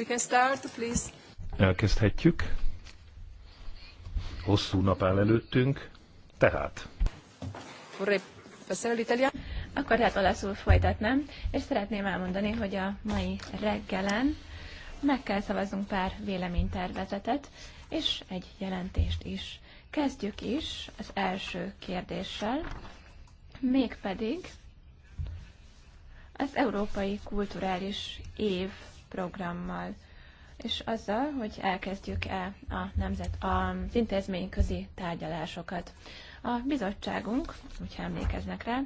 We can start, please. Elkezdhetjük. Hosszú nap áll előttünk, tehát. Akkor hát olaszul folytatnám, és szeretném elmondani, hogy a mai reggelen meg kell szavaznunk pár véleménytervezetet, és egy jelentést is. Kezdjük is az első kérdéssel, mégpedig az Európai Kulturális Év programmal, és azzal, hogy elkezdjük-e a nemzet, az intézményközi tárgyalásokat. A bizottságunk, hogyha emlékeznek rá,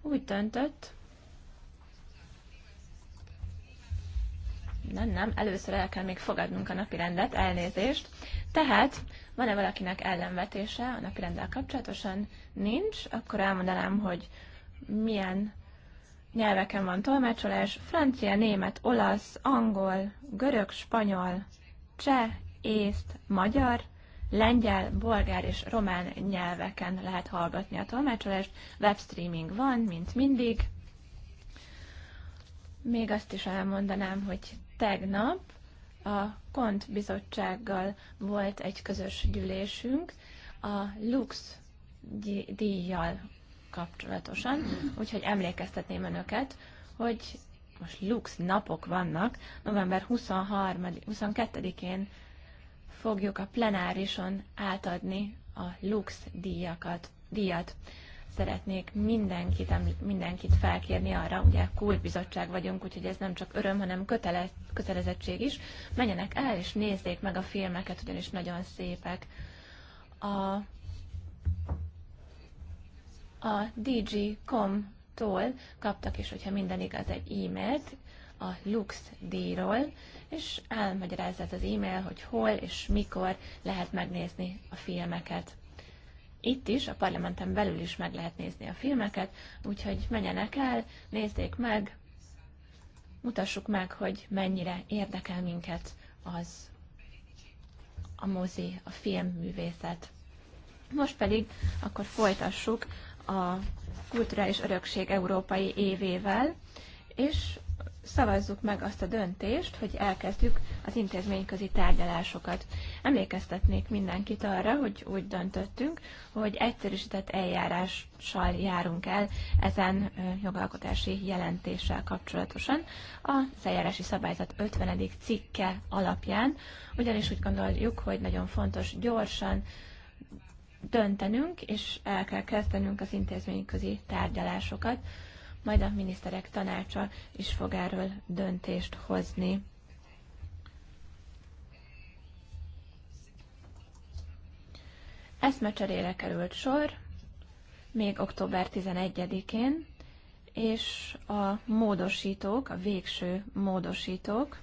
úgy döntött, nem, nem, először el kell még fogadnunk a napirendet, elnézést. Tehát van-e valakinek ellenvetése a napirenddel kapcsolatosan? Nincs, akkor elmondanám, hogy milyen nyelveken van tolmácsolás, francia, német, olasz, angol, görög, spanyol, cseh, észt, magyar, lengyel, bolgár és román nyelveken lehet hallgatni a tolmácsolást. Webstreaming van, mint mindig. Még azt is elmondanám, hogy tegnap a Kont bizottsággal volt egy közös gyűlésünk a Lux díjjal kapcsolatosan, úgyhogy emlékeztetném önöket, hogy most lux napok vannak, november 23-22-én fogjuk a plenárison átadni a lux díjakat, díjat. Szeretnék mindenkit, mindenkit felkérni arra, ugye kultbizottság vagyunk, úgyhogy ez nem csak öröm, hanem kötele, kötelezettség is. Menjenek el és nézzék meg a filmeket, ugyanis nagyon szépek. A a DG.com-tól kaptak is, hogyha minden igaz, egy e-mailt a Lux díjról, és elmagyarázott az e-mail, hogy hol és mikor lehet megnézni a filmeket. Itt is, a parlamenten belül is meg lehet nézni a filmeket, úgyhogy menjenek el, nézzék meg, mutassuk meg, hogy mennyire érdekel minket az a mozi, a filmművészet. Most pedig akkor folytassuk a kulturális örökség európai évével, és szavazzuk meg azt a döntést, hogy elkezdjük az intézményközi tárgyalásokat. Emlékeztetnék mindenkit arra, hogy úgy döntöttünk, hogy egyszerűsített eljárással járunk el ezen jogalkotási jelentéssel kapcsolatosan az eljárási szabályzat 50. cikke alapján, ugyanis úgy gondoljuk, hogy nagyon fontos gyorsan döntenünk, és el kell kezdenünk az intézményközi tárgyalásokat, majd a miniszterek tanácsa is fog erről döntést hozni. Eszmecserére került sor, még október 11-én, és a módosítók, a végső módosítók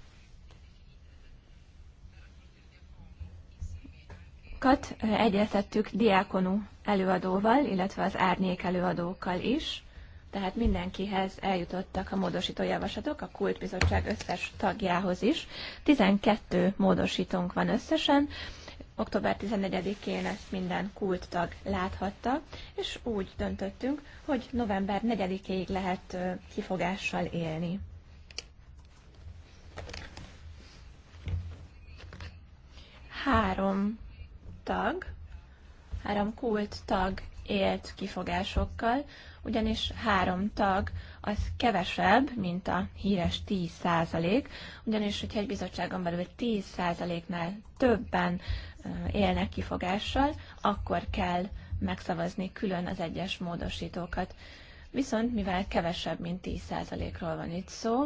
Kat egyeztettük diákonú előadóval, illetve az árnyék előadókkal is, tehát mindenkihez eljutottak a módosító javaslatok, a Kultbizottság összes tagjához is. 12 módosítónk van összesen, október 14-én ezt minden kulttag láthatta, és úgy döntöttünk, hogy november 4-ig lehet kifogással élni. Három tag, három kult tag élt kifogásokkal, ugyanis három tag az kevesebb, mint a híres 10 százalék, ugyanis, hogyha egy bizottságon belül 10 százaléknál többen élnek kifogással, akkor kell megszavazni külön az egyes módosítókat. Viszont mivel kevesebb, mint 10%-ról van itt szó,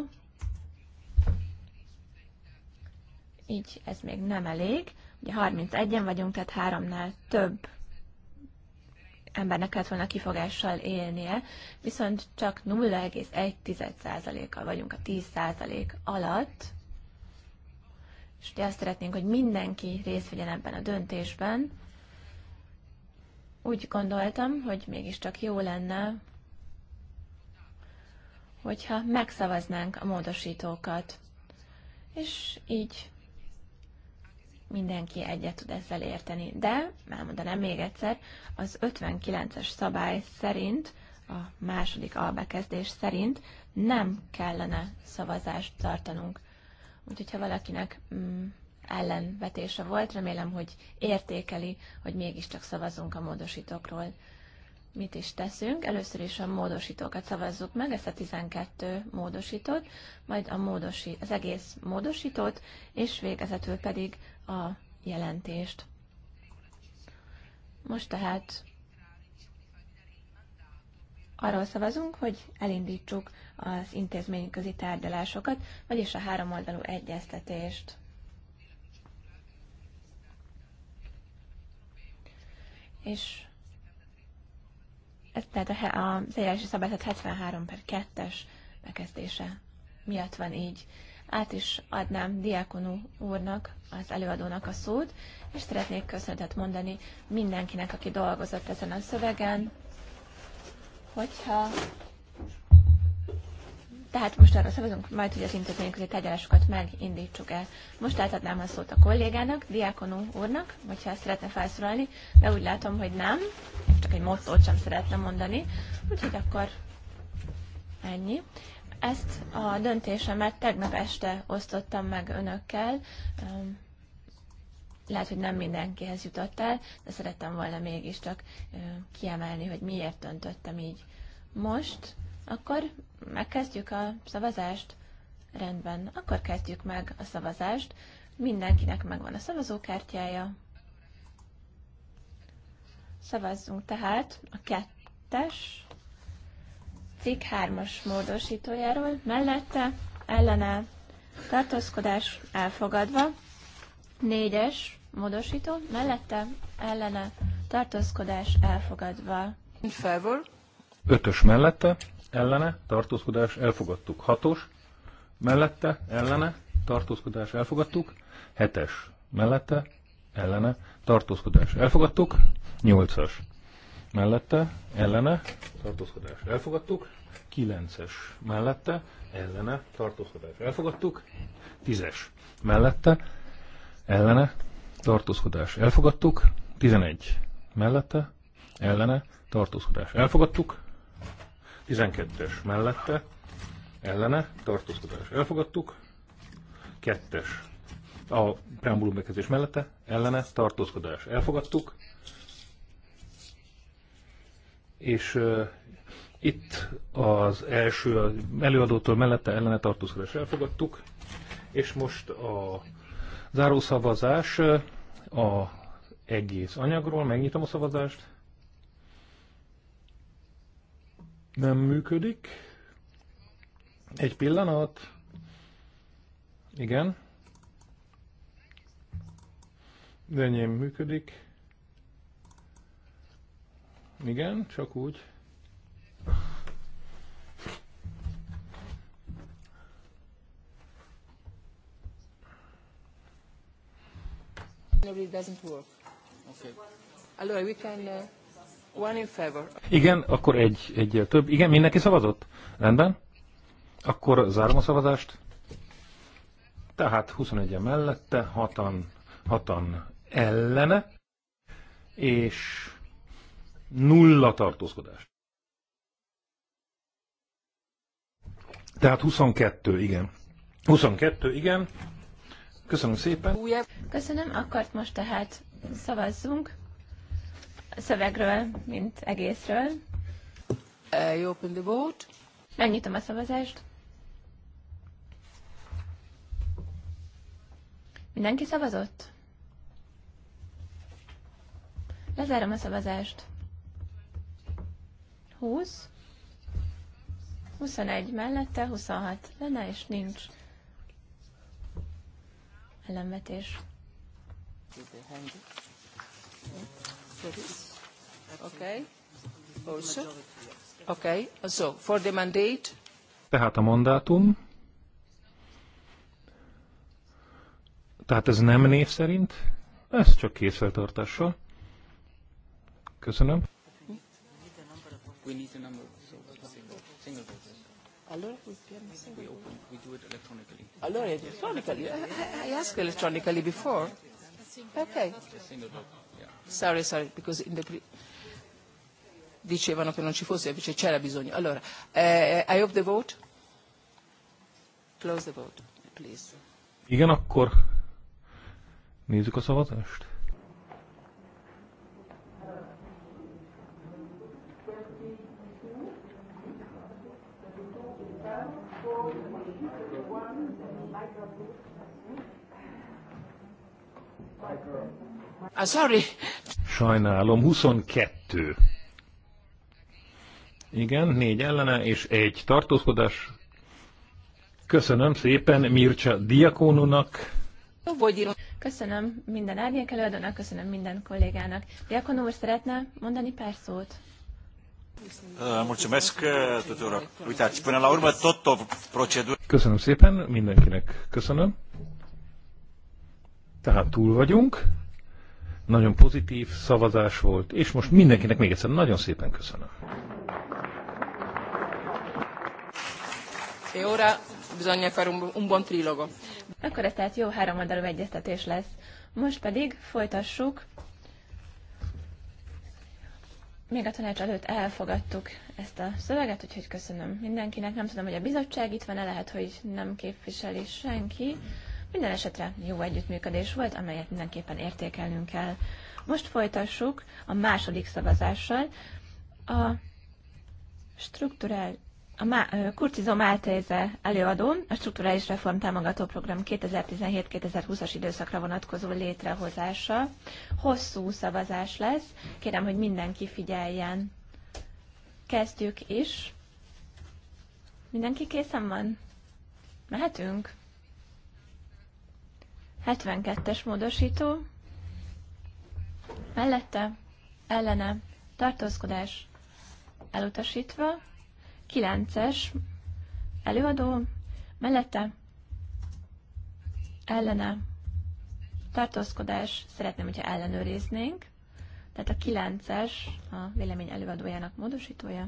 így ez még nem elég, Ugye 31-en vagyunk, tehát háromnál több embernek kellett volna kifogással élnie, viszont csak 0,1%-kal vagyunk a 10% alatt, és ugye azt szeretnénk, hogy mindenki részt vegyen ebben a döntésben. Úgy gondoltam, hogy mégiscsak jó lenne, hogyha megszavaznánk a módosítókat. És így mindenki egyet tud ezzel érteni. De, elmondanám még egyszer, az 59-es szabály szerint, a második albekezdés szerint nem kellene szavazást tartanunk. Úgyhogy ha valakinek mm, ellenvetése volt, remélem, hogy értékeli, hogy mégiscsak szavazunk a módosítókról mit is teszünk. Először is a módosítókat szavazzuk meg, ezt a 12 módosítót, majd a módosi, az egész módosítót, és végezetül pedig a jelentést. Most tehát arról szavazunk, hogy elindítsuk az intézményközi tárgyalásokat, vagyis a háromoldalú egyeztetést. És ez tehát a, a eljárási szabályzat 73 per 2-es bekezdése miatt van így. Át is adnám Diákonú úrnak, az előadónak a szót, és szeretnék köszönetet mondani mindenkinek, aki dolgozott ezen a szövegen, hogyha tehát most arra szavazunk majd, hogy az intézményközi tárgyalásokat megindítsuk el. Most átadnám a szót a kollégának, Diákonó úrnak, hogyha szeretne felszólalni, de úgy látom, hogy nem, csak egy mottót sem szeretne mondani, úgyhogy akkor ennyi. Ezt a döntésemet tegnap este osztottam meg önökkel, lehet, hogy nem mindenkihez jutott el, de szerettem volna mégiscsak kiemelni, hogy miért döntöttem így. Most akkor megkezdjük a szavazást. Rendben, akkor kezdjük meg a szavazást. Mindenkinek megvan a szavazókártyája. Szavazzunk tehát a kettes cikk hármas módosítójáról, mellette, ellene, tartózkodás elfogadva, négyes módosító, mellette, ellene, tartózkodás elfogadva. In favor. Ötös mellette, ellene, tartózkodás, elfogadtuk. Hatos mellette, ellene, tartózkodás, elfogadtuk. Hetes mellette, ellene, tartózkodás, elfogadtuk. Nyolcas mellette, ellene, tartózkodás, elfogadtuk. Kilences mellette, ellene, tartózkodás, elfogadtuk. Tízes mellette, ellene, tartózkodás, elfogadtuk. Tizenegy mellette, ellene, tartózkodás, elfogadtuk. 12-es mellette, ellene, tartózkodás elfogadtuk. 2-es a preambulum bekezdés mellette, ellene, tartózkodás elfogadtuk. És uh, itt az első előadótól mellette ellene tartózkodás elfogadtuk. És most a zárószavazás a egész anyagról, megnyitom a szavazást. Nem működik. Egy pillanat. Igen. De enyém működik. Igen, csak úgy. It doesn't work. Okay. Allora, we can... Uh... One in favor. Igen, akkor egy, egy több. Igen, mindenki szavazott? Rendben. Akkor zárom a szavazást. Tehát 21-en mellette, 6 hatan ellene, és nulla tartózkodás. Tehát 22, igen. 22, igen. Köszönöm szépen. Köszönöm, akkor most tehát szavazzunk szövegről, mint egészről. I uh, open the vote. Megnyitom a szavazást. Mindenki szavazott? Lezárom a szavazást. 20. 21 mellette, 26 lenne, és nincs ellenvetés. Thank you. Tehát a mandátum. Tehát ez nem név szerint, ez csak készfeltartással. Köszönöm. Allora we do it electronically. Allora electronically. I, I asked electronically before. Okay. Single vote. Sorry, sorry, because in the pre- dicevano che non ci fosse, invece c'era bisogno. Allora, eh, I hope the vote. Close the vote, please. Igen, akkor nézzük a szavazást. Ah, sorry. Sajnálom, 22. Igen, négy ellene és egy tartózkodás. Köszönöm szépen Mircsa Diakónunak. Köszönöm minden árnyék előadónak, köszönöm minden kollégának. Diakon úr szeretne mondani pár szót? Eh, eh, köszönöm szépen, mindenkinek köszönöm. Tehát túl vagyunk nagyon pozitív szavazás volt, és most mindenkinek még egyszer nagyon szépen köszönöm. E ora bisogna fare un, buon trilogo. Akkor ez tehát jó oldalú egyeztetés lesz. Most pedig folytassuk. Még a tanács előtt elfogadtuk ezt a szöveget, úgyhogy köszönöm mindenkinek. Nem tudom, hogy a bizottság itt van-e, lehet, hogy nem képviseli senki. Minden esetre jó együttműködés volt, amelyet mindenképpen értékelnünk kell. Most folytassuk a második szavazással. A strukturál a Kurcizom Kurtizó Máltéze előadó a Strukturális Reform Támogató Program 2017-2020-as időszakra vonatkozó létrehozása. Hosszú szavazás lesz. Kérem, hogy mindenki figyeljen. Kezdjük is. Mindenki készen van? Mehetünk? 72-es módosító. Mellette, ellene, tartózkodás elutasítva. 9-es előadó. Mellette, ellene, tartózkodás szeretném, hogyha ellenőriznénk. Tehát a 9-es a vélemény előadójának módosítója.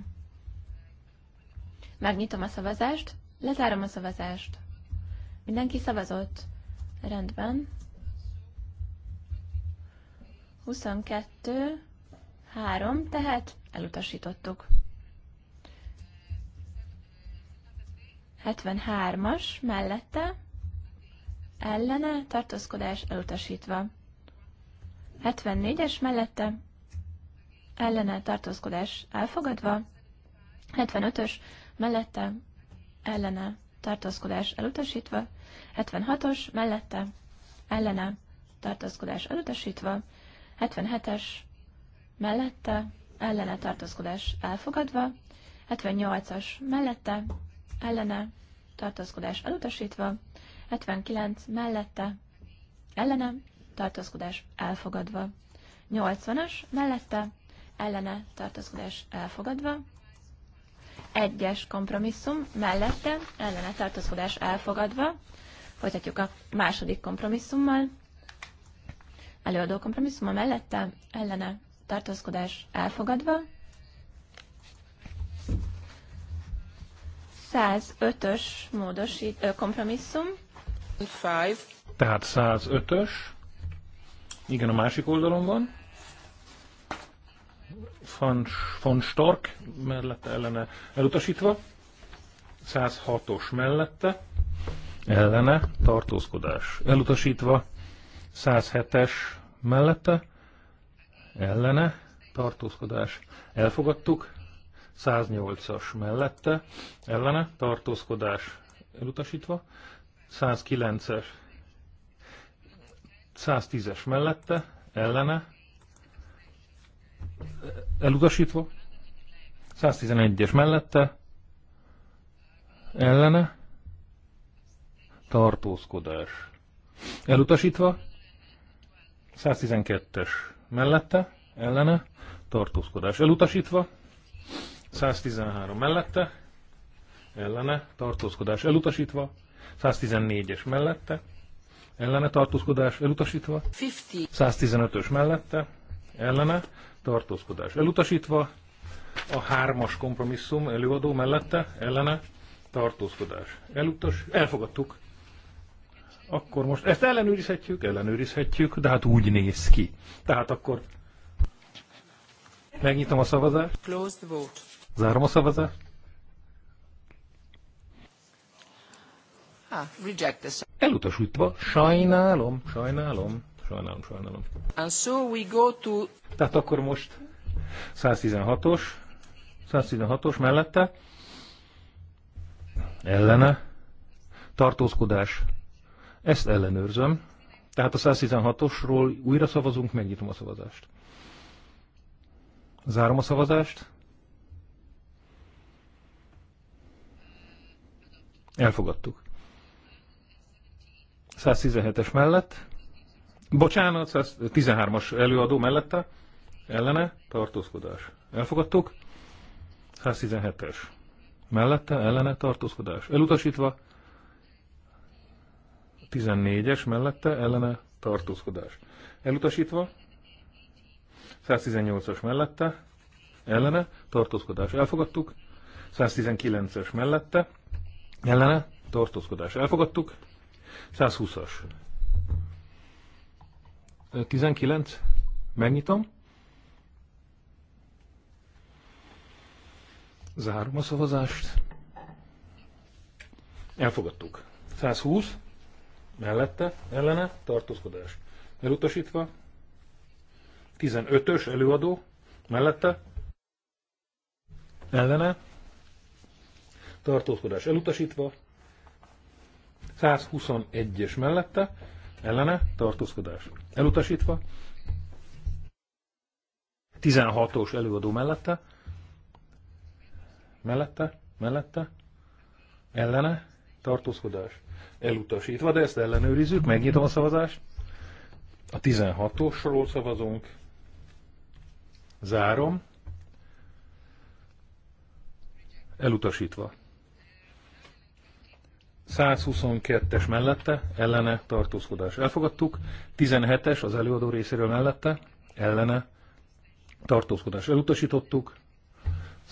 Megnyitom a szavazást, lezárom a szavazást. Mindenki szavazott. Rendben. 22, 3, tehát elutasítottuk. 73-as mellette, ellene, tartózkodás elutasítva. 74-es mellette, ellene, tartózkodás elfogadva. 75-ös mellette, ellene, tartózkodás elutasítva, 76-os mellette, ellene, tartózkodás elutasítva, 77-es mellette, ellene tartózkodás elfogadva, 78-as mellette, ellene tartózkodás elutasítva, 79 mellette, ellene tartózkodás elfogadva, 80-as mellette, ellene tartózkodás elfogadva, egyes kompromisszum mellette ellene tartózkodás elfogadva. Folytatjuk a második kompromisszummal. Előadó kompromisszuma mellette ellene tartózkodás elfogadva. 105-ös módosít, kompromisszum. Tehát 105-ös. Igen, a másik oldalon van van, van Stark mellette ellene elutasítva, 106-os mellette ellene tartózkodás elutasítva, 107-es mellette ellene tartózkodás elfogadtuk, 108-as mellette ellene tartózkodás elutasítva, 109-es 110-es mellette ellene elutasítva, 111-es mellette, ellene, tartózkodás. Elutasítva, 112-es mellette, ellene, tartózkodás. Elutasítva, 113 mellette, ellene, tartózkodás. Elutasítva, 114-es mellette, ellene tartózkodás elutasítva, 115-ös mellette, ellene, tartózkodás elutasítva, a hármas kompromisszum előadó mellette, ellene, tartózkodás elutas, elfogadtuk. Akkor most ezt ellenőrizhetjük, ellenőrizhetjük, de hát úgy néz ki. Tehát akkor megnyitom a szavazást. Close the vote. Zárom a szavazást. Ah, reject this. Elutasítva, sajnálom, sajnálom. Sajnálom, sajnálom. And so we go to... Tehát akkor most 116-os, 116-os mellette, ellene, tartózkodás, ezt ellenőrzöm. Tehát a 116-osról újra szavazunk, megnyitom a szavazást. Zárom a szavazást. Elfogadtuk. 117-es mellett Bocsánat, 13-as előadó mellette, ellene, tartózkodás. Elfogadtuk. 117-es. Mellette, ellene, tartózkodás. Elutasítva. 14-es mellette, ellene, tartózkodás. Elutasítva. 118-as mellette, ellene, tartózkodás. Elfogadtuk. 119-es mellette, ellene, tartózkodás. Elfogadtuk. 120-as 19, megnyitom. Zárom a szavazást. Elfogadtuk. 120, mellette, ellene, tartózkodás. Elutasítva. 15-ös előadó, mellette, ellene, tartózkodás elutasítva. 121-es mellette, ellene, tartózkodás elutasítva, 16-os előadó mellette, mellette, mellette, ellene, tartózkodás elutasítva, de ezt ellenőrizzük, megnyitom a szavazást, a 16-osról szavazunk, zárom, elutasítva. 122-es mellette, ellene tartózkodás elfogadtuk, 17-es az előadó részéről mellette, ellene tartózkodás elutasítottuk,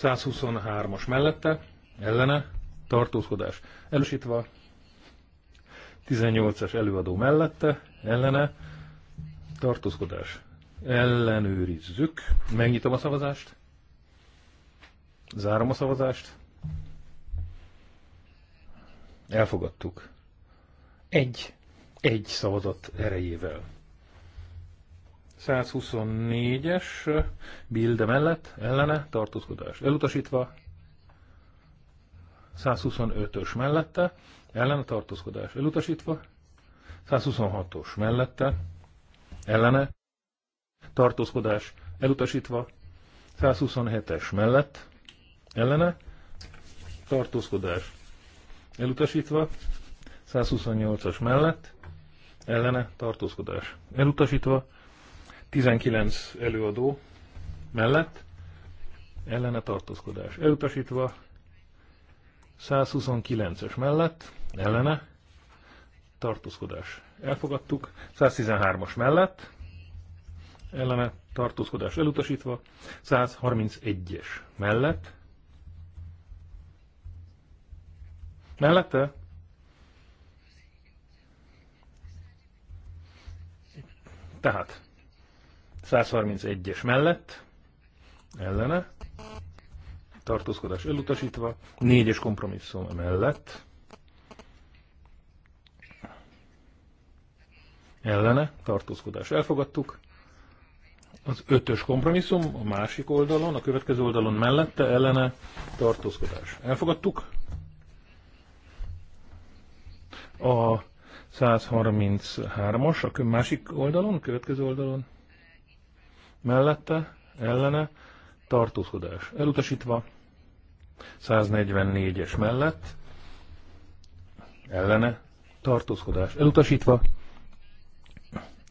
123-as mellette, ellene tartózkodás Elősítva 18-as előadó mellette, ellene tartózkodás ellenőrizzük, megnyitom a szavazást, zárom a szavazást, Elfogadtuk. Egy, egy szavazat erejével. 124-es bilde mellett, ellene, tartózkodás elutasítva. 125-ös mellette, ellene, tartózkodás elutasítva. 126-os mellette, ellene, tartózkodás elutasítva. 127-es mellett, ellene, tartózkodás elutasítva, 128-as mellett, ellene tartózkodás elutasítva, 19 előadó mellett, ellene tartózkodás elutasítva, 129-es mellett, ellene tartózkodás elfogadtuk, 113-as mellett, ellene tartózkodás elutasítva, 131-es mellett, Mellette? Tehát 131-es mellett, ellene, tartózkodás elutasítva, 4-es kompromisszum mellett, ellene, tartózkodás elfogadtuk, az ötös kompromisszum a másik oldalon, a következő oldalon mellette, ellene, tartózkodás elfogadtuk, a 133-as, a másik oldalon, következő oldalon, mellette, ellene, tartózkodás elutasítva, 144-es mellett, ellene, tartózkodás elutasítva,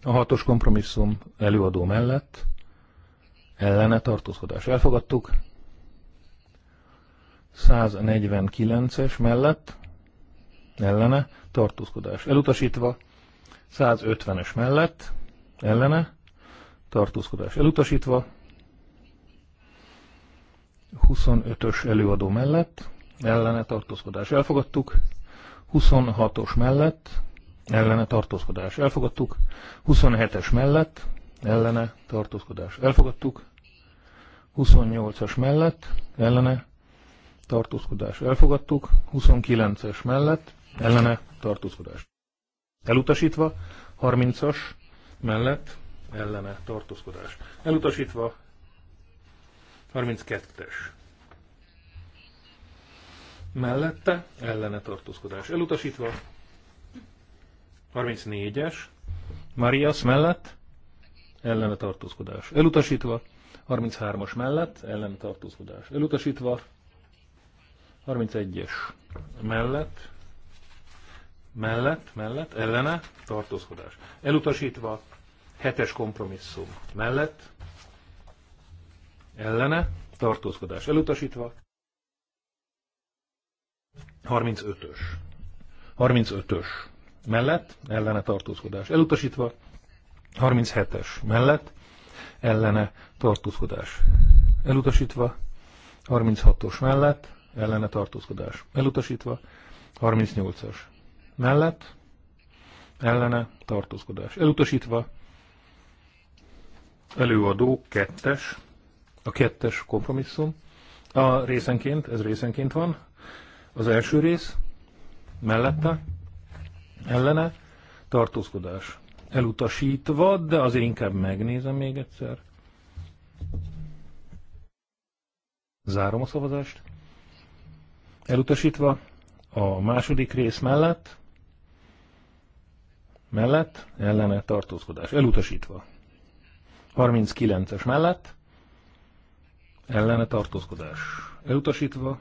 a hatos kompromisszum előadó mellett, ellene tartózkodás elfogadtuk, 149-es mellett, ellene, tartózkodás elutasítva, 150-es mellett, ellene, tartózkodás elutasítva, 25-ös előadó mellett, ellene tartózkodás elfogadtuk, 26-os mellett, ellene tartózkodás elfogadtuk, 27-es mellett, ellene tartózkodás elfogadtuk, 28-as mellett, ellene tartózkodás elfogadtuk, 29-es mellett, ellene tartózkodás elutasítva, 30-as mellett ellene tartózkodás elutasítva, 32-es mellette ellene tartózkodás elutasítva, 34-es Marias mellett ellene tartózkodás elutasítva, 33-as mellett ellene tartózkodás elutasítva, 31-es mellett mellett, mellett, ellene, tartózkodás. Elutasítva, hetes kompromisszum mellett, ellene, tartózkodás. Elutasítva, 35-ös. 35-ös mellett, ellene tartózkodás. Elutasítva, 37-es mellett, ellene tartózkodás. Elutasítva, 36-os mellett, ellene tartózkodás. Elutasítva, 38-as mellett, ellene tartózkodás elutasítva, előadó kettes, a kettes kompromisszum, a részenként, ez részenként van, az első rész, mellette, ellene, tartózkodás elutasítva, de azért inkább megnézem még egyszer. Zárom a szavazást. Elutasítva a második rész mellett, mellett, ellene tartózkodás elutasítva. 39-es mellett, ellene tartózkodás elutasítva.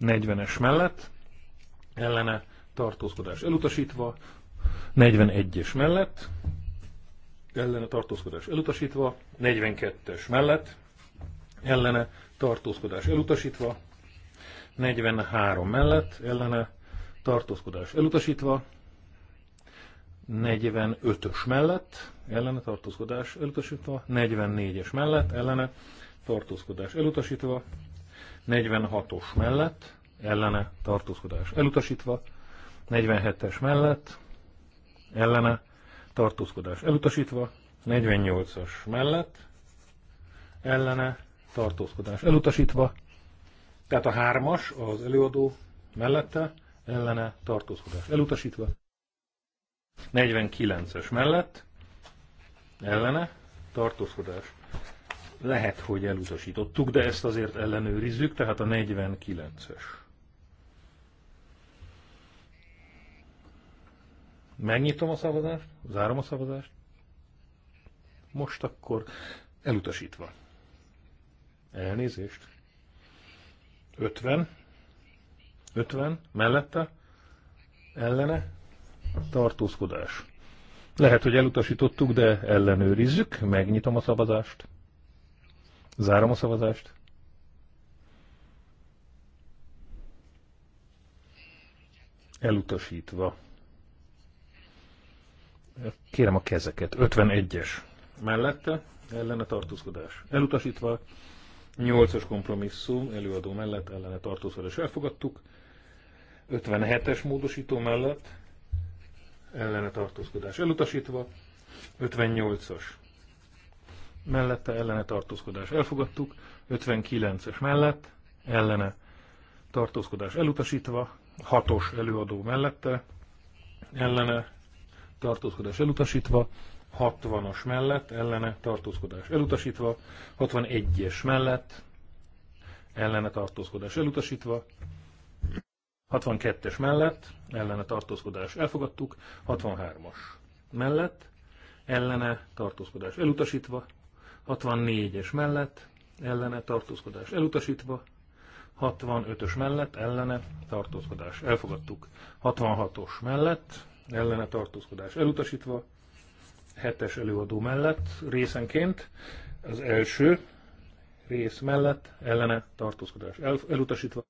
40-es mellett, ellene tartózkodás elutasítva. 41-es mellett, ellene tartózkodás elutasítva. 42-es mellett, ellene tartózkodás elutasítva. 43 mellett, ellene tartózkodás elutasítva. 45-ös mellett ellene tartózkodás elutasítva, 44-es mellett ellene tartózkodás elutasítva, 46-os mellett ellene tartózkodás elutasítva, 47-es mellett ellene tartózkodás elutasítva, 48-as mellett ellene tartózkodás elutasítva, tehát a hármas az előadó mellette ellene tartózkodás elutasítva. 49-es mellett ellene tartózkodás. Lehet, hogy elutasítottuk, de ezt azért ellenőrizzük, tehát a 49-es. Megnyitom a szavazást, zárom a szavazást. Most akkor elutasítva. Elnézést. 50. 50. Mellette. Ellene tartózkodás. Lehet, hogy elutasítottuk, de ellenőrizzük. Megnyitom a szavazást. Zárom a szavazást. Elutasítva. Kérem a kezeket. 51-es. Mellette ellene tartózkodás. Elutasítva. 8-as kompromisszum előadó mellett ellene tartózkodás elfogadtuk. 57-es módosító mellett ellene tartózkodás elutasítva, 58-as mellette ellene tartózkodás elfogadtuk, 59-es mellett ellene tartózkodás elutasítva, 6-os előadó mellette ellene tartózkodás elutasítva, 60-as mellett ellene tartózkodás elutasítva, 61-es mellett ellene tartózkodás elutasítva, 62-es mellett, ellene tartózkodás elfogadtuk, 63-as mellett, ellene tartózkodás elutasítva, 64-es mellett, ellene tartózkodás elutasítva, 65-ös mellett, ellene tartózkodás elfogadtuk, 66-os mellett, ellene tartózkodás elutasítva, 7-es előadó mellett részenként, az első rész mellett, ellene tartózkodás elutasítva,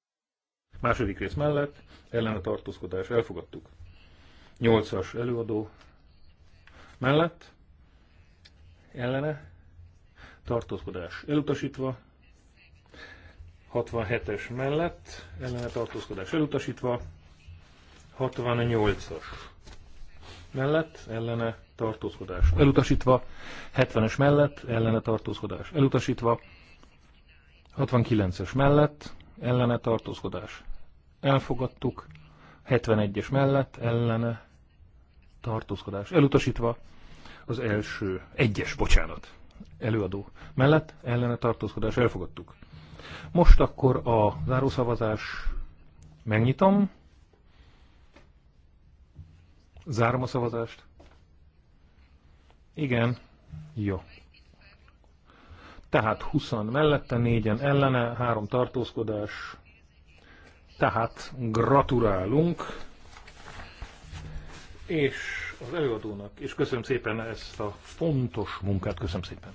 Második rész mellett a tartózkodás elfogadtuk. Nyolcas előadó mellett ellene tartózkodás elutasítva. 67-es mellett ellene tartózkodás elutasítva. 68-as mellett ellene tartózkodás elutasítva, 70-es mellett ellene tartózkodás elutasítva, 69-es mellett ellene tartózkodás elfogadtuk, 71-es mellett ellene tartózkodás elutasítva, az első, egyes, bocsánat, előadó mellett ellene tartózkodás elfogadtuk. Most akkor a zárószavazás megnyitom, zárom a szavazást. Igen, jó. Tehát 20 mellette, 4-en ellene, 3 tartózkodás, tehát gratulálunk, és az előadónak, és köszönöm szépen ezt a fontos munkát, köszönöm szépen.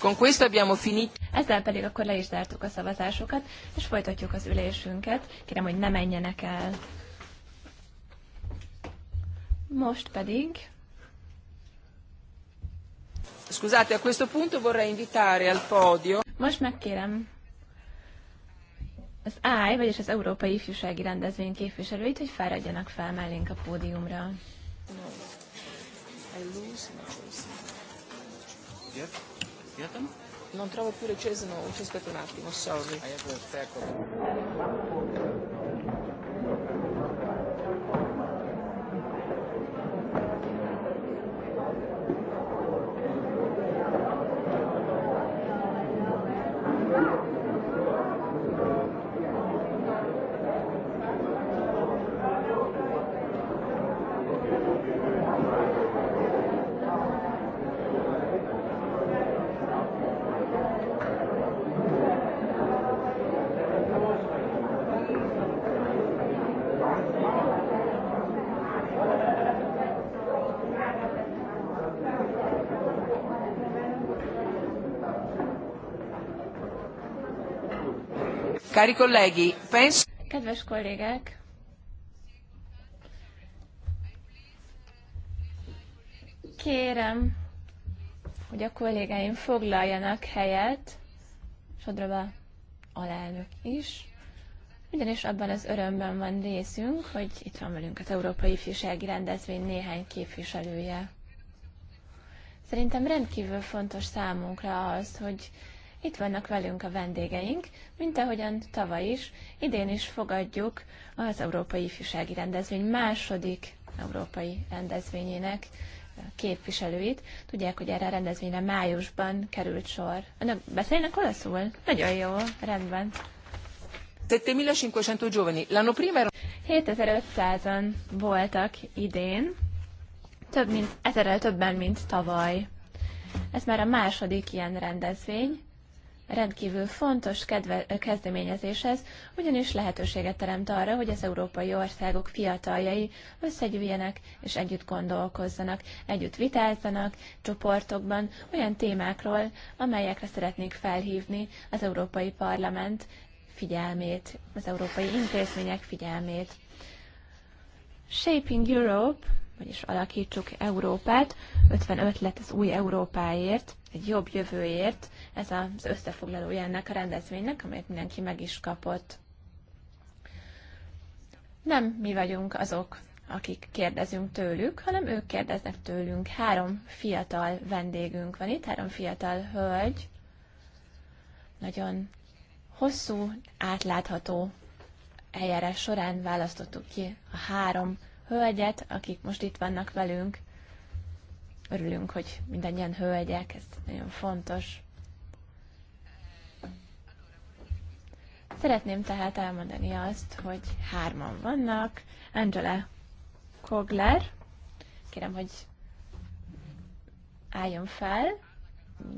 Con questo abbiamo finito. Ezzel pedig akkor le is zártuk a szavazásokat, és folytatjuk az ülésünket. Kérem, hogy ne menjenek el. Most pedig Scusate, a questo punto vorrei invitare al podio. Most megkérem az AI, vagyis az Európai Ifjúsági Rendezvény képviselőit, hogy fáradjanak fel mellénk a pódiumra. No. I lose my choice. Get, get Non trovo più le cese, no, ci un attimo, sorry. I have a Cari colleghi, penso... Kedves kollégák! Kérem, hogy a kollégáim foglaljanak helyet, a alelnök is, ugyanis abban az örömben van részünk, hogy itt van velünk az Európai Ifjúsági Rendezvény néhány képviselője. Szerintem rendkívül fontos számunkra az, hogy itt vannak velünk a vendégeink, mint ahogyan tavaly is, idén is fogadjuk az Európai Ifjúsági Rendezvény második európai rendezvényének képviselőit. Tudják, hogy erre a rendezvényre májusban került sor. Önök beszélnek olaszul? Nagyon jó, rendben. 7500 giovani. L'anno prima 7500-an voltak idén, több mint, ezerrel többen, mint tavaly. Ez már a második ilyen rendezvény rendkívül fontos kedve, kezdeményezés ez, ugyanis lehetőséget teremt arra, hogy az európai országok fiataljai összegyűjjenek és együtt gondolkozzanak, együtt vitázzanak csoportokban olyan témákról, amelyekre szeretnék felhívni az Európai Parlament figyelmét, az európai intézmények figyelmét. Shaping Europe, vagyis alakítsuk Európát, 55 lett az új Európáért, egy jobb jövőért, ez az összefoglalója ennek a rendezvénynek, amelyet mindenki meg is kapott. Nem mi vagyunk azok, akik kérdezünk tőlük, hanem ők kérdeznek tőlünk. Három fiatal vendégünk van itt, három fiatal hölgy, nagyon hosszú, átlátható eljárás során választottuk ki a három hölgyet, akik most itt vannak velünk. Örülünk, hogy mindannyian hölgyek, ez nagyon fontos. Szeretném tehát elmondani azt, hogy hárman vannak. Angela Kogler, kérem, hogy álljon fel.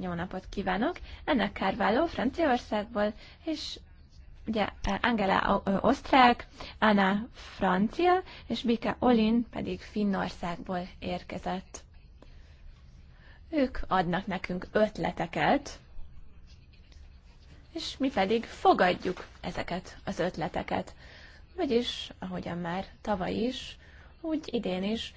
Jó napot kívánok! Ennek Kárváló Franciaországból, és ugye eh, Angela eh, osztrák, Anna francia, és Bika Olin pedig Finnországból érkezett. Ők adnak nekünk ötleteket, és mi pedig fogadjuk ezeket az ötleteket. Vagyis, ahogyan már tavaly is, úgy idén is,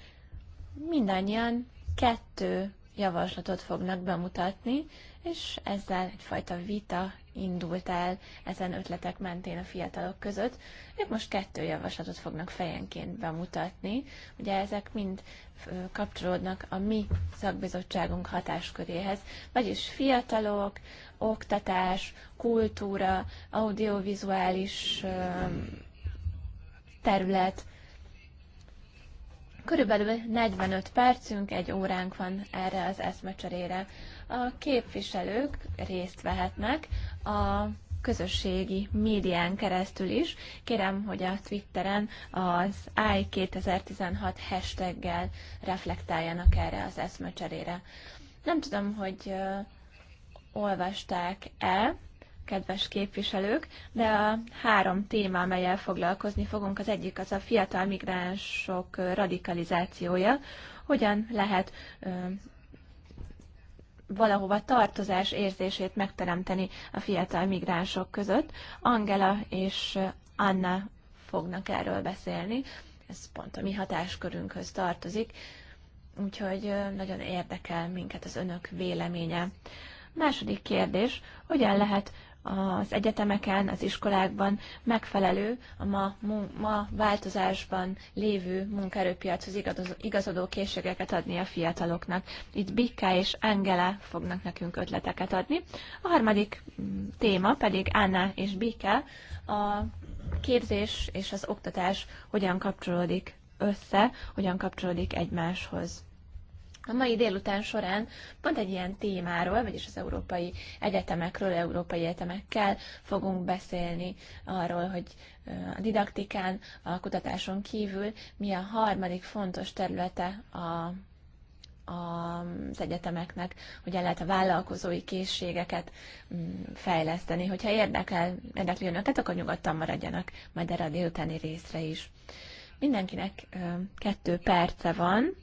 mindannyian kettő javaslatot fognak bemutatni, és ezzel egyfajta vita indult el ezen ötletek mentén a fiatalok között. Ők most kettő javaslatot fognak fejenként bemutatni. Ugye ezek mind kapcsolódnak a mi szakbizottságunk hatásköréhez, vagyis fiatalok, oktatás, kultúra, audiovizuális terület, Körülbelül 45 percünk, egy óránk van erre az eszmecserére. A képviselők részt vehetnek, a közösségi médián keresztül is. Kérem, hogy a Twitteren az i2016 hashtaggel reflektáljanak erre az eszmecserére. Nem tudom, hogy olvasták-e, kedves képviselők, de a három téma, amelyel foglalkozni fogunk, az egyik az a fiatal migránsok radikalizációja, hogyan lehet valahova tartozás érzését megteremteni a fiatal migránsok között. Angela és Anna fognak erről beszélni. Ez pont a mi hatáskörünkhöz tartozik, úgyhogy nagyon érdekel minket az önök véleménye. Második kérdés, hogyan lehet az egyetemeken, az iskolákban megfelelő a ma, ma változásban lévő munkaerőpiachoz igazodó készségeket adni a fiataloknak. Itt Bikka és Angela fognak nekünk ötleteket adni. A harmadik mm, téma pedig Anna és Bikka, a képzés és az oktatás hogyan kapcsolódik össze, hogyan kapcsolódik egymáshoz. A mai délután során pont egy ilyen témáról, vagyis az európai egyetemekről, európai egyetemekkel fogunk beszélni arról, hogy a didaktikán, a kutatáson kívül mi a harmadik fontos területe a az egyetemeknek, hogy el lehet a vállalkozói készségeket mm, fejleszteni. Hogyha érdekel, érdekli önöket, akkor nyugodtan maradjanak majd erre a délutáni részre is. Mindenkinek kettő perce van,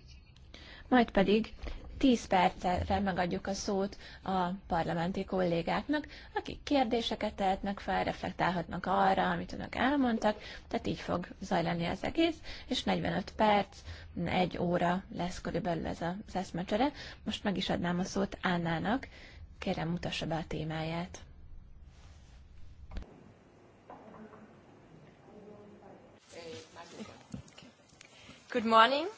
majd pedig 10 percre megadjuk a szót a parlamenti kollégáknak, akik kérdéseket tehetnek fel, reflektálhatnak arra, amit önök elmondtak, tehát így fog zajlani az egész, és 45 perc, egy óra lesz körülbelül ez az eszmecsere. Most meg is adnám a szót Annának, kérem mutassa be a témáját. Good morning.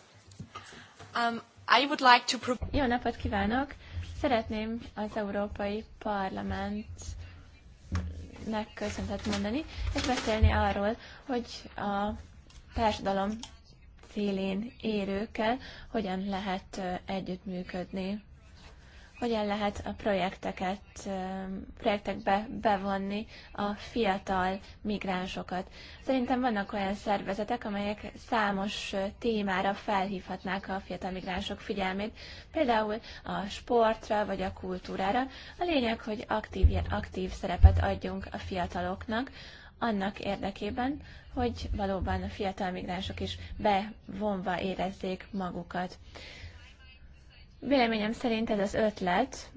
Um, I would like to... Jó napot kívánok! Szeretném az Európai Parlamentnek köszöntet mondani, és beszélni arról, hogy a társadalom szélén érőkkel hogyan lehet együttműködni hogyan lehet a projekteket, projektekbe bevonni a fiatal migránsokat. Szerintem vannak olyan szervezetek, amelyek számos témára felhívhatnák a fiatal migránsok figyelmét, például a sportra vagy a kultúrára. A lényeg, hogy aktív, aktív szerepet adjunk a fiataloknak, annak érdekében, hogy valóban a fiatal migránsok is bevonva érezzék magukat. Véleményem szerint ez az ötlet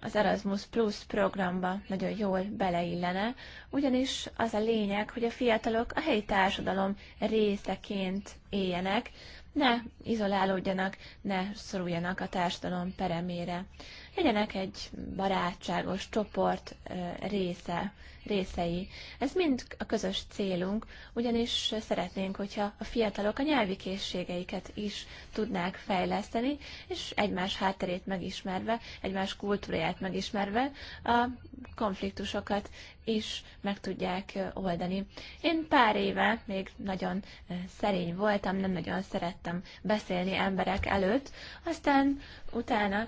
az Erasmus Plus programba nagyon jól beleillene, ugyanis az a lényeg, hogy a fiatalok a helyi társadalom részeként éljenek, ne izolálódjanak, ne szoruljanak a társadalom peremére. Legyenek egy barátságos csoport része részei. Ez mind a közös célunk, ugyanis szeretnénk, hogyha a fiatalok a nyelvi készségeiket is tudnák fejleszteni, és egymás hátterét megismerve, egymás kultúráját megismerve a konfliktusokat is meg tudják oldani. Én pár éve még nagyon szerény voltam, nem nagyon szerettem beszélni emberek előtt, aztán utána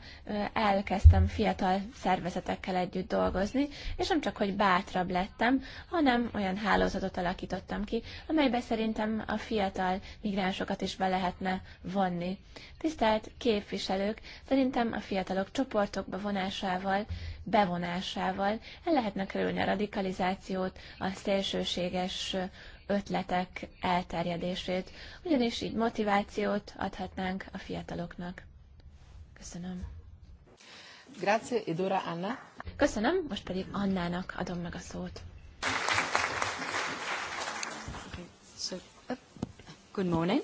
elkezdtem fiatal szervezetekkel együtt dolgozni, és nem csak, hogy bátra gazdagabb lettem, hanem olyan hálózatot alakítottam ki, amelybe szerintem a fiatal migránsokat is be lehetne vonni. Tisztelt képviselők, szerintem a fiatalok csoportokba vonásával, bevonásával el lehetne kerülni a radikalizációt, a szélsőséges ötletek elterjedését, ugyanis így motivációt adhatnánk a fiataloknak. Köszönöm. Grazie, ed ora Anna. Köszönöm, most pedig Annának adom meg a szót. Uh, good morning.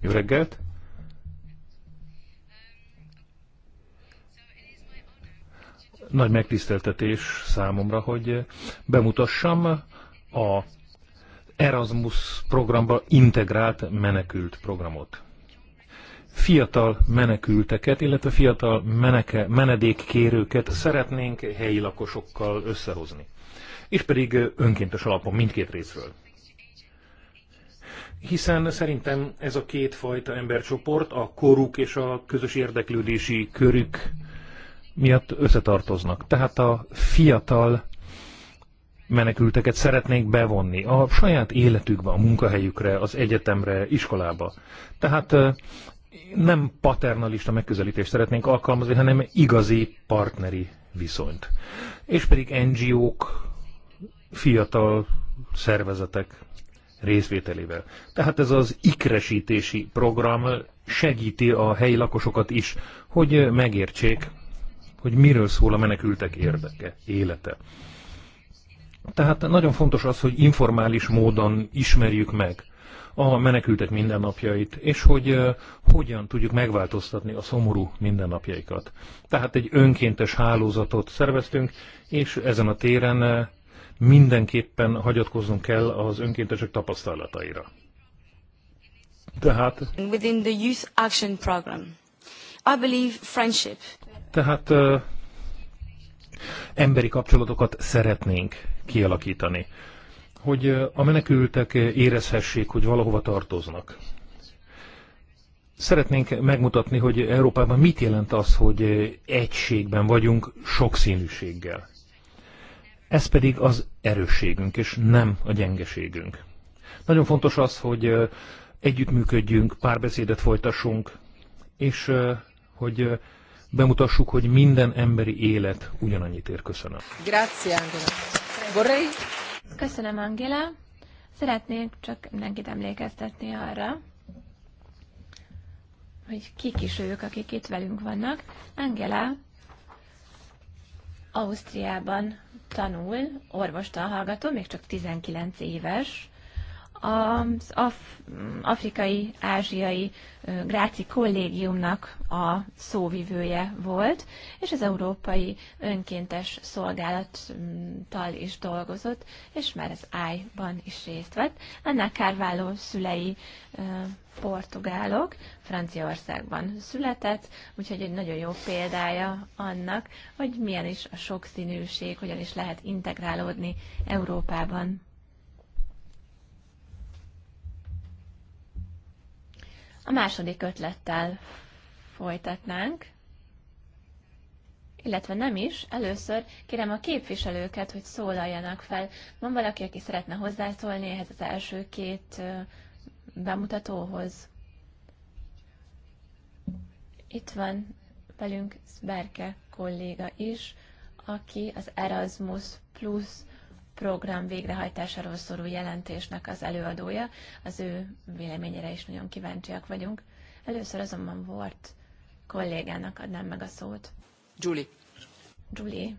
Jó reggelt. Nagy megtiszteltetés számomra, hogy bemutassam a Erasmus programba integrált menekült programot fiatal menekülteket, illetve fiatal meneke, menedékkérőket szeretnénk helyi lakosokkal összehozni. És pedig önkéntes alapon mindkét részről. Hiszen szerintem ez a kétfajta embercsoport, a koruk és a közös érdeklődési körük miatt összetartoznak. Tehát a fiatal menekülteket szeretnék bevonni a saját életükbe, a munkahelyükre, az egyetemre, iskolába. Tehát nem paternalista megközelítést szeretnénk alkalmazni, hanem igazi partneri viszonyt. És pedig NGO-k, fiatal szervezetek részvételével. Tehát ez az ikresítési program segíti a helyi lakosokat is, hogy megértsék, hogy miről szól a menekültek érdeke, élete. Tehát nagyon fontos az, hogy informális módon ismerjük meg a menekültek mindennapjait, és hogy hogyan tudjuk megváltoztatni a szomorú mindennapjaikat. Tehát egy önkéntes hálózatot szerveztünk, és ezen a téren mindenképpen hagyatkoznunk kell az önkéntesek tapasztalataira. Tehát... Within the Youth Action Program. I believe friendship. Tehát emberi kapcsolatokat szeretnénk kialakítani hogy a menekültek érezhessék, hogy valahova tartoznak. Szeretnénk megmutatni, hogy Európában mit jelent az, hogy egységben vagyunk sokszínűséggel. Ez pedig az erősségünk, és nem a gyengeségünk. Nagyon fontos az, hogy együttműködjünk, párbeszédet folytassunk, és hogy bemutassuk, hogy minden emberi élet ugyanannyit ér. Köszönöm. Grazie, Angela. Vorrei Köszönöm, Angela. Szeretnék csak mindenkit emlékeztetni arra, hogy kik is ők, akik itt velünk vannak. Angela Ausztriában tanul, orvostan hallgató, még csak 19 éves, az Af- afrikai, ázsiai Gráci kollégiumnak a szóvivője volt, és az Európai Önkéntes Szolgálattal is dolgozott, és már az AI-ban is részt vett. Ennek Kárváló szülei portugálok, Franciaországban született, úgyhogy egy nagyon jó példája annak, hogy milyen is a sokszínűség, hogyan is lehet integrálódni Európában. A második ötlettel folytatnánk, illetve nem is. Először kérem a képviselőket, hogy szólaljanak fel. Van valaki, aki szeretne hozzászólni ehhez az első két bemutatóhoz? Itt van velünk Sberke kolléga is, aki az Erasmus Plus program végrehajtásáról szóló jelentésnek az előadója. Az ő véleményére is nagyon kíváncsiak vagyunk. Először azonban volt kollégának adnám meg a szót. Julie. Julie.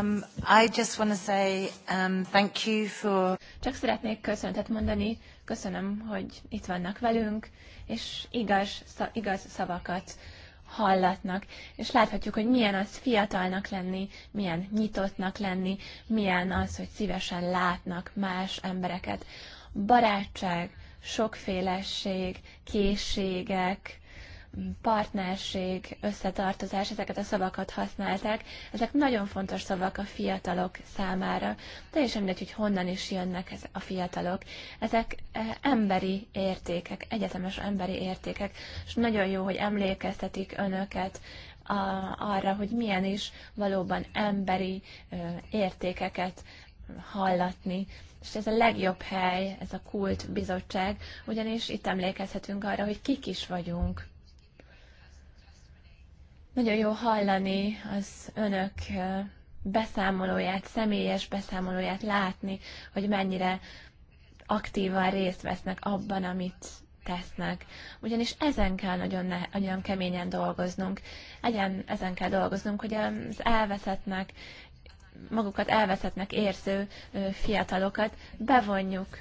Um, I just want to say um, thank you for... Csak szeretnék köszöntet mondani, köszönöm, hogy itt vannak velünk, és igaz, igaz szavakat hallatnak, és láthatjuk, hogy milyen az fiatalnak lenni, milyen nyitottnak lenni, milyen az, hogy szívesen látnak más embereket. Barátság, sokféleség, készségek, partnerség, összetartozás, ezeket a szavakat használták. Ezek nagyon fontos szavak a fiatalok számára. Teljesen mindegy, hogy honnan is jönnek ez a fiatalok. Ezek eh, emberi értékek, egyetemes emberi értékek, és nagyon jó, hogy emlékeztetik önöket a, arra, hogy milyen is valóban emberi ö, eh, értékeket hallatni. És ez a legjobb hely, ez a kult bizottság, ugyanis itt emlékezhetünk arra, hogy kik is vagyunk. Nagyon jó hallani az önök beszámolóját, személyes beszámolóját látni, hogy mennyire aktívan részt vesznek abban, amit tesznek. Ugyanis ezen kell nagyon, ne, nagyon keményen dolgoznunk. Egyen, ezen kell dolgoznunk, hogy az elveszettnek, magukat elveszettnek érző fiatalokat bevonjuk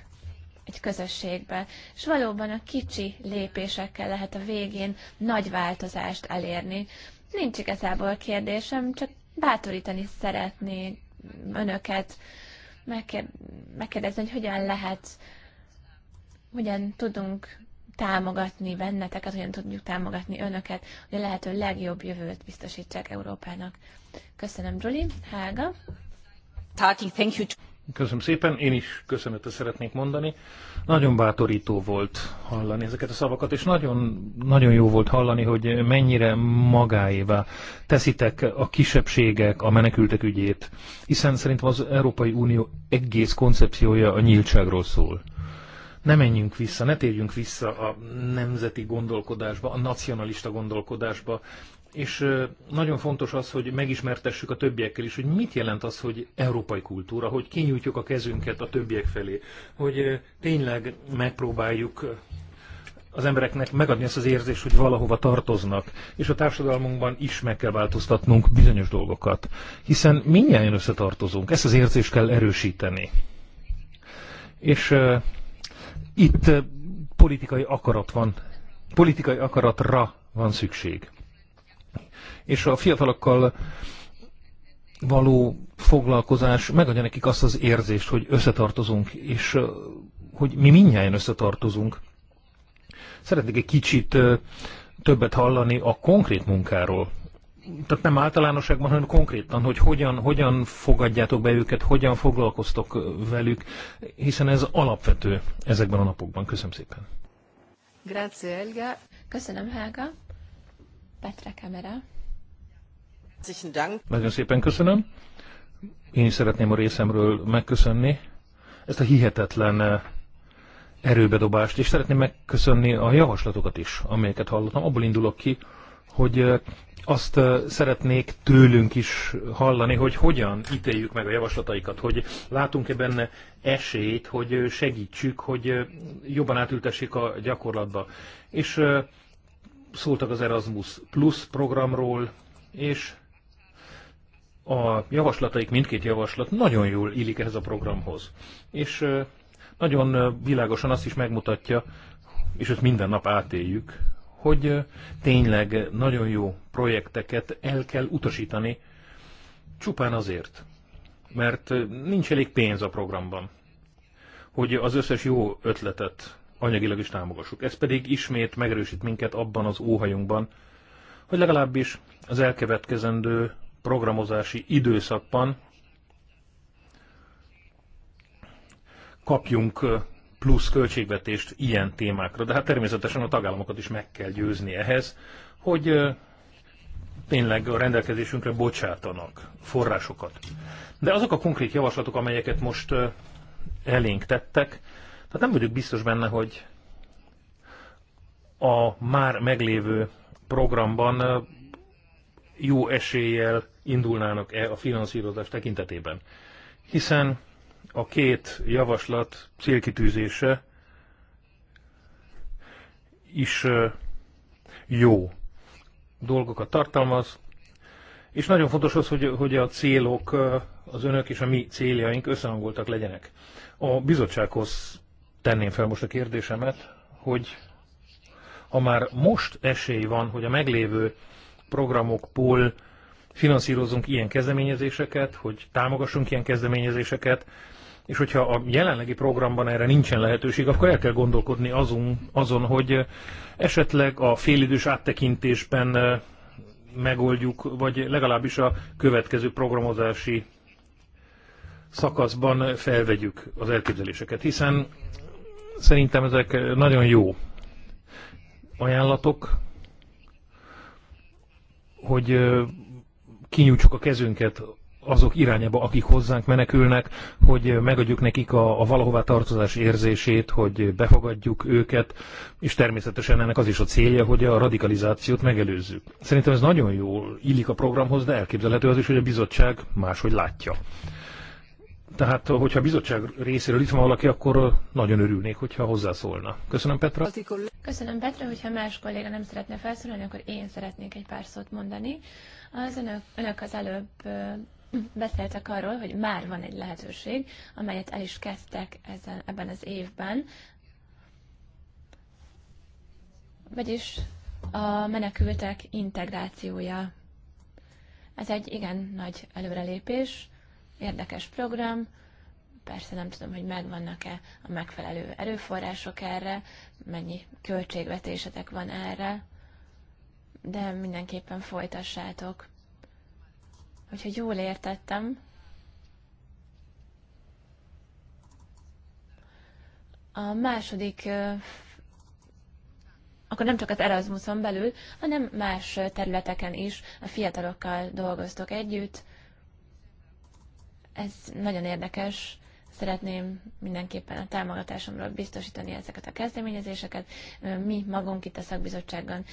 egy közösségbe. És valóban a kicsi lépésekkel lehet a végén nagy változást elérni. Nincs igazából kérdésem, csak bátorítani szeretnék önöket, megkérdezni, hogy hogyan lehet, hogyan tudunk támogatni benneteket, hogyan tudjuk támogatni önöket, hogy a lehető legjobb jövőt biztosítsák Európának. Köszönöm, Julie. Helga. Tati, thank you. Köszönöm szépen, én is köszönetet szeretnék mondani. Nagyon bátorító volt hallani ezeket a szavakat, és nagyon, nagyon jó volt hallani, hogy mennyire magáévá teszitek a kisebbségek, a menekültek ügyét, hiszen szerintem az Európai Unió egész koncepciója a nyíltságról szól. Ne menjünk vissza, ne térjünk vissza a nemzeti gondolkodásba, a nacionalista gondolkodásba, és nagyon fontos az, hogy megismertessük a többiekkel is, hogy mit jelent az, hogy európai kultúra, hogy kinyújtjuk a kezünket a többiek felé, hogy tényleg megpróbáljuk az embereknek megadni azt az érzést, hogy valahova tartoznak, és a társadalmunkban is meg kell változtatnunk bizonyos dolgokat, hiszen mindjárt összetartozunk, ezt az érzést kell erősíteni. És uh, itt uh, politikai akarat van, politikai akaratra van szükség és a fiatalokkal való foglalkozás megadja nekik azt az érzést, hogy összetartozunk, és hogy mi mindjárt összetartozunk. Szeretnék egy kicsit többet hallani a konkrét munkáról. Tehát nem általánosságban, hanem konkrétan, hogy hogyan, hogyan fogadjátok be őket, hogyan foglalkoztok velük, hiszen ez alapvető ezekben a napokban. Köszönöm szépen. Grazie, Elga. Köszönöm, Helga. Petra Kamera. Nagyon szépen köszönöm. Én is szeretném a részemről megköszönni ezt a hihetetlen eh, erőbedobást, és szeretném megköszönni a javaslatokat is, amelyeket hallottam. Abból indulok ki, hogy eh, azt eh, szeretnék tőlünk is hallani, hogy hogyan ítéljük meg a javaslataikat, hogy látunk-e benne esélyt, hogy segítsük, hogy jobban átültessék a gyakorlatba. És szóltak az Erasmus Plus programról, és a javaslataik, mindkét javaslat nagyon jól illik ehhez a programhoz. És nagyon világosan azt is megmutatja, és ezt minden nap átéljük, hogy tényleg nagyon jó projekteket el kell utasítani, csupán azért, mert nincs elég pénz a programban, hogy az összes jó ötletet anyagilag is támogassuk. Ez pedig ismét megerősít minket abban az óhajunkban, hogy legalábbis az elkövetkezendő programozási időszakban kapjunk plusz költségvetést ilyen témákra. De hát természetesen a tagállamokat is meg kell győzni ehhez, hogy tényleg a rendelkezésünkre bocsátanak forrásokat. De azok a konkrét javaslatok, amelyeket most elénk tettek, tehát nem vagyok biztos benne, hogy a már meglévő programban jó eséllyel indulnának-e a finanszírozás tekintetében. Hiszen a két javaslat célkitűzése is jó dolgokat tartalmaz, és nagyon fontos az, hogy, hogy a célok, az önök és a mi céljaink összehangoltak legyenek. A bizottsághoz tenném fel most a kérdésemet, hogy ha már most esély van, hogy a meglévő programokból finanszírozunk ilyen kezdeményezéseket, hogy támogassunk ilyen kezdeményezéseket, és hogyha a jelenlegi programban erre nincsen lehetőség, akkor el kell gondolkodni azon, azon hogy esetleg a félidős áttekintésben megoldjuk, vagy legalábbis a következő programozási szakaszban felvegyük az elképzeléseket, hiszen szerintem ezek nagyon jó ajánlatok, hogy kinyújtsuk a kezünket azok irányába, akik hozzánk menekülnek, hogy megadjuk nekik a, a valahová tartozás érzését, hogy befogadjuk őket, és természetesen ennek az is a célja, hogy a radikalizációt megelőzzük. Szerintem ez nagyon jól illik a programhoz, de elképzelhető az is, hogy a bizottság máshogy látja. Tehát, hogyha a bizottság részéről itt van valaki, akkor nagyon örülnék, hogyha hozzászólna. Köszönöm, Petra. Köszönöm, Petra. Hogyha más kolléga nem szeretne felszólalni, akkor én szeretnék egy pár szót mondani. Az önök, önök az előbb beszéltek arról, hogy már van egy lehetőség, amelyet el is kezdtek ezen, ebben az évben, vagyis a menekültek integrációja. Ez egy igen nagy előrelépés, érdekes program, persze nem tudom, hogy megvannak-e a megfelelő erőforrások erre, mennyi költségvetésetek van erre, de mindenképpen folytassátok. Hogyha jól értettem, a második akkor nem csak az Erasmuson belül, hanem más területeken is a fiatalokkal dolgoztok együtt. Ez nagyon érdekes, Szeretném mindenképpen a támogatásomról biztosítani ezeket a kezdeményezéseket. Mi magunk itt a szakbizottságban,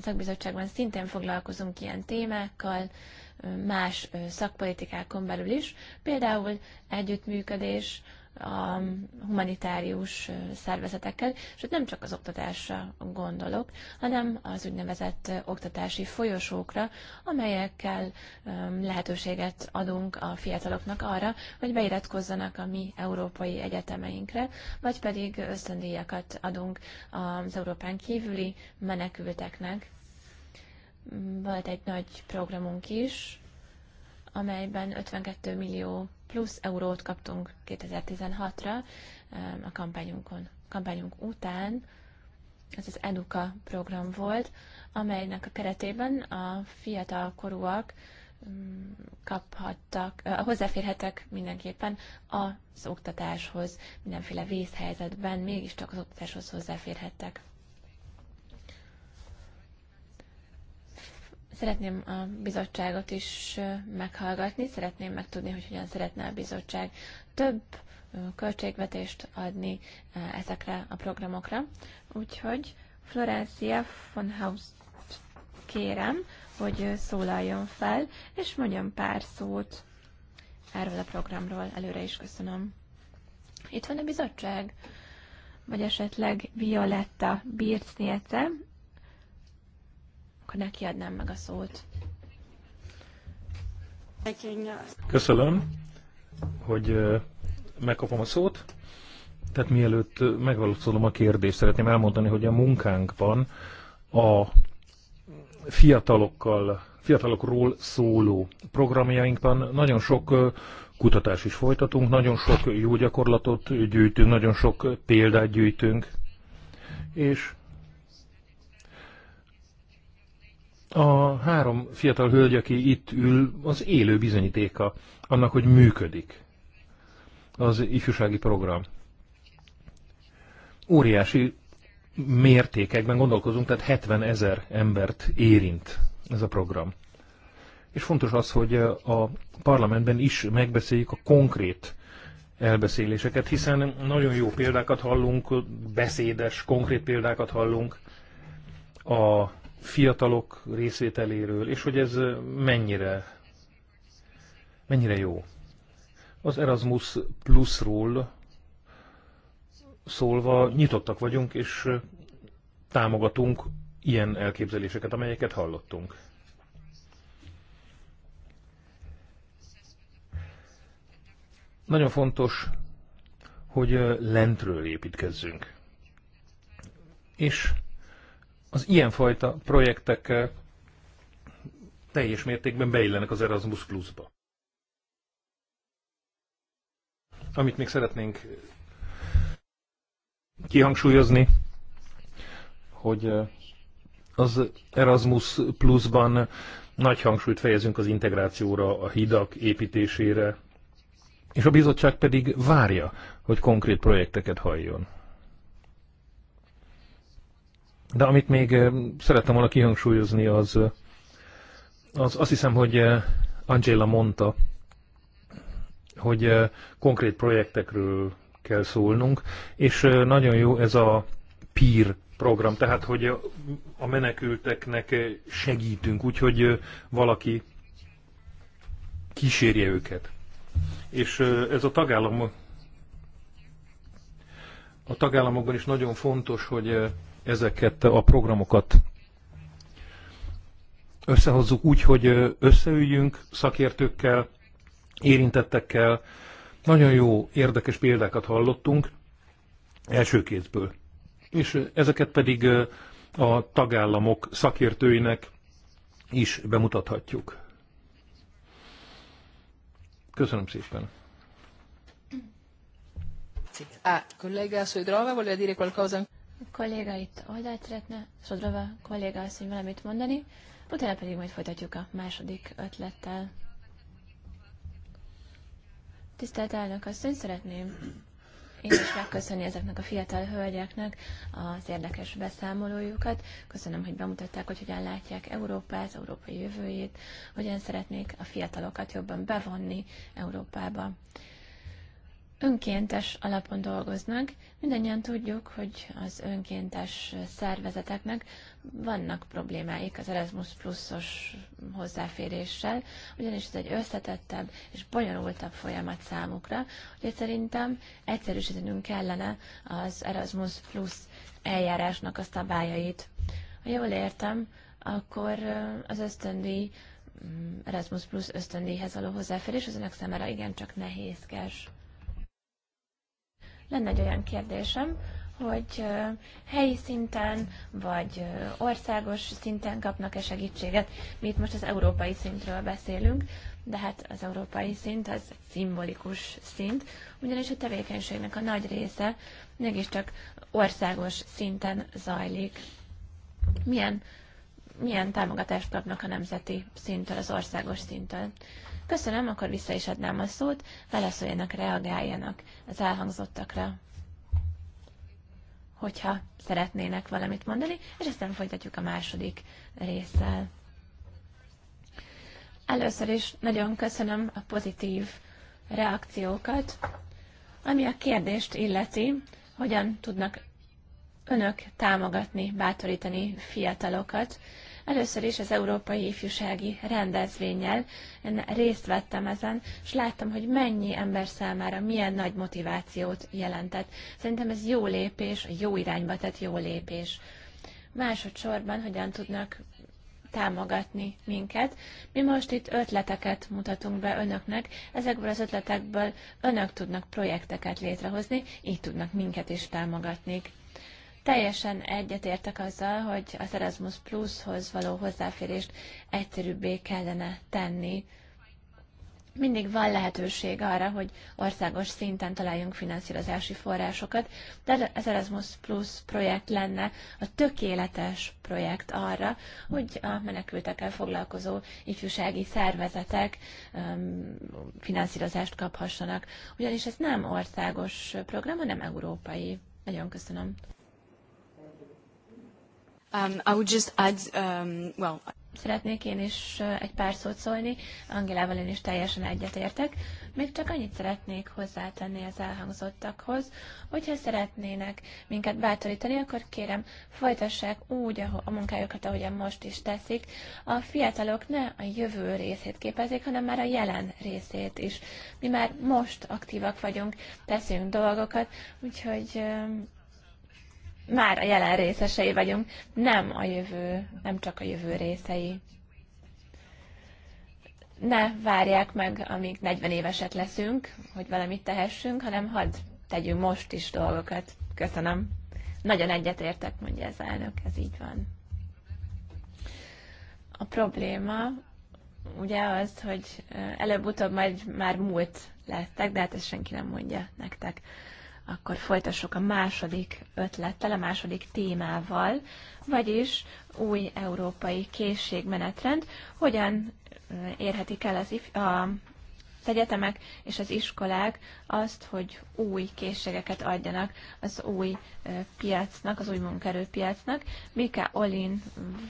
szakbizottságban szintén foglalkozunk ilyen témákkal, más szakpolitikákon belül is, például együttműködés, a humanitárius szervezetekkel, és itt nem csak az oktatásra gondolok, hanem az úgynevezett oktatási folyosókra, amelyekkel lehetőséget adunk a fiataloknak arra, hogy beiratkozzanak a mi európai egyetemeinkre, vagy pedig ösztöndíjakat adunk az Európán kívüli menekülteknek. Volt egy nagy programunk is, amelyben 52 millió plusz eurót kaptunk 2016-ra a kampányunkon, kampányunk után. Ez az Eduka program volt, amelynek a keretében a fiatal korúak kaphattak, hozzáférhetek mindenképpen az oktatáshoz, mindenféle vészhelyzetben mégiscsak az oktatáshoz hozzáférhettek. Szeretném a bizottságot is meghallgatni, szeretném megtudni, hogy hogyan szeretne a bizottság több költségvetést adni ezekre a programokra. Úgyhogy Florencia von Haus kérem, hogy szólaljon fel, és mondjon pár szót erről a programról. Előre is köszönöm. Itt van a bizottság, vagy esetleg Violetta Bircniece, akkor neki adnám meg a szót. Köszönöm, hogy megkapom a szót. Tehát mielőtt megvalószolom a kérdést, szeretném elmondani, hogy a munkánkban a fiatalokkal, fiatalokról szóló programjainkban nagyon sok kutatás is folytatunk, nagyon sok jó gyakorlatot gyűjtünk, nagyon sok példát gyűjtünk, és A három fiatal hölgy, aki itt ül, az élő bizonyítéka annak, hogy működik az ifjúsági program. Óriási mértékekben gondolkozunk, tehát 70 ezer embert érint ez a program. És fontos az, hogy a parlamentben is megbeszéljük a konkrét elbeszéléseket, hiszen nagyon jó példákat hallunk, beszédes, konkrét példákat hallunk a fiatalok részvételéről, és hogy ez mennyire, mennyire jó. Az Erasmus Plusról szólva nyitottak vagyunk, és támogatunk ilyen elképzeléseket, amelyeket hallottunk. Nagyon fontos, hogy lentről építkezzünk. És az ilyenfajta projektek eh, teljes mértékben beillenek az Erasmus Plus-ba. Amit még szeretnénk kihangsúlyozni, hogy eh, az Erasmus Plus-ban nagy hangsúlyt fejezünk az integrációra, a hidak építésére, és a bizottság pedig várja, hogy konkrét projekteket halljon. De amit még szerettem volna kihangsúlyozni, az, az azt hiszem, hogy Angela mondta, hogy konkrét projektekről kell szólnunk, és nagyon jó ez a PEER program, tehát hogy a menekülteknek segítünk, úgyhogy valaki kísérje őket. És ez a tagállam a tagállamokban is nagyon fontos, hogy ezeket a programokat összehozzuk úgy, hogy összeüljünk szakértőkkel, érintettekkel. Nagyon jó, érdekes példákat hallottunk első kézből. És ezeket pedig a tagállamok szakértőinek is bemutathatjuk. Köszönöm szépen. Ah, collega Soidrova, voleva dire qualcosa? kolléga itt oldalt szeretne, Sodrova kolléga azt, hogy valamit mondani, utána pedig majd folytatjuk a második ötlettel. Tisztelt elnök asszony, szeretném én is megköszönni ezeknek a fiatal hölgyeknek az érdekes beszámolójukat. Köszönöm, hogy bemutatták, hogy hogyan látják Európát, európai jövőjét, hogyan szeretnék a fiatalokat jobban bevonni Európába önkéntes alapon dolgoznak. Mindennyian tudjuk, hogy az önkéntes szervezeteknek vannak problémáik az Erasmus pluszos hozzáféréssel, ugyanis ez egy összetettebb és bonyolultabb folyamat számukra, hogy szerintem egyszerűsítenünk kellene az Erasmus plusz eljárásnak a szabályait. Ha jól értem, akkor az ösztöndíj mm, Erasmus Plus ösztöndíjhez való hozzáférés az önök számára igencsak nehézkes. Lenne egy olyan kérdésem, hogy helyi szinten vagy országos szinten kapnak-e segítséget. Mi itt most az európai szintről beszélünk, de hát az európai szint az szimbolikus szint, ugyanis a tevékenységnek a nagy része mégiscsak országos szinten zajlik. Milyen, milyen támogatást kapnak a nemzeti szinttől, az országos szinttől? Köszönöm, akkor vissza is adnám a szót, válaszoljanak, reagáljanak az elhangzottakra, hogyha szeretnének valamit mondani, és aztán folytatjuk a második résszel. Először is nagyon köszönöm a pozitív reakciókat, ami a kérdést illeti, hogyan tudnak önök támogatni, bátorítani fiatalokat Először is az Európai Ifjúsági Rendezvényel én részt vettem ezen, és láttam, hogy mennyi ember számára milyen nagy motivációt jelentett. Szerintem ez jó lépés, jó irányba tett jó lépés. Másodszorban hogyan tudnak támogatni minket. Mi most itt ötleteket mutatunk be önöknek, ezekből az ötletekből önök tudnak projekteket létrehozni, így tudnak minket is támogatni. Teljesen egyetértek azzal, hogy az Erasmus Plushoz való hozzáférést egyszerűbbé kellene tenni. Mindig van lehetőség arra, hogy országos szinten találjunk finanszírozási forrásokat, de az Erasmus Plus projekt lenne a tökéletes projekt arra, hogy a menekültekkel foglalkozó ifjúsági szervezetek um, finanszírozást kaphassanak. Ugyanis ez nem országos program, hanem európai. Nagyon köszönöm. Um, um, szeretnék én is uh, egy pár szót szólni, Angelával én is teljesen egyetértek. Még csak annyit szeretnék hozzátenni az elhangzottakhoz, hogyha szeretnének minket bátorítani, akkor kérem, folytassák úgy a munkájukat, ahogyan most is teszik. A fiatalok ne a jövő részét képezik, hanem már a jelen részét is. Mi már most aktívak vagyunk, teszünk dolgokat, úgyhogy um, már a jelen részesei vagyunk, nem a jövő, nem csak a jövő részei. Ne várják meg, amíg 40 évesek leszünk, hogy valamit tehessünk, hanem hadd tegyünk most is dolgokat. Köszönöm. Nagyon egyetértek, mondja az elnök, ez így van. A probléma ugye az, hogy előbb-utóbb majd már múlt lettek, de hát ezt senki nem mondja nektek akkor folytassuk a második ötlettel, a második témával, vagyis új európai készségmenetrend, hogyan érhetik el az, if- a, az egyetemek és az iskolák azt, hogy új készségeket adjanak az új piacnak, az új munkerőpiacnak. Mika Olin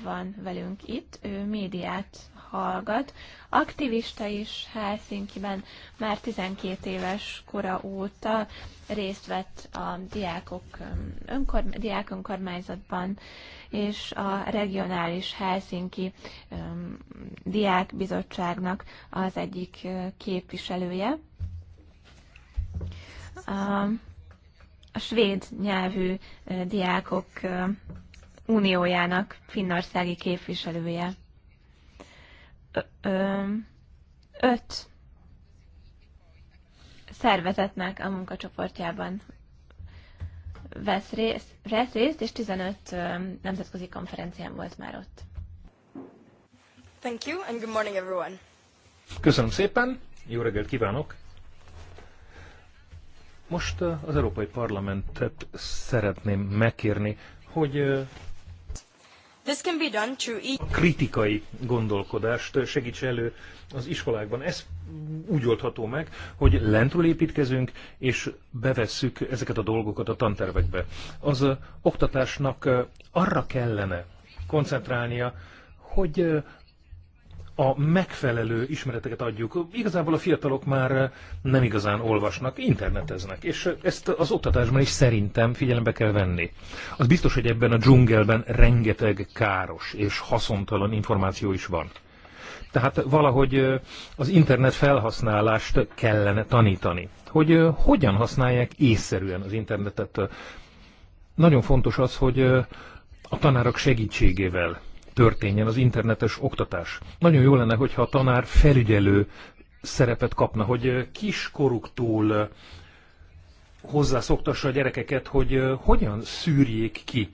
van velünk itt, ő médiát hallgat. Aktivista is Helsinki-ben már 12 éves kora óta részt vett a diákok önkor, diák önkormányzatban, és a regionális Helsinki um, diákbizottságnak az egyik képviselője. A, a svéd nyelvű diákok uniójának finnországi képviselője öt szervezetnek a munkacsoportjában vesz részt, vesz részt és 15 nemzetközi konferencián volt már ott. Thank you and good morning everyone. Köszönöm szépen, jó reggelt kívánok! Most az Európai Parlamentet szeretném megkérni, hogy E- kritikai gondolkodást segíts elő az iskolákban. Ez úgy oldható meg, hogy lentről építkezünk, és bevesszük ezeket a dolgokat a tantervekbe. Az oktatásnak arra kellene koncentrálnia, hogy a megfelelő ismereteket adjuk. Igazából a fiatalok már nem igazán olvasnak, interneteznek, és ezt az oktatásban is szerintem figyelembe kell venni. Az biztos, hogy ebben a dzsungelben rengeteg káros és haszontalan információ is van. Tehát valahogy az internet felhasználást kellene tanítani. Hogy hogyan használják észszerűen az internetet. Nagyon fontos az, hogy a tanárok segítségével történjen az internetes oktatás. Nagyon jó lenne, hogyha a tanár felügyelő szerepet kapna, hogy eh, kiskoruktól eh, hozzászoktassa a gyerekeket, hogy eh, hogyan szűrjék ki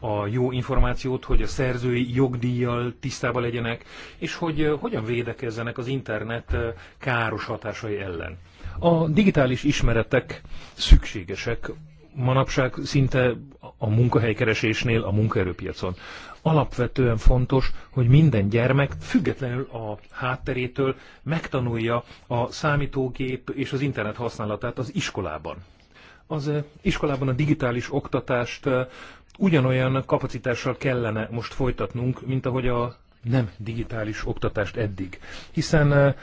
a jó információt, hogy a szerzői jogdíjjal tisztában legyenek, és hogy hogyan védekezzenek az internet káros hatásai ellen. A digitális ismeretek szükségesek manapság szinte a munkahelykeresésnél, a munkaerőpiacon. Alapvetően fontos, hogy minden gyermek függetlenül a hátterétől megtanulja a számítógép és az internet használatát az iskolában. Az eh, iskolában a digitális oktatást eh, ugyanolyan kapacitással kellene most folytatnunk, mint ahogy a nem digitális oktatást eddig. Hiszen eh,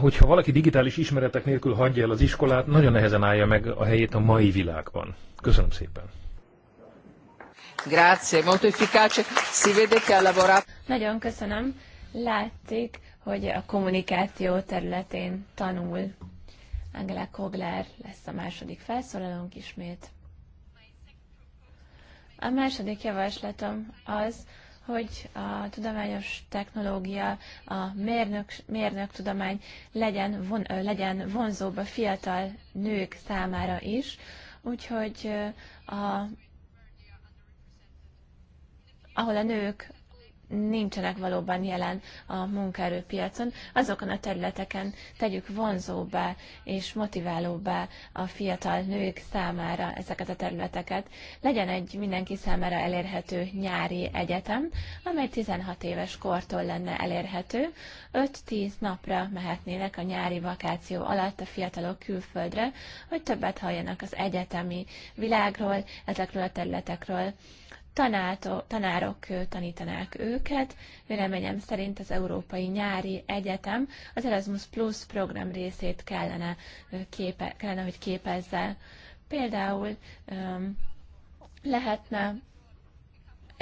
hogyha valaki digitális ismeretek nélkül hagyja el az iskolát, nagyon nehezen állja meg a helyét a mai világban. Köszönöm szépen. Grazie, molto efficace. Si vede che ha lavorato. Nagyon köszönöm. Látték, hogy a kommunikáció területén tanul. Angela Kogler lesz a második felszólalónk ismét. A második javaslatom az, hogy a tudományos technológia, a mérnök, mérnök tudomány legyen, von, legyen vonzóbb a fiatal nők számára is, úgyhogy a, ahol a nők nincsenek valóban jelen a munkaerőpiacon, azokon a területeken tegyük vonzóbbá és motiválóbbá a fiatal nők számára ezeket a területeket. Legyen egy mindenki számára elérhető nyári egyetem, amely 16 éves kortól lenne elérhető. 5-10 napra mehetnének a nyári vakáció alatt a fiatalok külföldre, hogy többet halljanak az egyetemi világról, ezekről a területekről tanáltó, tanárok tanítanák őket. Véleményem szerint az Európai Nyári Egyetem az Erasmus Plus program részét kellene, képe, kellene hogy képezze. Például lehetne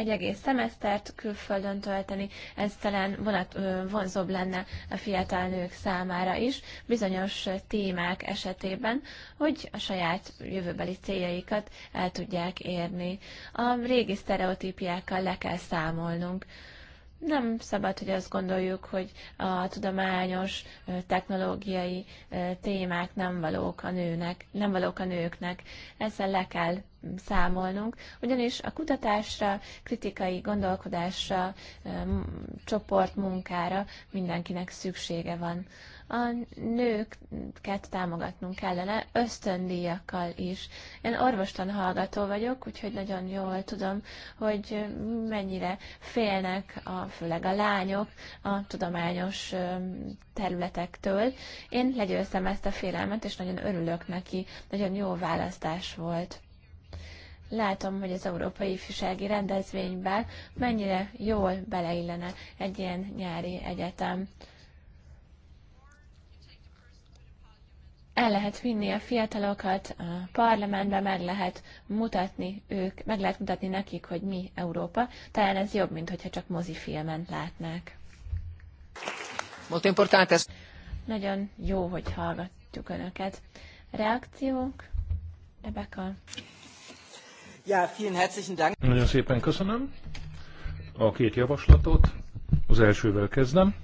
egy egész szemesztert külföldön tölteni, ez talán vonat, vonzóbb lenne a fiatal nők számára is, bizonyos témák esetében, hogy a saját jövőbeli céljaikat el tudják érni. A régi sztereotípiákkal le kell számolnunk nem szabad, hogy azt gondoljuk, hogy a tudományos, technológiai témák nem valók a nőnek, nem valók a nőknek. Ezzel le kell számolnunk, ugyanis a kutatásra, kritikai gondolkodásra, csoportmunkára mindenkinek szüksége van. A nőket támogatnunk kellene ösztöndíjakkal is. Én orvostan hallgató vagyok, úgyhogy nagyon jól tudom, hogy mennyire félnek, a, főleg a lányok a tudományos területektől. Én legyőztem ezt a félelmet, és nagyon örülök neki. Nagyon jó választás volt látom, hogy az Európai Ifjúsági Rendezvényben mennyire jól beleillene egy ilyen nyári egyetem. el lehet vinni a fiatalokat a parlamentbe, meg lehet mutatni ők, meg lehet mutatni nekik, hogy mi Európa. Talán ez jobb, mint hogyha csak mozifilment látnák. Nagyon jó, hogy hallgatjuk Önöket. Reakciók? Rebecca? Ja, vielen herzlichen Dank. Nagyon szépen köszönöm a két javaslatot. Az elsővel kezdem.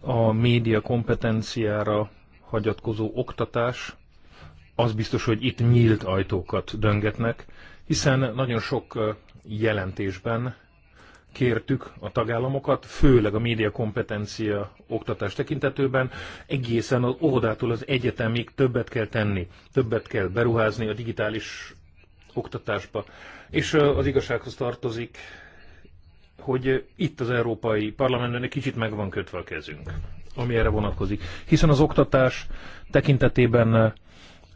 A média kompetenciára hagyatkozó oktatás, az biztos, hogy itt nyílt ajtókat döngetnek, hiszen nagyon sok jelentésben kértük a tagállamokat, főleg a média kompetencia oktatás tekintetőben, egészen az óvodától az egyetemig többet kell tenni, többet kell beruházni a digitális oktatásba. És az igazsághoz tartozik, hogy itt az Európai Parlamentben egy kicsit meg van kötve a kezünk, ami erre vonatkozik. Hiszen az oktatás tekintetében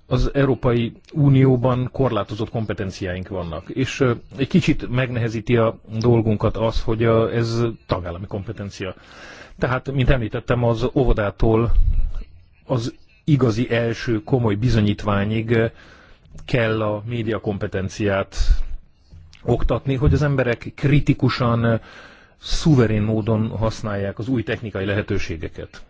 az Európai Unióban korlátozott kompetenciáink vannak, és egy kicsit megnehezíti a dolgunkat az, hogy ez tagállami kompetencia. Tehát, mint említettem, az óvodától az igazi első komoly bizonyítványig kell a média kompetenciát oktatni, hogy az emberek kritikusan, eh, szuverén módon használják az új technikai lehetőségeket.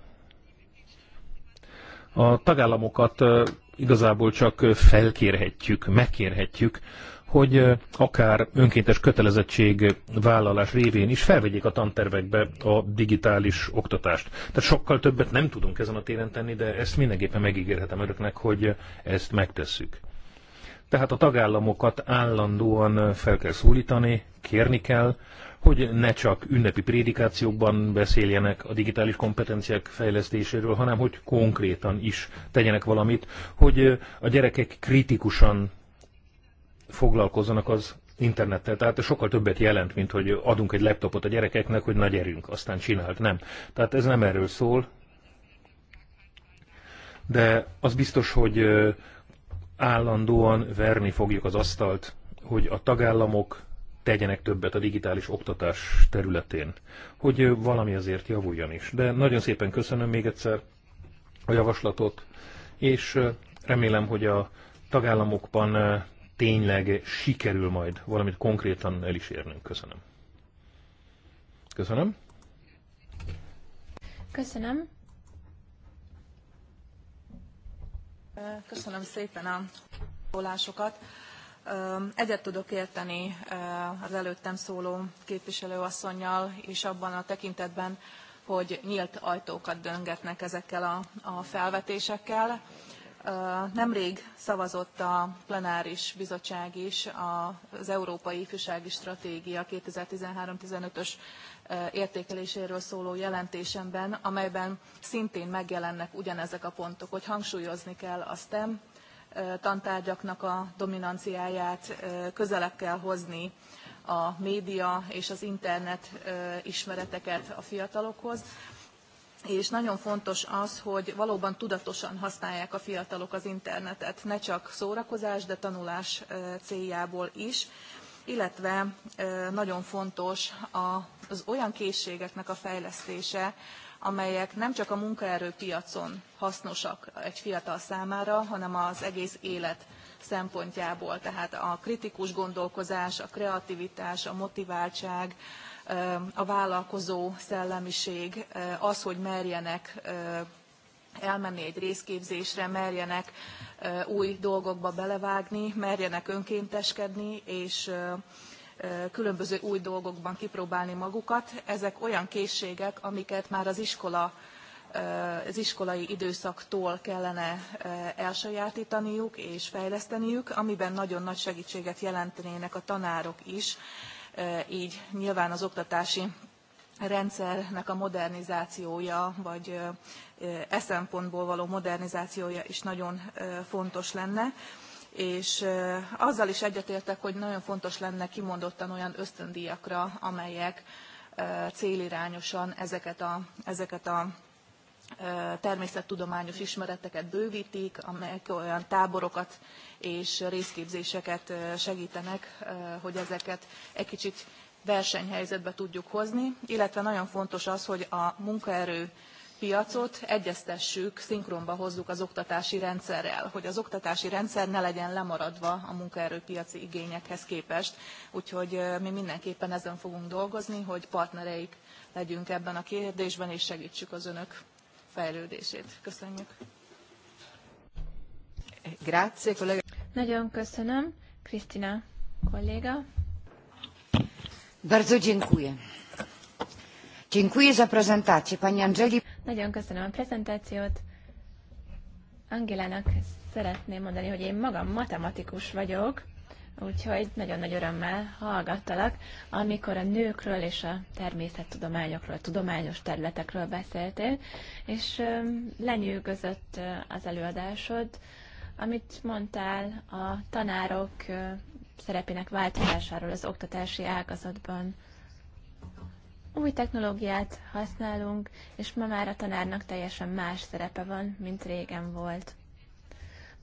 A tagállamokat eh, igazából csak eh, felkérhetjük, megkérhetjük, hogy akár önkéntes kötelezettség vállalás révén is felvegyék a tantervekbe a digitális oktatást. Tehát sokkal többet nem tudunk ezen a téren tenni, de ezt mindenképpen megígérhetem önöknek, hogy ezt megtesszük. Tehát a tagállamokat állandóan fel kell szólítani, kérni kell, hogy ne csak ünnepi prédikációkban beszéljenek a digitális kompetenciák fejlesztéséről, hanem hogy konkrétan is tegyenek valamit, hogy a gyerekek kritikusan foglalkozzanak az internettel. Tehát sokkal többet jelent, mint hogy adunk egy laptopot a gyerekeknek, hogy nagy erünk, aztán csinált. Nem. Tehát ez nem erről szól. De az biztos, hogy állandóan verni fogjuk az asztalt, hogy a tagállamok tegyenek többet a digitális oktatás területén, hogy valami azért javuljon is. De nagyon szépen köszönöm még egyszer a javaslatot, és remélem, hogy a tagállamokban tényleg sikerül majd valamit konkrétan el is érnünk. Köszönöm. Köszönöm. Köszönöm. Köszönöm szépen a szólásokat. Egyet tudok érteni az előttem szóló képviselőasszonynal, és abban a tekintetben, hogy nyílt ajtókat döngetnek ezekkel a, a felvetésekkel. Nemrég szavazott a plenáris bizottság is az Európai Ifjúsági Stratégia 2013-15-ös értékeléséről szóló jelentésemben, amelyben szintén megjelennek ugyanezek a pontok, hogy hangsúlyozni kell a STEM tantárgyaknak a dominanciáját, közelebb kell hozni a média és az internet ismereteket a fiatalokhoz, és nagyon fontos az, hogy valóban tudatosan használják a fiatalok az internetet, ne csak szórakozás, de tanulás céljából is, illetve nagyon fontos az olyan készségeknek a fejlesztése, amelyek nem csak a munkaerőpiacon hasznosak egy fiatal számára, hanem az egész élet szempontjából. Tehát a kritikus gondolkozás, a kreativitás, a motiváltság, a vállalkozó szellemiség, az, hogy merjenek elmenni egy részképzésre, merjenek új dolgokba belevágni, merjenek önkénteskedni, és különböző új dolgokban kipróbálni magukat. Ezek olyan készségek, amiket már az iskola az iskolai időszaktól kellene elsajátítaniuk és fejleszteniük, amiben nagyon nagy segítséget jelentenének a tanárok is, így nyilván az oktatási rendszernek a modernizációja, vagy e szempontból való modernizációja is nagyon fontos lenne és azzal is egyetértek, hogy nagyon fontos lenne kimondottan olyan ösztöndíjakra, amelyek célirányosan ezeket a, ezeket a természettudományos ismereteket bővítik, amelyek olyan táborokat és részképzéseket segítenek, hogy ezeket egy kicsit versenyhelyzetbe tudjuk hozni, illetve nagyon fontos az, hogy a munkaerő piacot egyeztessük, szinkronba hozzuk az oktatási rendszerrel, hogy az oktatási rendszer ne legyen lemaradva a munkaerőpiaci igényekhez képest. Úgyhogy mi mindenképpen ezen fogunk dolgozni, hogy partnereik legyünk ebben a kérdésben, és segítsük az önök fejlődését. Köszönjük. Grazie, kollega. Nagyon köszönöm, Krisztina kolléga. Bardzo dziękuję. Dziękuję za prezentację. Pani Angeli... Nagyon köszönöm a prezentációt. Angelának szeretném mondani, hogy én magam matematikus vagyok, úgyhogy nagyon nagy örömmel hallgattalak, amikor a nőkről és a természettudományokról, a tudományos területekről beszéltél, és lenyűgözött az előadásod, amit mondtál a tanárok szerepének változásáról az oktatási ágazatban. Új technológiát használunk, és ma már a tanárnak teljesen más szerepe van, mint régen volt.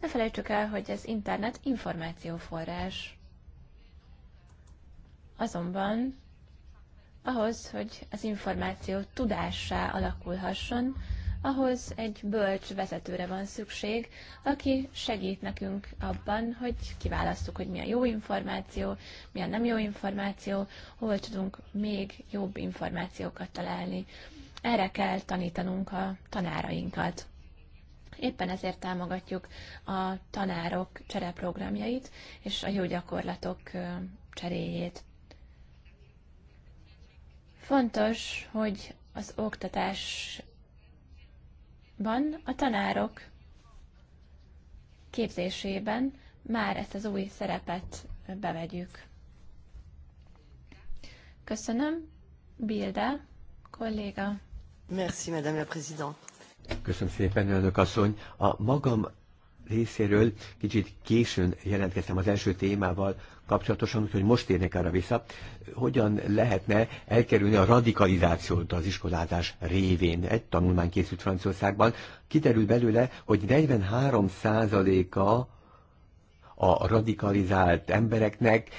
Ne felejtsük el, hogy az internet információforrás. Azonban ahhoz, hogy az információ tudássá alakulhasson, ahhoz egy bölcs vezetőre van szükség, aki segít nekünk abban, hogy kiválasztjuk, hogy mi a jó információ, mi a nem jó információ, hol tudunk még jobb információkat találni. Erre kell tanítanunk a tanárainkat. Éppen ezért támogatjuk a tanárok csereprogramjait és a jó gyakorlatok cseréjét. Fontos, hogy az oktatás Ban a tanárok képzésében már ezt az új szerepet bevegyük. Köszönöm, Bilda, kolléga. Merci, Madame la Présidente. Köszönöm szépen, Önök asszony. A magam részéről kicsit későn jelentkeztem az első témával, kapcsolatosan, úgyhogy most térnék arra vissza, hogyan lehetne elkerülni a radikalizációt az iskolázás révén. Egy tanulmány készült Franciaországban, kiderül belőle, hogy 43 a a radikalizált embereknek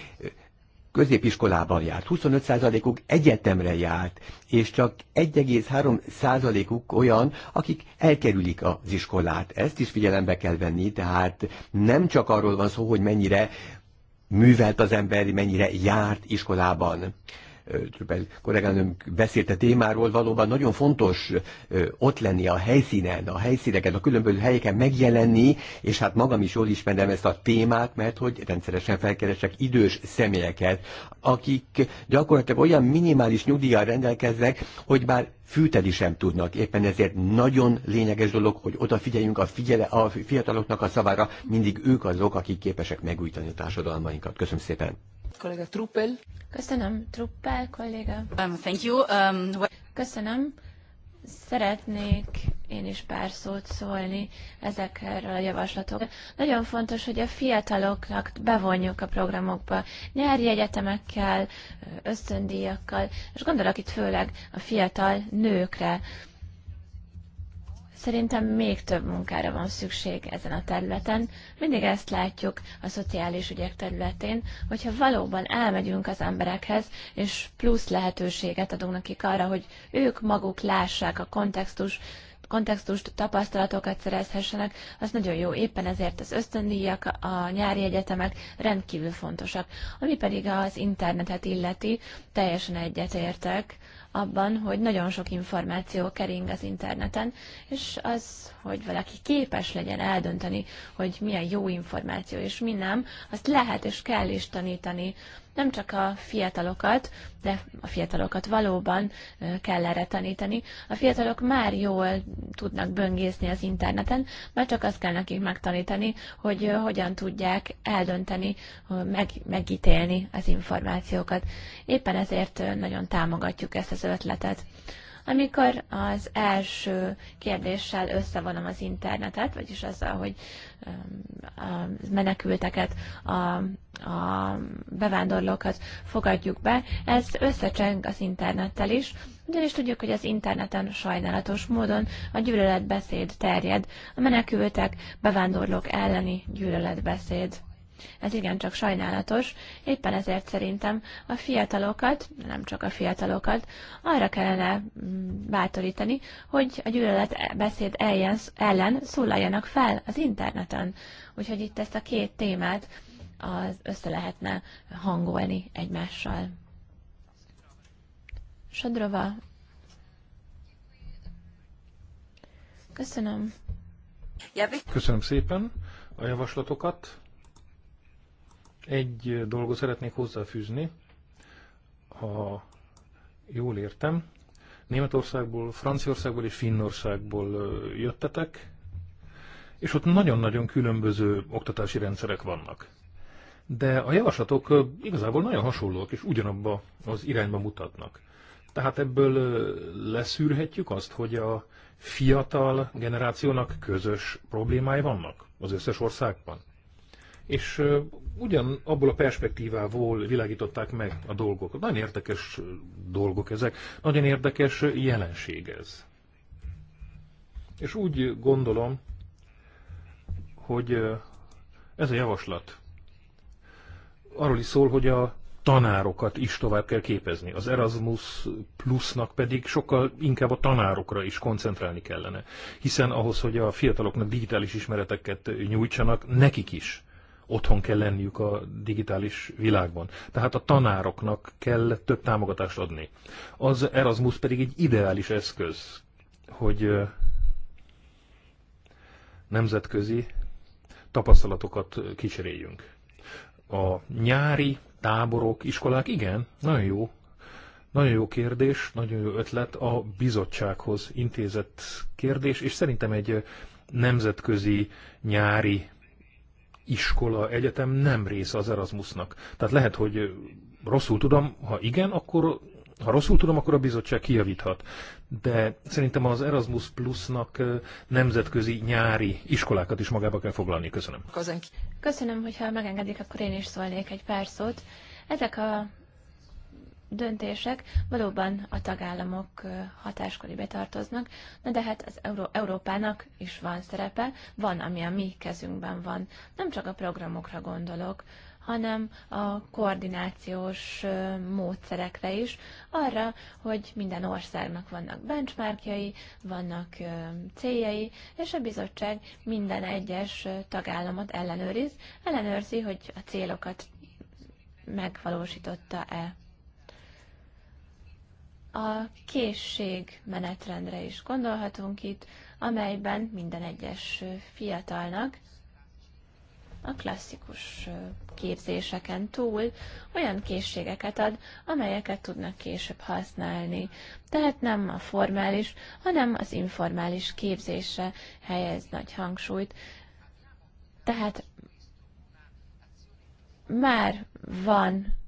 középiskolában járt, 25%-uk egyetemre járt, és csak 1,3%-uk olyan, akik elkerülik az iskolát. Ezt is figyelembe kell venni, tehát nem csak arról van szó, hogy mennyire művelt az ember, mennyire járt iskolában. Csupel kollégánőm beszélt a témáról, valóban nagyon fontos ott lenni a helyszínen, a helyszíneken, a különböző helyeken megjelenni, és hát magam is jól ismerem ezt a témát, mert hogy rendszeresen felkeresek idős személyeket, akik gyakorlatilag olyan minimális nyugdíjjal rendelkeznek, hogy már fűteni sem tudnak. Éppen ezért nagyon lényeges dolog, hogy odafigyeljünk a, figyele, a fiataloknak a szavára, mindig ők azok, akik képesek megújítani a társadalmainkat. Köszönöm szépen! kollega Truppel. Köszönöm, Truppel kolléga. Um, thank you. Um, Köszönöm. Szeretnék én is pár szót szólni ezekről a javaslatokról. Nagyon fontos, hogy a fiataloknak bevonjuk a programokba nyári egyetemekkel, ösztöndíjakkal, és gondolok itt főleg a fiatal nőkre Szerintem még több munkára van szükség ezen a területen. Mindig ezt látjuk a szociális ügyek területén, hogyha valóban elmegyünk az emberekhez, és plusz lehetőséget adunk nekik arra, hogy ők maguk lássák a kontextus, kontextust, tapasztalatokat szerezhessenek, az nagyon jó. Éppen ezért az ösztöndíjak, a nyári egyetemek rendkívül fontosak. Ami pedig az internetet illeti, teljesen egyetértek abban, hogy nagyon sok információ kering az interneten, és az, hogy valaki képes legyen eldönteni, hogy milyen jó információ és mi nem, azt lehet és kell is tanítani nem csak a fiatalokat, de a fiatalokat valóban kell erre tanítani. A fiatalok már jól tudnak böngészni az interneten, már csak azt kell nekik megtanítani, hogy hogyan tudják eldönteni, meg, megítélni az információkat. Éppen ezért nagyon támogatjuk ezt az ötletet. Amikor az első kérdéssel összevonom az internetet, vagyis azzal, hogy um, a menekülteket, a, a bevándorlókat fogadjuk be, ez összecseng az internettel is, ugyanis tudjuk, hogy az interneten sajnálatos módon a gyűlöletbeszéd terjed, a menekültek, bevándorlók elleni gyűlöletbeszéd. Ez igencsak sajnálatos, éppen ezért szerintem a fiatalokat, nem csak a fiatalokat, arra kellene mm, bátorítani, hogy a beszéd ellen szólaljanak fel az interneten. Úgyhogy itt ezt a két témát az össze lehetne hangolni egymással. Sodrova. Köszönöm. Köszönöm szépen a javaslatokat. Egy dolgot szeretnék hozzáfűzni, ha jól értem. Németországból, Franciaországból és Finnországból jöttetek, és ott nagyon-nagyon különböző oktatási rendszerek vannak. De a javaslatok igazából nagyon hasonlóak és ugyanabba az irányba mutatnak. Tehát ebből leszűrhetjük azt, hogy a fiatal generációnak közös problémái vannak az összes országban és ugyan abból a perspektívából világították meg a dolgokat. Nagyon érdekes dolgok ezek, nagyon érdekes jelenség ez. És úgy gondolom, hogy ez a javaslat arról is szól, hogy a tanárokat is tovább kell képezni. Az Erasmus plusznak pedig sokkal inkább a tanárokra is koncentrálni kellene. Hiszen ahhoz, hogy a fiataloknak digitális ismereteket nyújtsanak, nekik is otthon kell lenniük a digitális világban. Tehát a tanároknak kell több támogatást adni. Az Erasmus pedig egy ideális eszköz, hogy nemzetközi tapasztalatokat kicseréljünk. A nyári táborok, iskolák, igen, nagyon jó. Nagyon jó kérdés, nagyon jó ötlet a bizottsághoz intézett kérdés, és szerintem egy nemzetközi nyári iskola, egyetem nem része az Erasmusnak. Tehát lehet, hogy rosszul tudom, ha igen, akkor ha rosszul tudom, akkor a bizottság kijavíthat. De szerintem az Erasmus Plusnak nemzetközi nyári iskolákat is magába kell foglalni. Köszönöm. Köszönöm, hogyha megengedik, akkor én is szólnék egy pár szót. Ezek a döntések valóban a tagállamok hatáskori tartoznak, na de hát az Euró- Európának is van szerepe, van, ami a mi kezünkben van. Nem csak a programokra gondolok, hanem a koordinációs módszerekre is, arra, hogy minden országnak vannak benchmarkjai, vannak céljai, és a bizottság minden egyes tagállamot ellenőriz, ellenőrzi, hogy a célokat megvalósította-e a készség menetrendre is gondolhatunk itt, amelyben minden egyes fiatalnak a klasszikus képzéseken túl olyan készségeket ad, amelyeket tudnak később használni. Tehát nem a formális, hanem az informális képzése helyez nagy hangsúlyt. Tehát már van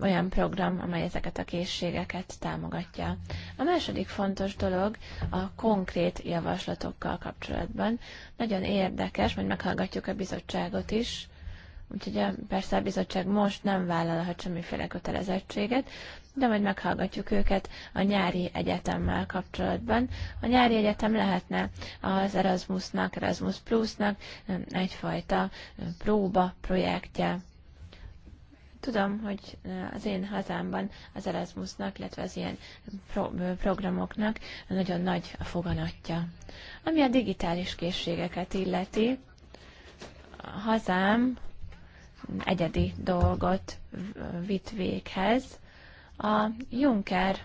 olyan program, amely ezeket a készségeket támogatja. A második fontos dolog a konkrét javaslatokkal kapcsolatban. Nagyon érdekes, majd meghallgatjuk a bizottságot is, úgyhogy persze a bizottság most nem vállalhat semmiféle kötelezettséget, de majd meghallgatjuk őket a nyári egyetemmel kapcsolatban. A nyári egyetem lehetne az Erasmusnak, Erasmus Plusnak egyfajta próba projektje Tudom, hogy eh, az én hazámban az Erasmusnak, illetve az ilyen pro- programoknak nagyon nagy a foganatja. Ami a digitális készségeket illeti, a hazám egyedi dolgot vitt véghez. A Juncker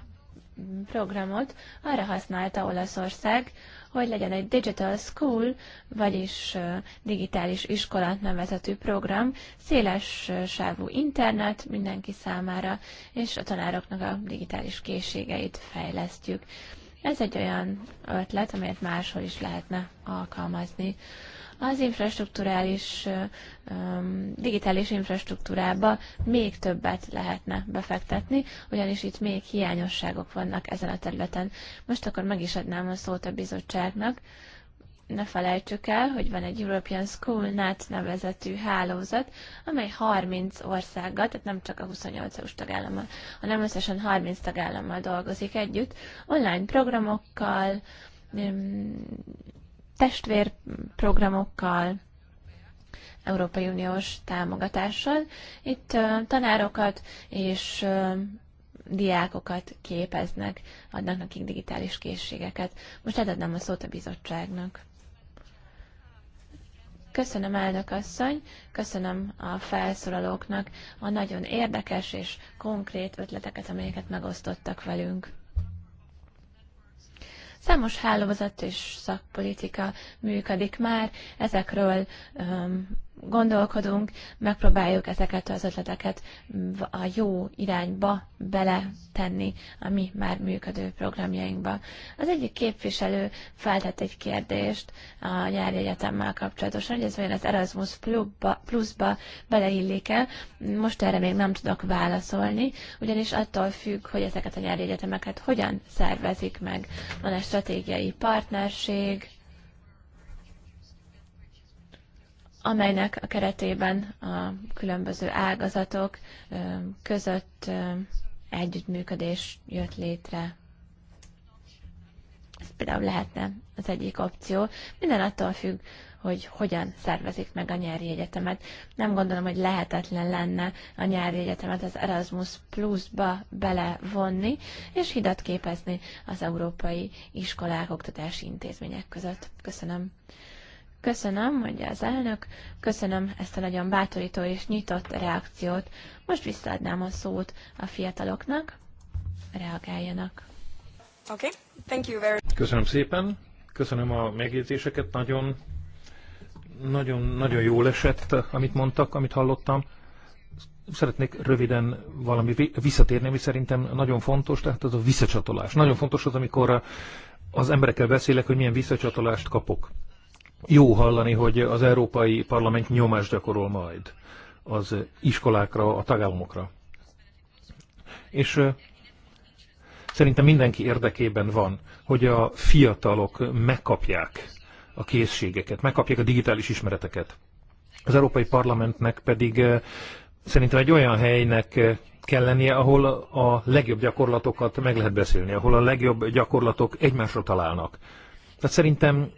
programot arra használta Olaszország, hogy legyen egy Digital School, vagyis digitális iskola nevezetű program, széles sávú internet mindenki számára, és a tanároknak a digitális készségeit fejlesztjük. Ez egy olyan ötlet, amelyet máshol is lehetne alkalmazni az infrastruktúrális, digitális infrastruktúrába még többet lehetne befektetni, ugyanis itt még hiányosságok vannak ezen a területen. Most akkor meg is adnám a szót a bizottságnak. Ne felejtsük el, hogy van egy European School Net nevezetű hálózat, amely 30 országgal, tehát nem csak a 28 EU-s tagállammal, hanem összesen 30 tagállammal dolgozik együtt, online programokkal, testvérprogramokkal, Európai Uniós támogatással. Itt tanárokat és diákokat képeznek, adnak nekik digitális készségeket. Most átadnám a szót a bizottságnak. Köszönöm, elnök asszony, köszönöm a felszólalóknak a nagyon érdekes és konkrét ötleteket, amelyeket megosztottak velünk. Számos hálózat és szakpolitika működik már, ezekről gondolkodunk, megpróbáljuk ezeket az ötleteket a jó irányba beletenni a mi már működő programjainkba. Az egyik képviselő feltett egy kérdést a nyári egyetemmel kapcsolatosan, hogy ez vajon az Erasmus Plus-ba beleillik-e. Most erre még nem tudok válaszolni, ugyanis attól függ, hogy ezeket a nyári egyetemeket hogyan szervezik meg. Van-e stratégiai partnerség, amelynek a keretében a különböző ágazatok között együttműködés jött létre. Ez például lehetne az egyik opció. Minden attól függ, hogy hogyan szervezik meg a nyári egyetemet. Nem gondolom, hogy lehetetlen lenne a nyári egyetemet az Erasmus Plus-ba belevonni, és hidat képezni az európai iskolák oktatási intézmények között. Köszönöm. Köszönöm, mondja az elnök, köszönöm ezt a nagyon bátorító és nyitott reakciót. Most visszaadnám a szót a fiataloknak, reagáljanak. Okay. Thank you very... Köszönöm szépen, köszönöm a megjegyzéseket, nagyon, nagyon, nagyon jól esett, amit mondtak, amit hallottam. Szeretnék röviden valami visszatérni, ami szerintem nagyon fontos, tehát az a visszacsatolás. Nagyon fontos az, amikor az emberekkel beszélek, hogy milyen visszacsatolást kapok. Jó hallani, hogy az Európai Parlament nyomást gyakorol majd az iskolákra, a tagállamokra. És szerintem mindenki érdekében van, hogy a fiatalok megkapják a készségeket, megkapják a digitális ismereteket. Az Európai Parlamentnek pedig szerintem egy olyan helynek kell lennie, ahol a legjobb gyakorlatokat meg lehet beszélni, ahol a legjobb gyakorlatok egymásra találnak. Tehát szerintem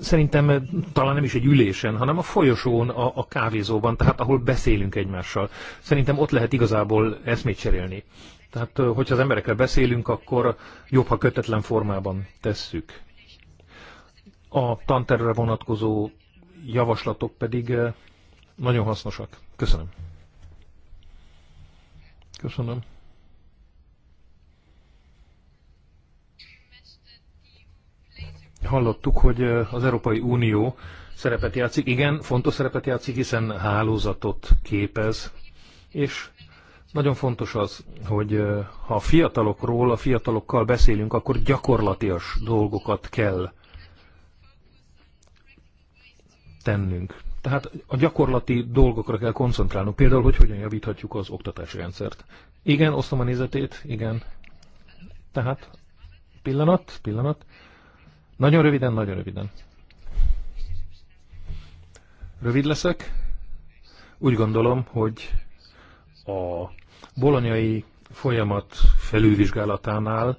szerintem eh, talán nem is egy ülésen, hanem a folyosón, a, a kávézóban, tehát ahol beszélünk egymással. Szerintem ott lehet igazából eszmét cserélni. Tehát, eh, hogyha az emberekkel beszélünk, akkor jobb, ha kötetlen formában tesszük. A tanterre vonatkozó javaslatok pedig eh, nagyon hasznosak. Köszönöm. Köszönöm. Hallottuk, hogy az Európai Unió szerepet játszik. Igen, fontos szerepet játszik, hiszen hálózatot képez, és nagyon fontos az, hogy ha a fiatalokról, a fiatalokkal beszélünk, akkor gyakorlatias dolgokat kell tennünk. Tehát a gyakorlati dolgokra kell koncentrálnunk. Például, hogy hogyan javíthatjuk az oktatási rendszert. Igen, osztom a nézetét, igen. Tehát, pillanat, pillanat. Nagyon röviden, nagyon röviden. Rövid leszek. Úgy gondolom, hogy a bolonyai folyamat felülvizsgálatánál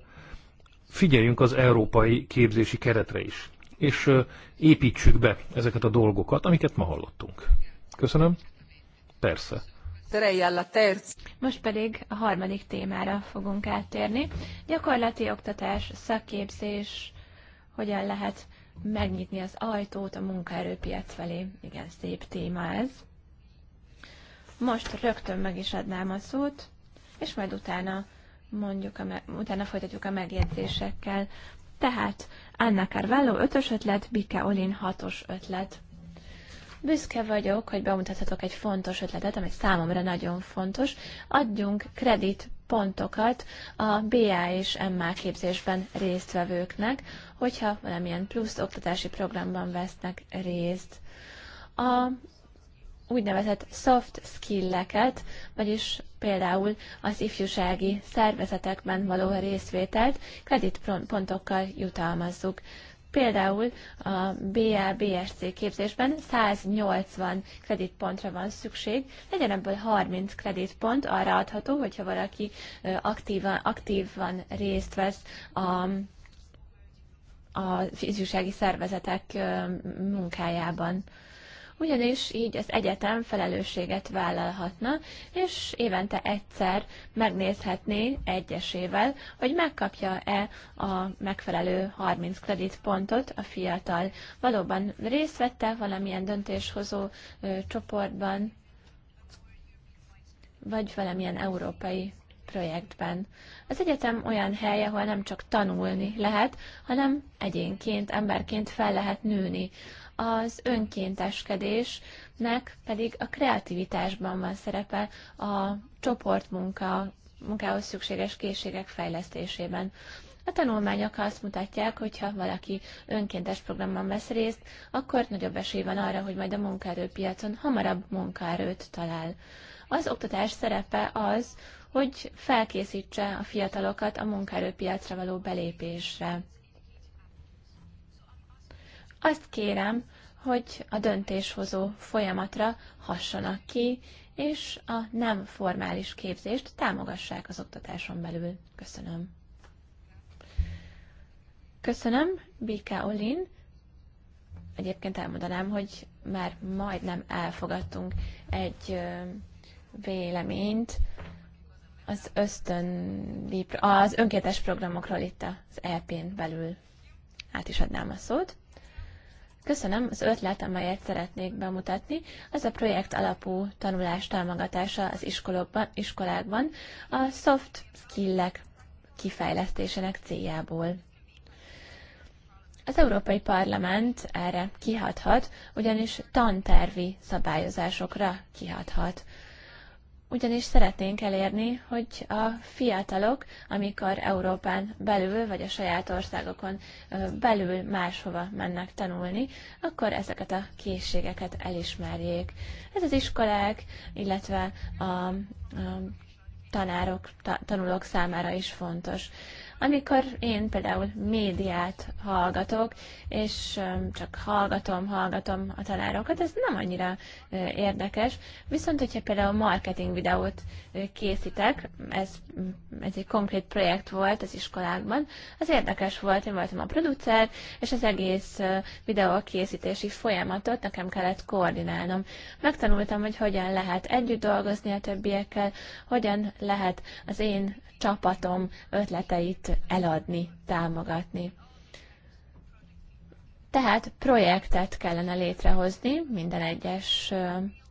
figyeljünk az európai képzési keretre is, és építsük be ezeket a dolgokat, amiket ma hallottunk. Köszönöm. Persze. Most pedig a harmadik témára fogunk áttérni. Gyakorlati oktatás, szakképzés, hogyan lehet megnyitni az ajtót a munkaerőpiac felé. Igen, szép téma ez. Most rögtön meg is adnám a szót, és majd utána mondjuk, a me- utána folytatjuk a megjegyzésekkel. Tehát Anna Carvalho ötös ötlet, Bika Olin hatos ötlet. Büszke vagyok, hogy bemutathatok egy fontos ötletet, ami számomra nagyon fontos. Adjunk kredit pontokat a BA és MA képzésben résztvevőknek, hogyha valamilyen plusz oktatási programban vesznek részt. A úgynevezett soft skilleket, vagyis például az ifjúsági szervezetekben való részvételt kreditpontokkal jutalmazzuk. Például a BA-BSC képzésben 180 kreditpontra van szükség, legyen ebből 30 kreditpont, arra adható, hogyha valaki aktívan, aktívan részt vesz a az ifjúsági szervezetek munkájában ugyanis így az egyetem felelősséget vállalhatna, és évente egyszer megnézhetné egyesével, hogy megkapja-e a megfelelő 30 kreditpontot a fiatal. Valóban részt vette valamilyen döntéshozó ö, csoportban, vagy valamilyen európai projektben. Az egyetem olyan hely, ahol nem csak tanulni lehet, hanem egyénként, emberként fel lehet nőni az önkénteskedésnek pedig a kreativitásban van szerepe a csoportmunka, munkához szükséges készségek fejlesztésében. A tanulmányok azt mutatják, hogy ha valaki önkéntes programban vesz részt, akkor nagyobb esély van arra, hogy majd a munkaerőpiacon hamarabb munkaerőt talál. Az oktatás szerepe az, hogy felkészítse a fiatalokat a munkaerőpiacra való belépésre. Azt kérem, hogy a döntéshozó folyamatra hassanak ki, és a nem formális képzést támogassák az oktatáson belül. Köszönöm. Köszönöm, Bika Olin. Egyébként elmondanám, hogy már majdnem elfogadtunk egy véleményt az ösztön, az önkéntes programokról itt az EP-n belül. Át is adnám a szót. Köszönöm az ötlet, amelyet szeretnék bemutatni. Az a projekt alapú tanulás támogatása az iskolokban, iskolákban a soft skillek kifejlesztésének céljából. Az Európai Parlament erre kihathat, ugyanis tantervi szabályozásokra kihathat ugyanis szeretnénk elérni, hogy a fiatalok, amikor Európán belül vagy a saját országokon belül máshova mennek tanulni, akkor ezeket a készségeket elismerjék. Ez az iskolák, illetve a, a tanárok, ta, tanulók számára is fontos. Amikor én például médiát hallgatok, és csak hallgatom, hallgatom a tanárokat, ez nem annyira érdekes. Viszont, hogyha például marketing videót készítek, ez, ez egy konkrét projekt volt az iskolákban, az érdekes volt, én voltam a producer, és az egész videó készítési folyamatot nekem kellett koordinálnom. Megtanultam, hogy hogyan lehet együtt dolgozni a többiekkel, hogyan lehet az én csapatom ötleteit eladni, támogatni. Tehát projektet kellene létrehozni minden egyes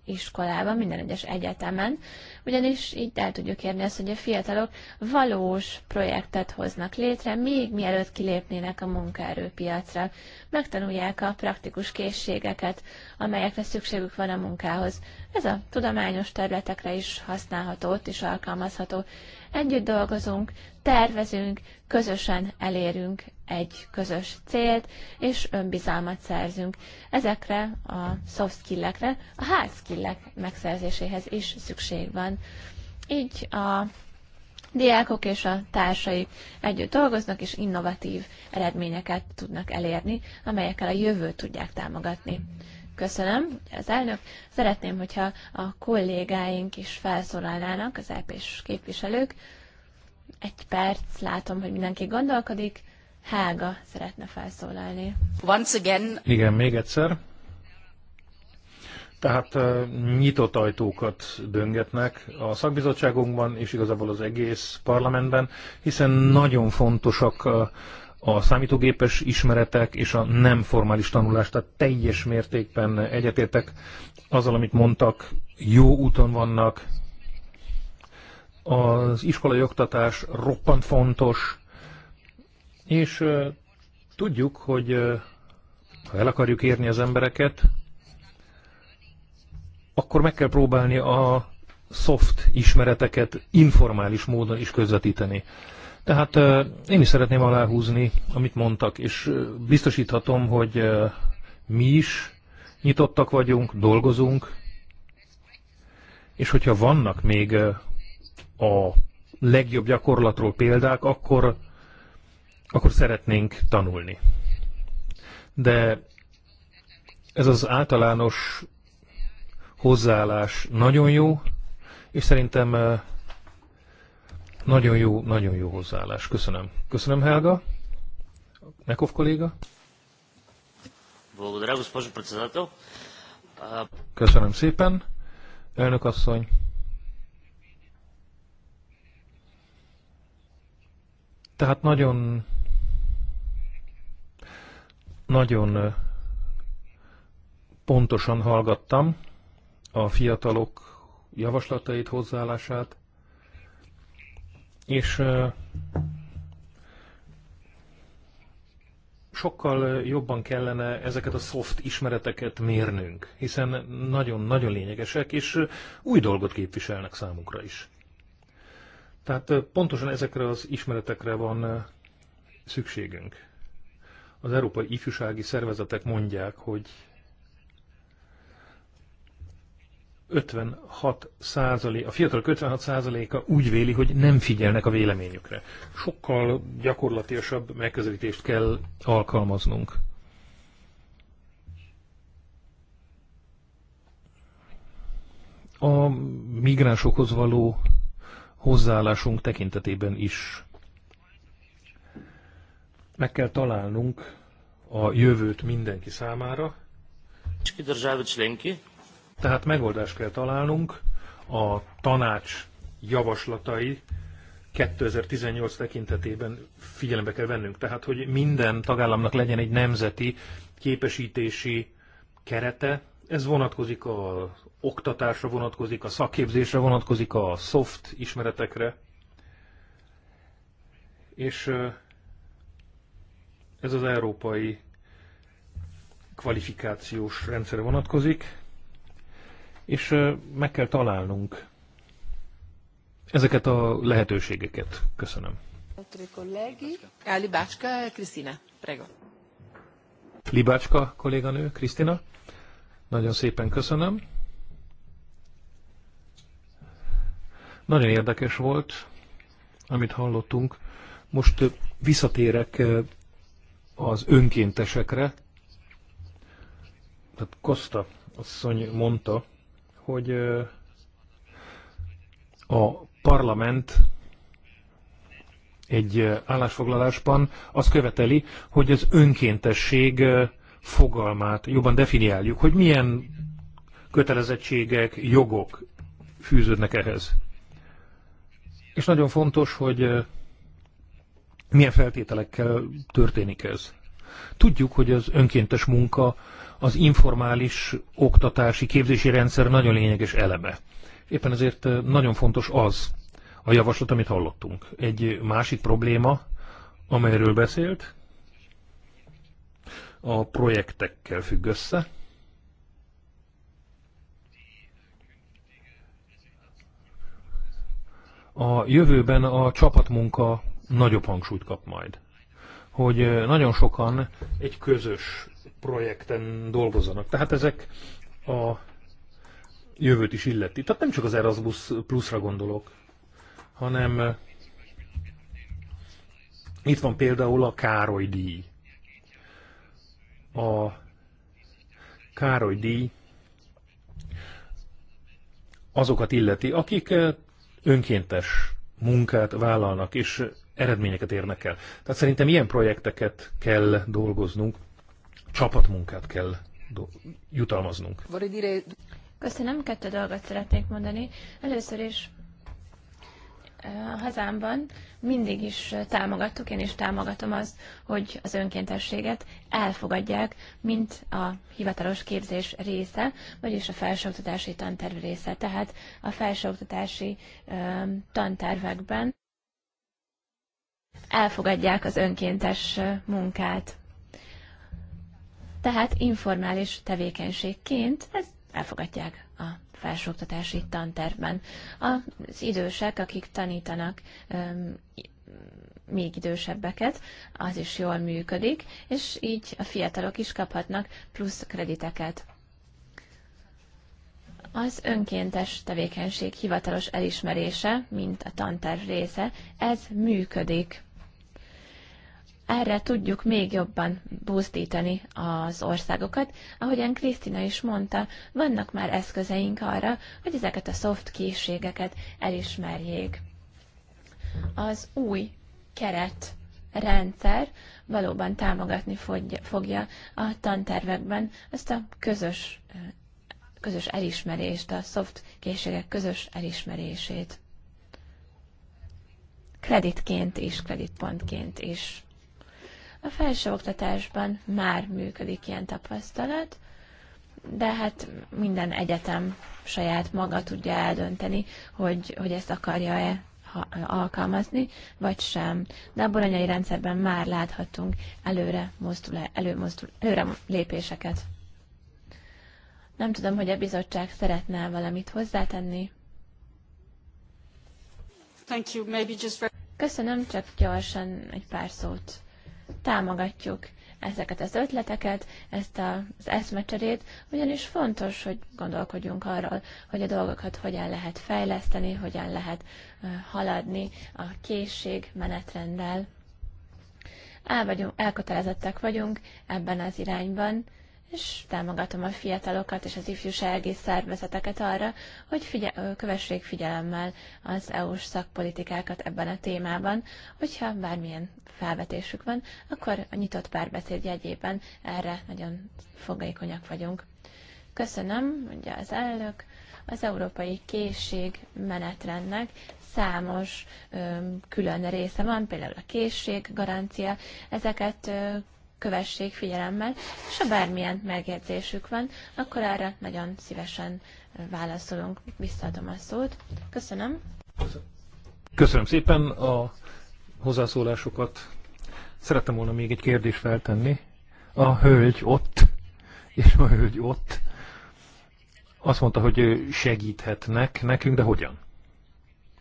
iskolában, minden egyes egyetemen, ugyanis így el tudjuk érni azt, hogy a fiatalok valós projektet hoznak létre, még mielőtt kilépnének a munkaerőpiacra. Megtanulják a praktikus készségeket, amelyekre szükségük van a munkához. Ez a tudományos területekre is használható, ott is alkalmazható. Együtt dolgozunk, tervezünk, közösen elérünk egy közös célt, és önbizalmat szerzünk. Ezekre a soft skillekre, a hard skillek megszerzéséhez is szükség van. Így a diákok és a társaik együtt dolgoznak, és innovatív eredményeket tudnak elérni, amelyekkel a jövőt tudják támogatni. Köszönöm, az elnök. Szeretném, hogyha a kollégáink is felszólalnának, az EP-s képviselők, egy perc, látom, hogy mindenki gondolkodik. Hága szeretne felszólalni. Once again. Igen, még egyszer. Tehát nyitott ajtókat döngetnek a szakbizottságunkban, és igazából az egész parlamentben, hiszen nagyon fontosak a számítógépes ismeretek és a nem formális tanulás, tehát teljes mértékben egyetértek azzal, amit mondtak, jó úton vannak, az iskolai oktatás roppant fontos, és tudjuk, hogy ha el akarjuk érni az embereket, akkor meg kell próbálni a soft ismereteket informális módon is közvetíteni. Tehát én is szeretném aláhúzni, amit mondtak, és biztosíthatom, hogy mi is nyitottak vagyunk, dolgozunk, és hogyha vannak még a legjobb gyakorlatról példák, akkor, akkor szeretnénk tanulni. De ez az általános hozzáállás nagyon jó, és szerintem eh, nagyon jó, nagyon jó hozzáállás. Köszönöm. Köszönöm, Helga. Nekov kolléga. Köszönöm szépen, elnök asszony. Tehát nagyon, nagyon pontosan hallgattam a fiatalok javaslatait, hozzáállását, és sokkal jobban kellene ezeket a soft ismereteket mérnünk, hiszen nagyon-nagyon lényegesek, és új dolgot képviselnek számunkra is. Tehát pontosan ezekre az ismeretekre van szükségünk. Az európai ifjúsági szervezetek mondják, hogy 56 százalék, a fiatalok 56 százaléka úgy véli, hogy nem figyelnek a véleményükre. Sokkal gyakorlatilasabb megközelítést kell alkalmaznunk. A migránsokhoz való hozzáállásunk tekintetében is. Meg kell találnunk a jövőt mindenki számára. Tehát megoldást kell találnunk a tanács javaslatai 2018 tekintetében figyelembe kell vennünk. Tehát, hogy minden tagállamnak legyen egy nemzeti képesítési kerete, ez vonatkozik az oktatásra vonatkozik, a szakképzésre vonatkozik, a soft ismeretekre. És ez az európai kvalifikációs rendszerre vonatkozik, és meg kell találnunk ezeket a lehetőségeket. Köszönöm. Libácska Krisztina, prego. Libácska kolléganő, Krisztina, nagyon szépen köszönöm. Nagyon érdekes volt, amit hallottunk. Most visszatérek az önkéntesekre. Tehát Kosta asszony mondta, hogy a parlament egy állásfoglalásban azt követeli, hogy az önkéntesség fogalmát jobban definiáljuk, hogy milyen kötelezettségek, jogok fűződnek ehhez. És nagyon fontos, hogy milyen feltételekkel történik ez. Tudjuk, hogy az önkéntes munka az informális oktatási képzési rendszer nagyon lényeges eleme. Éppen ezért nagyon fontos az a javaslat, amit hallottunk. Egy másik probléma, amelyről beszélt, a projektekkel függ össze. a jövőben a csapatmunka nagyobb hangsúlyt kap majd. Hogy nagyon sokan egy közös projekten dolgozzanak. Tehát ezek a jövőt is illeti. Tehát nem csak az Erasmus pluszra gondolok, hanem itt van például a Károly díj. A Károly díj azokat illeti, akik önkéntes munkát vállalnak, és eredményeket érnek el. Tehát szerintem ilyen projekteket kell dolgoznunk, csapatmunkát kell jutalmaznunk. Köszönöm, kettő dolgot szeretnék mondani. Először is hazámban mindig is támogattuk, én is támogatom azt, hogy az önkéntességet elfogadják, mint a hivatalos képzés része, vagyis a felsőoktatási tanterv része. Tehát a felsőoktatási tantervekben elfogadják az önkéntes munkát. Tehát informális tevékenységként ezt elfogadják a felsőoktatási tantervben. Az idősek, akik tanítanak még idősebbeket, az is jól működik, és így a fiatalok is kaphatnak plusz krediteket. Az önkéntes tevékenység hivatalos elismerése, mint a tanterv része, ez működik erre tudjuk még jobban buzdítani az országokat. Ahogyan Krisztina is mondta, vannak már eszközeink arra, hogy ezeket a soft készségeket elismerjék. Az új keret rendszer valóban támogatni fogja a tantervekben ezt a közös, közös elismerést, a soft készségek közös elismerését. Kreditként is, kreditpontként is. A felsőoktatásban már működik ilyen tapasztalat, de hát minden egyetem saját maga tudja eldönteni, hogy, hogy ezt akarja-e alkalmazni, vagy sem. De a boronyai rendszerben már láthatunk előre, mozdul, mozdul, előre lépéseket. Nem tudom, hogy a bizottság szeretne valamit hozzátenni. Thank you. Maybe just... Köszönöm, csak gyorsan egy pár szót támogatjuk ezeket az ötleteket, ezt az eszmecserét, ugyanis fontos, hogy gondolkodjunk arról, hogy a dolgokat hogyan lehet fejleszteni, hogyan lehet haladni a készség menetrenddel. El vagyunk, elkötelezettek vagyunk ebben az irányban, és támogatom a fiatalokat és az ifjúsági szervezeteket arra, hogy figye- kövessék figyelemmel az EU-s szakpolitikákat ebben a témában, hogyha bármilyen felvetésük van, akkor a nyitott párbeszéd jegyében erre nagyon fogékonyak vagyunk. Köszönöm, mondja az elnök, az európai készség menetrendnek számos ö, külön része van, például a készség, garancia, ezeket ö, kövessék figyelemmel, és ha bármilyen megjegyzésük van, akkor erre nagyon szívesen válaszolunk. Visszaadom a szót. Köszönöm. Köszönöm szépen a hozzászólásokat. Szerettem volna még egy kérdést feltenni. A hölgy ott, és a hölgy ott, azt mondta, hogy segíthetnek nekünk, de hogyan?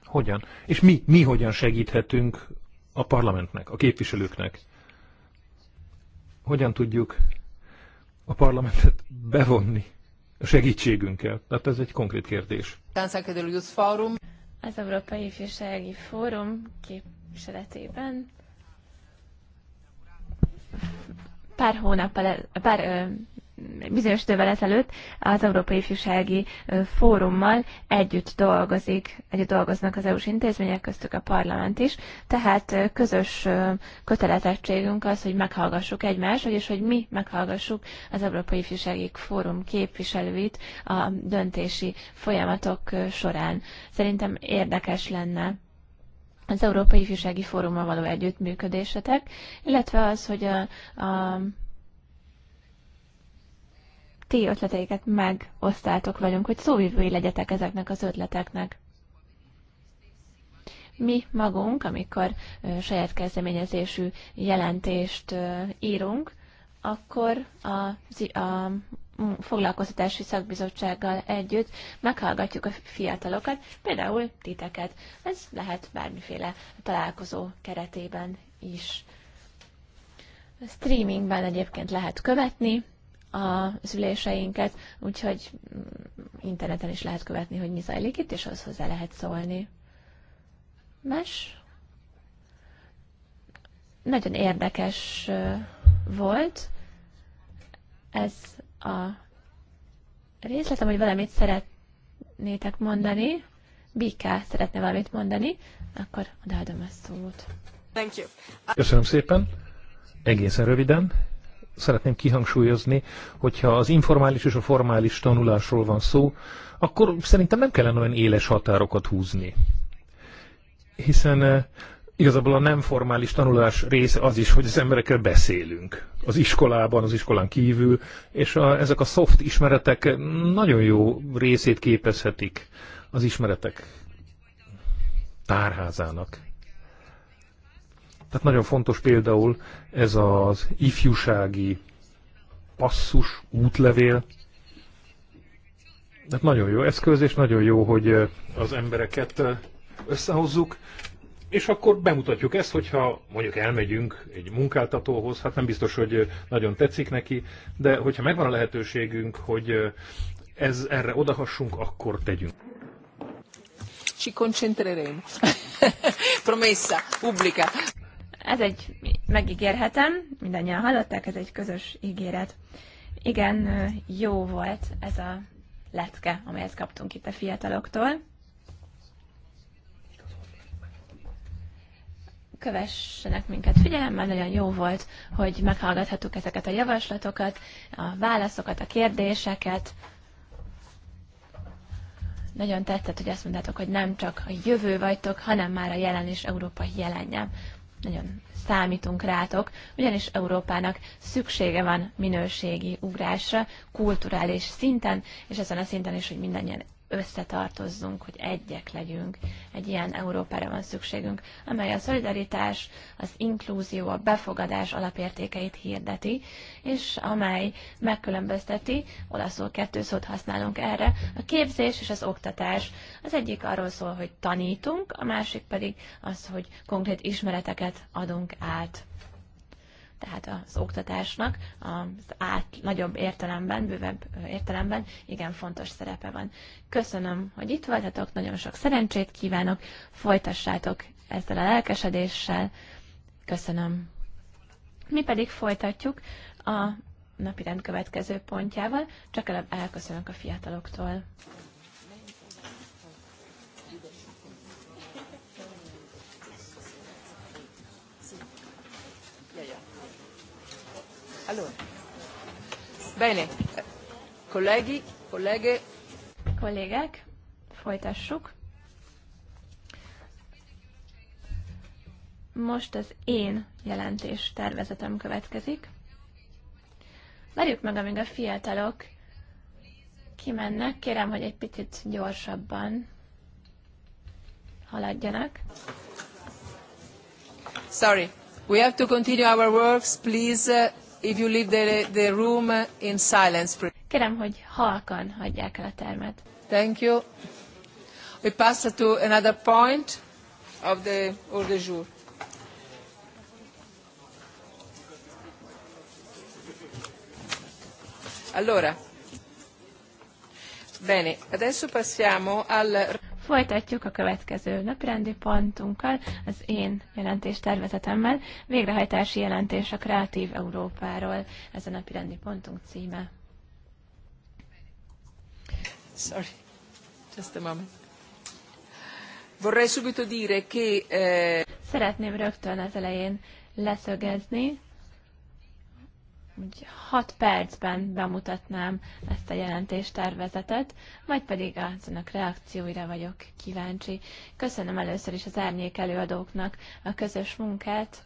Hogyan? És mi, mi hogyan segíthetünk a parlamentnek, a képviselőknek? hogyan tudjuk a parlamentet bevonni a segítségünkkel. Tehát ez egy konkrét kérdés. Az Európai Ifjúsági Fórum képviseletében pár hónappal, pár bizonyos idővel ezelőtt az Európai Ifjúsági Fórummal együtt dolgozik, együtt dolgoznak az EU-s intézmények, köztük a parlament is, tehát közös kötelezettségünk az, hogy meghallgassuk egymást, és hogy mi meghallgassuk az Európai Ifjúsági Fórum képviselőit a döntési folyamatok során. Szerintem érdekes lenne az Európai Ifjúsági Fórummal való együttműködésetek, illetve az, hogy a, a ti ötleteiket megosztáltok, velünk, hogy szóvivői legyetek ezeknek az ötleteknek. Mi magunk, amikor saját kezdeményezésű jelentést írunk, akkor a, a foglalkoztatási szakbizottsággal együtt meghallgatjuk a fiatalokat, például titeket. Ez lehet bármiféle találkozó keretében is. A streamingben egyébként lehet követni, a szüléseinket, úgyhogy interneten is lehet követni, hogy mi zajlik itt, és az hozzá lehet szólni. Más? Nagyon érdekes volt ez a részletem, hogy valamit szeretnétek mondani. Bika szeretne valamit mondani, akkor odaadom a szót. Thank you. Köszönöm szépen. Egészen röviden szeretném kihangsúlyozni, hogyha az informális és a formális tanulásról van szó, akkor szerintem nem kellene olyan éles határokat húzni. Hiszen eh, igazából a nem formális tanulás része az is, hogy az emberekkel beszélünk. Az iskolában, az iskolán kívül, és a, ezek a soft ismeretek nagyon jó részét képezhetik az ismeretek tárházának. Tehát nagyon fontos például ez az ifjúsági passzus, útlevél. Tehát nagyon jó eszköz, és nagyon jó, hogy az embereket összehozzuk, és akkor bemutatjuk ezt, hogyha mondjuk elmegyünk egy munkáltatóhoz, hát nem biztos, hogy nagyon tetszik neki, de hogyha megvan a lehetőségünk, hogy ez erre odahassunk, akkor tegyünk. Ci concentreremo. Promessa pubblica. Ez egy, megígérhetem, mindannyian hallották, ez egy közös ígéret. Igen, jó volt ez a lecke, amelyet kaptunk itt a fiataloktól. kövessenek minket figyelemmel, nagyon jó volt, hogy meghallgathattuk ezeket a javaslatokat, a válaszokat, a kérdéseket. Nagyon tetszett, hogy azt mondtátok, hogy nem csak a jövő vagytok, hanem már a jelen és Európa jelenje nagyon számítunk rátok, ugyanis Európának szüksége van minőségi ugrásra, kulturális szinten, és ezen a szinten is, hogy mindannyian összetartozzunk, hogy egyek legyünk. Egy ilyen Európára van szükségünk, amely a szolidaritás, az inklúzió, a befogadás alapértékeit hirdeti, és amely megkülönbözteti, olaszul kettő szót használunk erre, a képzés és az oktatás. Az egyik arról szól, hogy tanítunk, a másik pedig az, hogy konkrét ismereteket adunk át tehát az oktatásnak az át, nagyobb értelemben, bővebb értelemben igen fontos szerepe van. Köszönöm, hogy itt voltatok, nagyon sok szerencsét kívánok, folytassátok ezzel a lelkesedéssel. Köszönöm. Mi pedig folytatjuk a napirend következő pontjával, csak előbb elköszönök a fiataloktól. Allora. Bene. Kollégi, Kollégák, folytassuk. Most az én jelentés tervezetem következik. Várjuk meg, amíg a fiatalok kimennek. Kérem, hogy egy picit gyorsabban haladjanak. Sorry, we have to continue our works, please. Uh, if you leave the, the room in silence, Kérem, hogy halkan hagyják el a termet. Thank you. We pass to another point of the order jour. Allora, bene, adesso passiamo al... Folytatjuk a következő napirendi pontunkkal, az én jelentés tervezetemmel, végrehajtási jelentés a Kreatív Európáról, ez a napirendi pontunk címe. Sorry, just a moment. Vorrei subito dire che... Eh... Szeretném rögtön az elején leszögezni, 6 percben bemutatnám ezt a jelentéstervezetet, majd pedig az önök reakcióira vagyok kíváncsi. Köszönöm először is az árnyék előadóknak a közös munkát.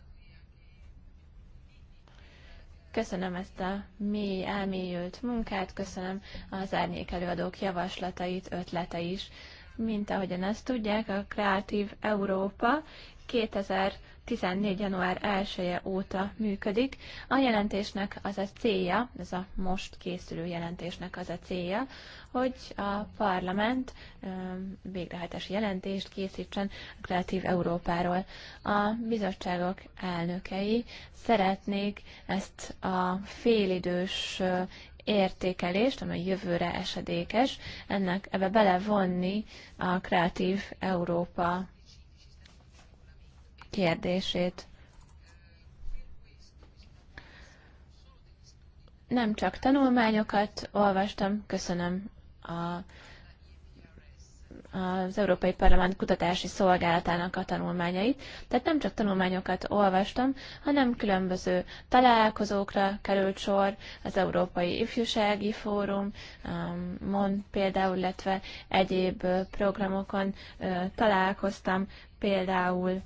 Köszönöm ezt a mély, elmélyült munkát, köszönöm az árnyék előadók javaslatait, ötlete is. Mint ahogyan ezt tudják, a Kreatív Európa 2000 14. január 1-e óta működik. A jelentésnek az a célja, ez a most készülő jelentésnek az a célja, hogy a parlament végrehajtási jelentést készítsen a Kreatív Európáról. A bizottságok elnökei szeretnék ezt a félidős értékelést, amely jövőre esedékes, ennek ebbe belevonni a Kreatív Európa kérdését. Nem csak tanulmányokat olvastam, köszönöm a, az Európai Parlament Kutatási Szolgálatának a tanulmányait. Tehát nem csak tanulmányokat olvastam, hanem különböző találkozókra került sor, az Európai Ifjúsági Fórum, um, MON például, illetve egyéb programokon találkoztam, például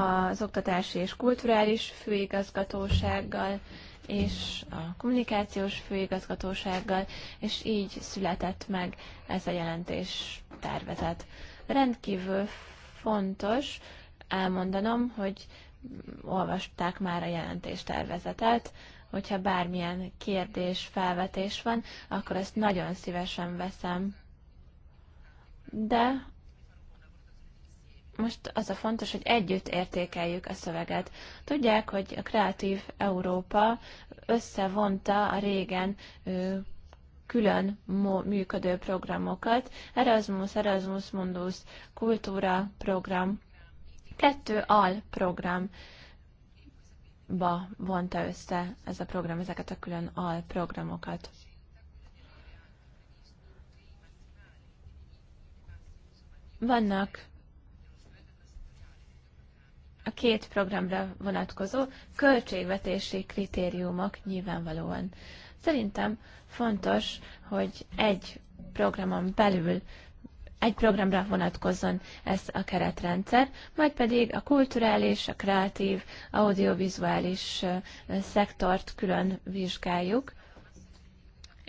az Oktatási és Kulturális Főigazgatósággal, és a kommunikációs főigazgatósággal, és így született meg ez a jelentés tervezet. Rendkívül fontos elmondanom, hogy olvasták már a jelentés tervezetet, hogyha bármilyen kérdés, felvetés van, akkor ezt nagyon szívesen veszem. De most az a fontos, hogy együtt értékeljük a szöveget. Tudják, hogy a Kreatív Európa összevonta a régen külön működő programokat, Erasmus, Erasmus Mundus, Kultúra program, kettő program, ba vonta össze ez a program, ezeket a külön alprogramokat. Vannak a két programra vonatkozó költségvetési kritériumok nyilvánvalóan. Szerintem fontos, hogy egy programon belül egy programra vonatkozzon ez a keretrendszer, majd pedig a kulturális, a kreatív, audiovizuális szektort külön vizsgáljuk,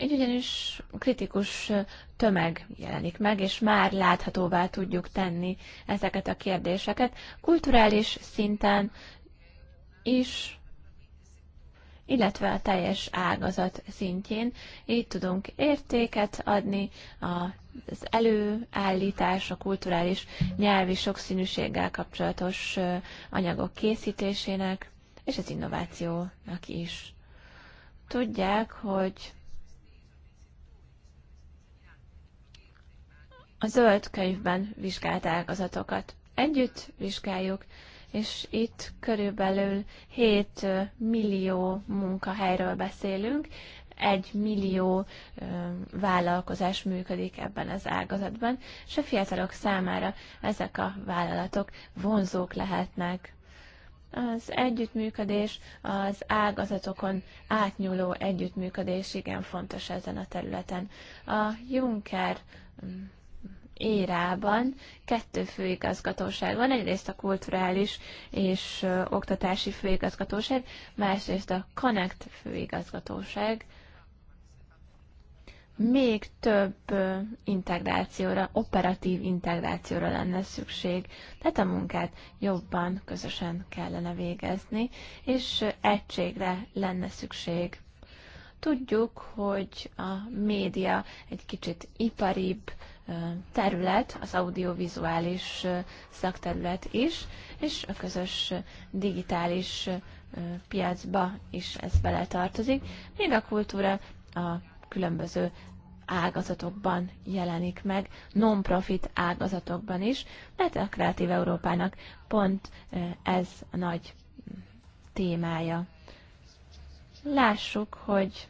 így ugyanis kritikus tömeg jelenik meg, és már láthatóvá tudjuk tenni ezeket a kérdéseket kulturális szinten is, illetve a teljes ágazat szintjén. Így tudunk értéket adni az előállítás, a kulturális nyelvi sokszínűséggel kapcsolatos anyagok készítésének, és az innovációnak is. Tudják, hogy a zöld könyvben vizsgált ágazatokat. Együtt vizsgáljuk, és itt körülbelül 7 millió munkahelyről beszélünk, 1 millió vállalkozás működik ebben az ágazatban, és a fiatalok számára ezek a vállalatok vonzók lehetnek. Az együttműködés, az ágazatokon átnyúló együttműködés igen fontos ezen a területen. A Juncker mm, érában kettő főigazgatóság van, egyrészt a kulturális és oktatási főigazgatóság, másrészt a Connect főigazgatóság, még több integrációra, operatív integrációra lenne szükség, tehát a munkát jobban közösen kellene végezni, és egységre lenne szükség. Tudjuk, hogy a média egy kicsit iparibb terület, az audiovizuális szakterület is, és a közös digitális piacba is ez bele tartozik, míg a kultúra a különböző ágazatokban jelenik meg, non-profit ágazatokban is, mert a Kreatív Európának pont ez a nagy témája. Lássuk, hogy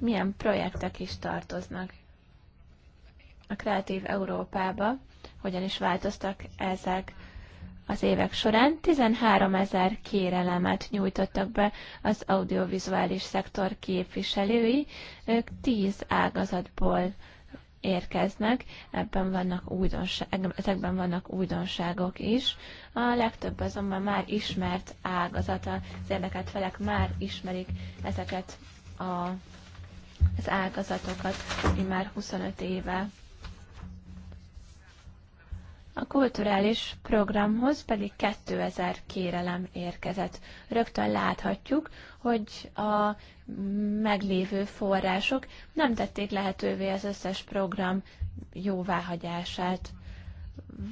milyen projektek is tartoznak a Kreatív Európába, hogyan is változtak ezek az évek során 13 ezer kérelemet nyújtottak be az audiovizuális szektor képviselői, ők 10 ágazatból érkeznek, ebben vannak újdonság, ezekben vannak újdonságok is. A legtöbb azonban már ismert ágazata, az érdekelt felek már ismerik ezeket a az ágazatokat, mi már 25 éve. A kulturális programhoz pedig 2000 kérelem érkezett. Rögtön láthatjuk, hogy a meglévő források nem tették lehetővé az összes program jóváhagyását.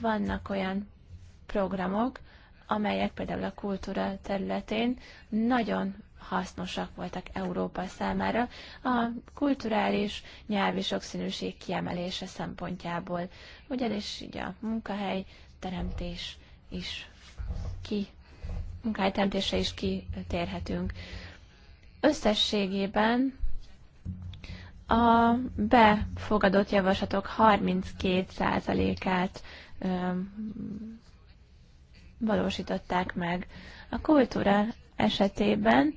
Vannak olyan programok, amelyek például a kultúra területén nagyon hasznosak voltak Európa számára a kulturális nyelvi sokszínűség kiemelése szempontjából, ugyanis ugye a munkahely teremtés is ki, teremtése is kitérhetünk. Összességében a befogadott javaslatok 32%-át valósították meg. A kultúra esetében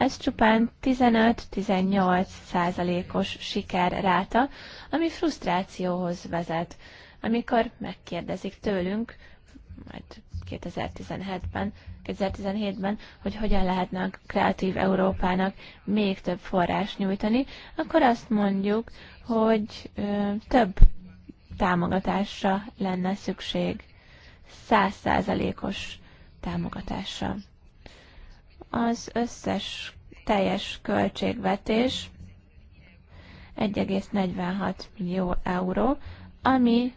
ez csupán 15-18 százalékos sikerráta, ami frusztrációhoz vezet, amikor megkérdezik tőlünk, majd 2017-ben, 2017-ben, hogy hogyan lehetne a kreatív Európának még több forrás nyújtani, akkor azt mondjuk, hogy ö, több támogatásra lenne szükség, százszázalékos támogatásra az összes teljes költségvetés 1,46 millió euró, ami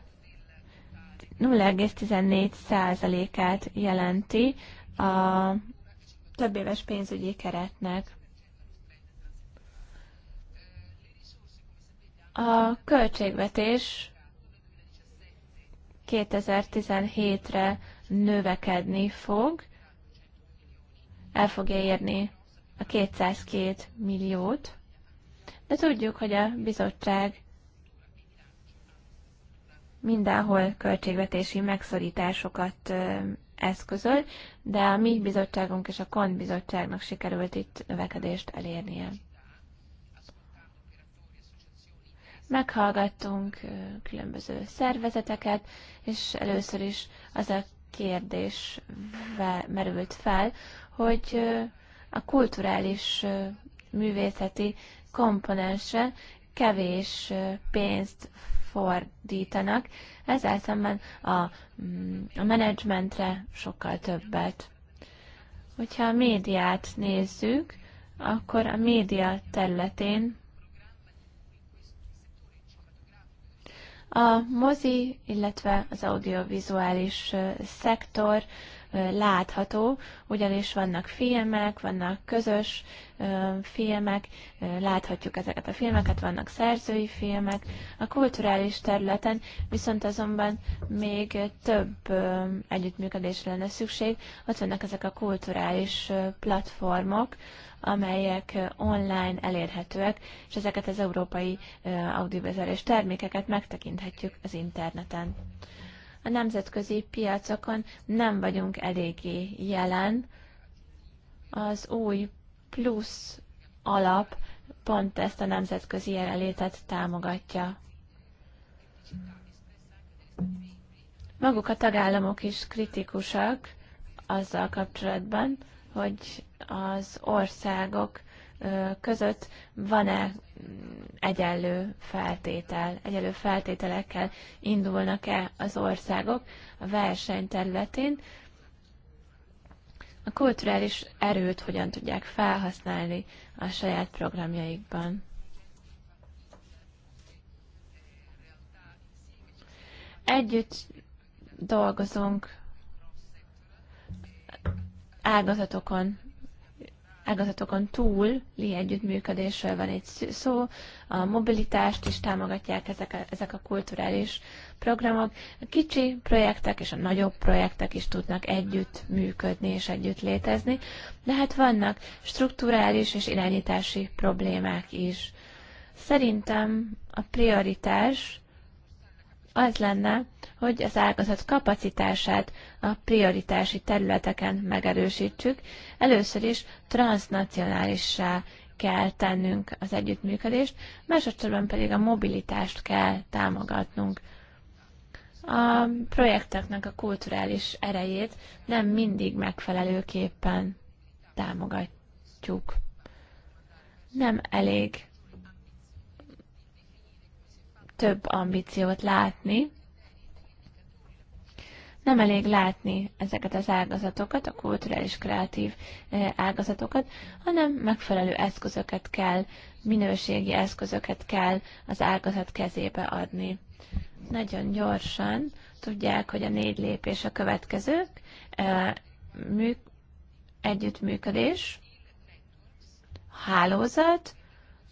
0,14%-át jelenti a éves pénzügyi keretnek. A költségvetés 2017-re növekedni fog, el fogja érni a 202 milliót, de tudjuk, hogy a bizottság mindenhol költségvetési megszorításokat eszközöl, de a mi bizottságunk és a KON bizottságnak sikerült itt növekedést elérnie. Meghallgattunk különböző szervezeteket, és először is az a kérdés merült fel, hogy a kulturális művészeti komponense kevés pénzt fordítanak, ezzel szemben a, mm, a menedzsmentre sokkal többet. Hogyha a médiát nézzük, akkor a média területén a mozi, illetve az audiovizuális szektor látható, ugyanis vannak filmek, vannak közös filmek, láthatjuk ezeket a filmeket, vannak szerzői filmek. A kulturális területen viszont azonban még több együttműködésre lenne szükség. Ott vannak ezek a kulturális platformok, amelyek online elérhetőek, és ezeket az európai audiovizuális termékeket megtekinthetjük az interneten a nemzetközi piacokon nem vagyunk eléggé jelen. Az új plusz alap pont ezt a nemzetközi jelenlétet támogatja. Maguk a tagállamok is kritikusak azzal kapcsolatban, hogy az országok között van-e mm, egyenlő feltétel, egyenlő feltételekkel indulnak-e az országok a verseny területén, a kulturális erőt hogyan tudják felhasználni a saját programjaikban. Együtt dolgozunk ágazatokon ágazatokon túl li együttműködésről van itt szó, a mobilitást is támogatják ezek a, ezek a kulturális programok. A kicsi projektek és a nagyobb projektek is tudnak együtt működni és együtt létezni, de hát vannak strukturális és irányítási problémák is. Szerintem a prioritás az lenne, hogy az ágazat kapacitását a prioritási területeken megerősítsük. Először is transnacionálissá kell tennünk az együttműködést, másodszorban pedig a mobilitást kell támogatnunk. A projekteknek a kulturális erejét nem mindig megfelelőképpen támogatjuk. Nem elég több ambíciót látni. Nem elég látni ezeket az ágazatokat, a kulturális kreatív ágazatokat, hanem megfelelő eszközöket kell, minőségi eszközöket kell az ágazat kezébe adni. Nagyon gyorsan tudják, hogy a négy lépés a következők. Mű, együttműködés, hálózat,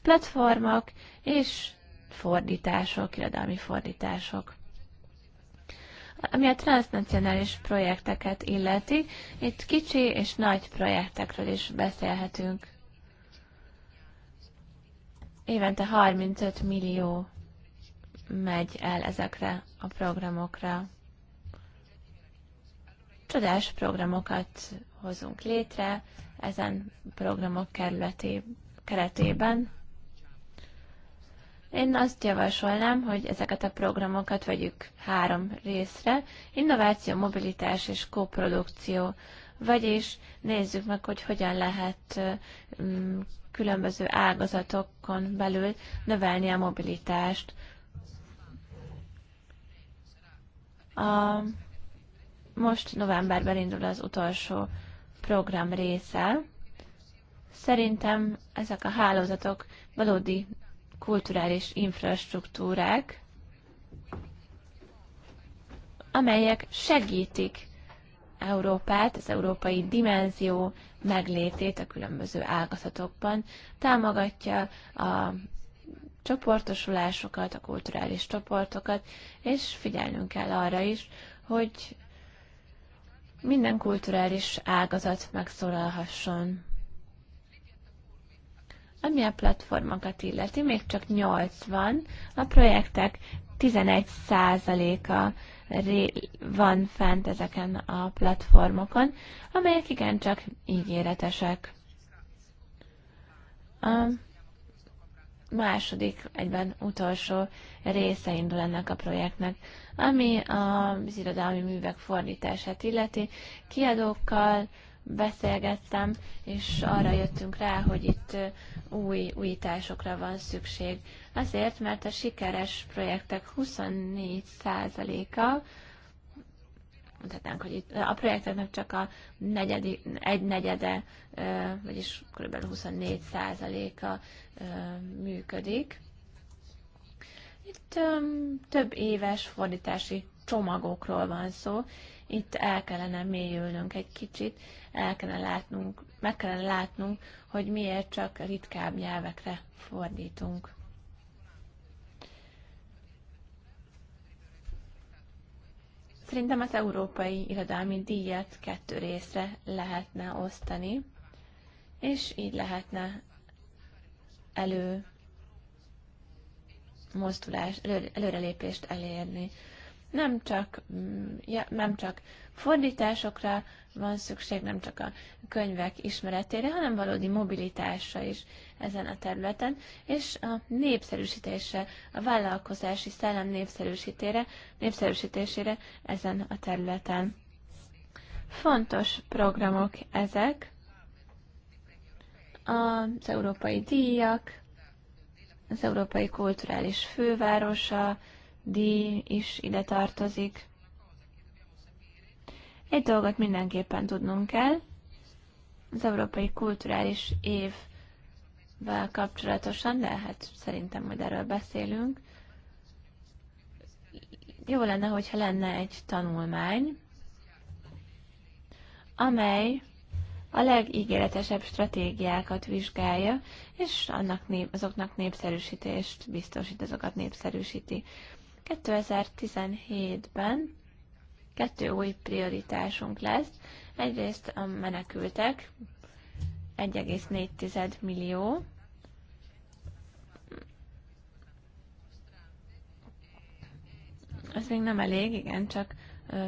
platformok és fordítások, irodalmi fordítások. Ami a transnacionális projekteket illeti, itt kicsi és nagy projektekről is beszélhetünk. Évente 35 millió megy el ezekre a programokra. Csodás programokat hozunk létre ezen programok keretében. Én azt javasolnám, hogy ezeket a programokat vegyük három részre, innováció, mobilitás és koprodukció, vagyis nézzük meg, hogy hogyan lehet mm, különböző ágazatokon belül növelni a mobilitást. A, most novemberben indul az utolsó program része. Szerintem ezek a hálózatok valódi kulturális infrastruktúrák, amelyek segítik Európát, az európai dimenzió meglétét a különböző ágazatokban, támogatja a csoportosulásokat, a kulturális csoportokat, és figyelnünk kell arra is, hogy minden kulturális ágazat megszólalhasson. Ami a platformokat illeti, még csak 80, a projektek 11%-a van fent ezeken a platformokon, amelyek igencsak ígéretesek. A második, egyben utolsó része indul ennek a projektnek, ami az irodalmi művek fordítását illeti, kiadókkal, beszélgettem, és arra jöttünk rá, hogy itt új újításokra van szükség. Azért, mert a sikeres projektek 24%-a mondhatnánk, hogy itt a projekteknek csak a negyedi, egy negyede, vagyis kb. 24%-a működik. Itt több éves fordítási csomagokról van szó, itt el kellene mélyülnünk egy kicsit, el kellene látnunk, meg kellene látnunk, hogy miért csak ritkább nyelvekre fordítunk. Szerintem az európai irodalmi díjat kettő részre lehetne osztani, és így lehetne elő mozdulás, előrelépést elérni nem csak, mm, ja, nem csak fordításokra van szükség, nem csak a könyvek ismeretére, hanem valódi mobilitásra is ezen a területen, és a népszerűsítése, a vállalkozási szellem népszerűsítére, népszerűsítésére ezen a területen. Fontos programok ezek, az európai díjak, az európai kulturális fővárosa, díj is ide tartozik. Egy dolgot mindenképpen tudnunk kell, az Európai Kulturális Évvel kapcsolatosan, de hát szerintem majd erről beszélünk. Jó lenne, hogyha lenne egy tanulmány, amely a legígéretesebb stratégiákat vizsgálja, és annak nép, azoknak népszerűsítést biztosít, azokat népszerűsíti. 2017-ben kettő új prioritásunk lesz. Egyrészt a menekültek, 1,4 millió. Ez még nem elég, igen, csak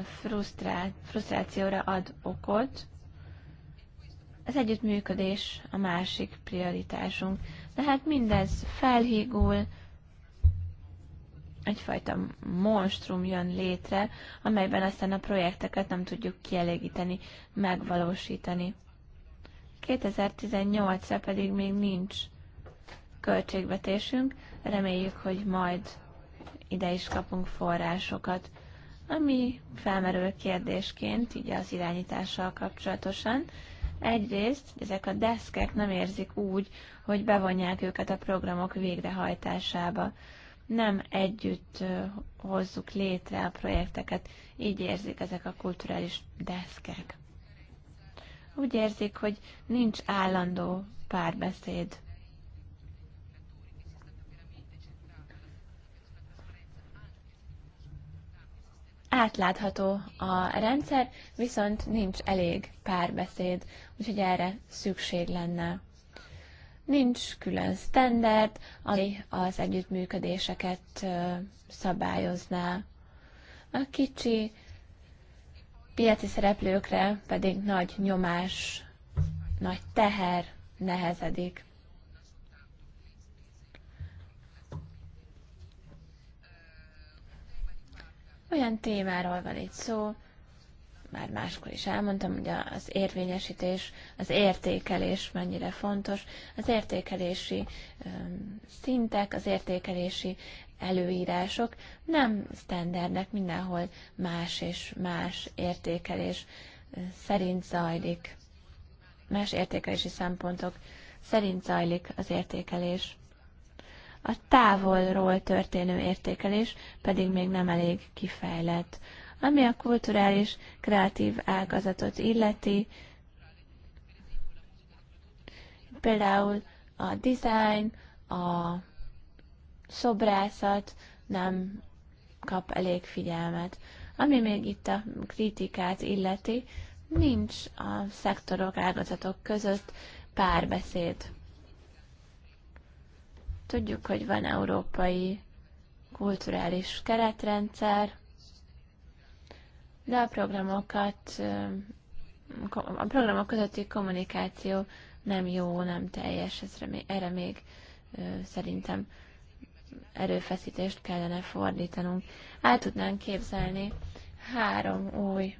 frusztrá- frusztrációra ad okot. Az együttműködés a másik prioritásunk. De hát mindez felhígul, egyfajta monstrum jön létre, amelyben aztán a projekteket nem tudjuk kielégíteni, megvalósítani. 2018-ra pedig még nincs költségvetésünk, reméljük, hogy majd ide is kapunk forrásokat, ami felmerül kérdésként, így az irányítással kapcsolatosan. Egyrészt ezek a deszkek nem érzik úgy, hogy bevonják őket a programok végrehajtásába nem együtt hozzuk létre a projekteket, így érzik ezek a kulturális deszkek. Úgy érzik, hogy nincs állandó párbeszéd. Átlátható a rendszer, viszont nincs elég párbeszéd, úgyhogy erre szükség lenne nincs külön standard, ami az együttműködéseket szabályozná. A kicsi piaci szereplőkre pedig nagy nyomás, nagy teher nehezedik. Olyan témáról van itt szó, már máskor is elmondtam, hogy az érvényesítés, az értékelés mennyire fontos, az értékelési szintek, az értékelési előírások nem sztendernek, mindenhol más és más értékelés szerint zajlik, más értékelési szempontok szerint zajlik az értékelés. A távolról történő értékelés pedig még nem elég kifejlett. Ami a kulturális, kreatív ágazatot illeti, például a design, a szobrászat nem kap elég figyelmet. Ami még itt a kritikát illeti, nincs a szektorok, ágazatok között párbeszéd. Tudjuk, hogy van európai kulturális keretrendszer, de a programokat, a programok közötti kommunikáció nem jó, nem teljes, ez remé- erre még szerintem erőfeszítést kellene fordítanunk. El tudnánk képzelni három új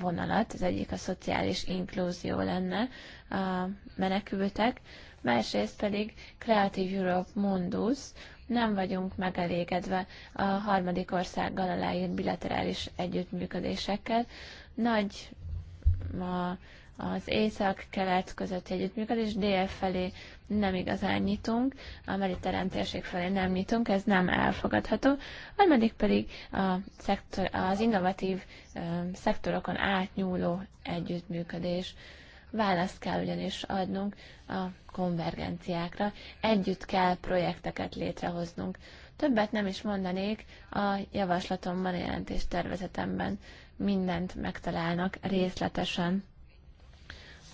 vonalat, az egyik a szociális inklúzió lenne a menekültek, másrészt pedig Creative Europe Mundus, nem vagyunk megelégedve a harmadik országgal aláírt bilaterális együttműködésekkel. Nagy a, az észak-kelet közötti együttműködés, dél felé nem igazán nyitunk, a mediterrán térség felé nem nyitunk, ez nem elfogadható. Harmadik pedig a szektor, az innovatív ö, szektorokon átnyúló együttműködés. Választ kell ugyanis adnunk a konvergenciákra, együtt kell projekteket létrehoznunk. Többet nem is mondanék, a javaslatomban, jelentés tervezetemben mindent megtalálnak részletesen.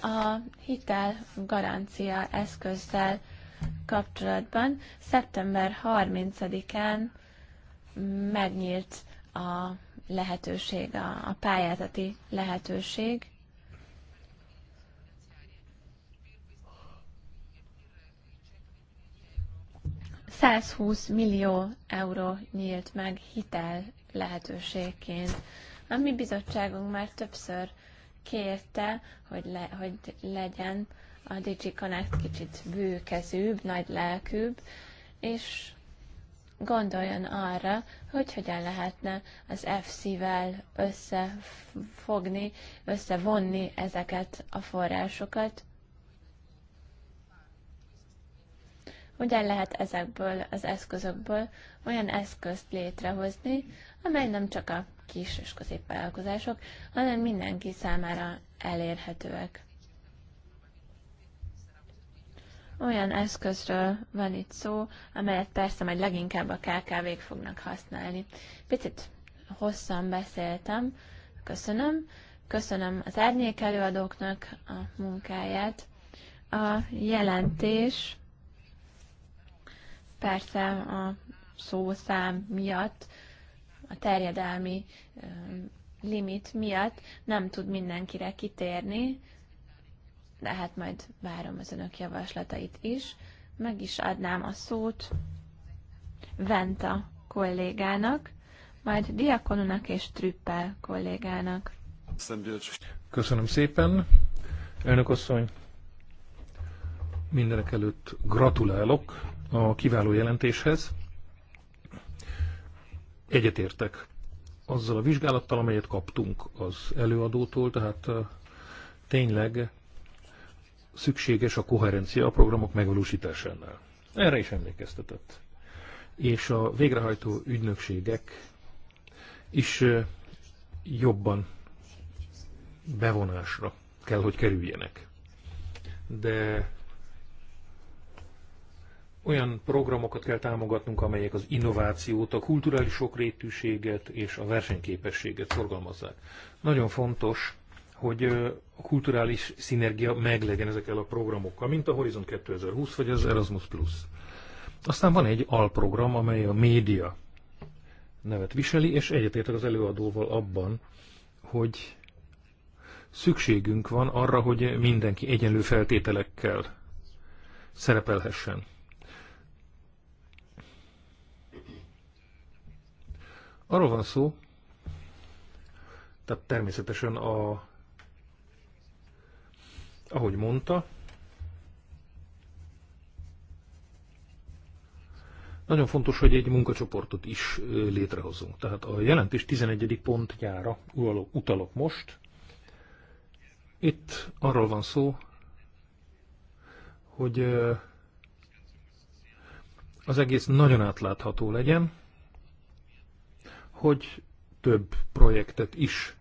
A hitel garancia eszközzel kapcsolatban szeptember 30-án megnyílt a lehetőség, a, a pályázati lehetőség. 120 millió euró nyílt meg hitel lehetőségként. A mi bizottságunk már többször kérte, hogy, le, hogy legyen a DigiConnect kicsit bőkezűbb, nagy lelkűbb, és gondoljon arra, hogy hogyan lehetne az FC-vel összefogni, összevonni ezeket a forrásokat, hogyan lehet ezekből az eszközökből olyan eszközt létrehozni, amely nem csak a kis és középvállalkozások, hanem mindenki számára elérhetőek. Olyan eszközről van itt szó, amelyet persze majd leginkább a KKV-k fognak használni. Picit hosszan beszéltem, köszönöm. Köszönöm az árnyék előadóknak a munkáját. A jelentés Persze a szószám miatt, a terjedelmi limit miatt nem tud mindenkire kitérni, de hát majd várom az önök javaslatait is. Meg is adnám a szót Venta kollégának, majd Diakonunak és Trüppel kollégának. Köszönöm szépen. Elnök asszony, mindenek előtt gratulálok a kiváló jelentéshez. Egyetértek azzal a vizsgálattal, amelyet kaptunk az előadótól, tehát tényleg szükséges a koherencia a programok megvalósításánál. Erre is emlékeztetett. És a végrehajtó ügynökségek is jobban bevonásra kell, hogy kerüljenek. De olyan programokat kell támogatnunk, amelyek az innovációt, a kulturális sokrétűséget és a versenyképességet szorgalmazzák. Nagyon fontos, hogy a kulturális szinergia meglegyen ezekkel a programokkal, mint a Horizon 2020 vagy az Erasmus+. Aztán van egy alprogram, amely a média nevet viseli, és egyetértek az előadóval abban, hogy szükségünk van arra, hogy mindenki egyenlő feltételekkel szerepelhessen. Arról van szó, tehát természetesen a, ahogy mondta, Nagyon fontos, hogy egy munkacsoportot is létrehozunk. Tehát a jelentés 11. pontjára utalok most. Itt arról van szó, hogy az egész nagyon átlátható legyen, hogy több projektet is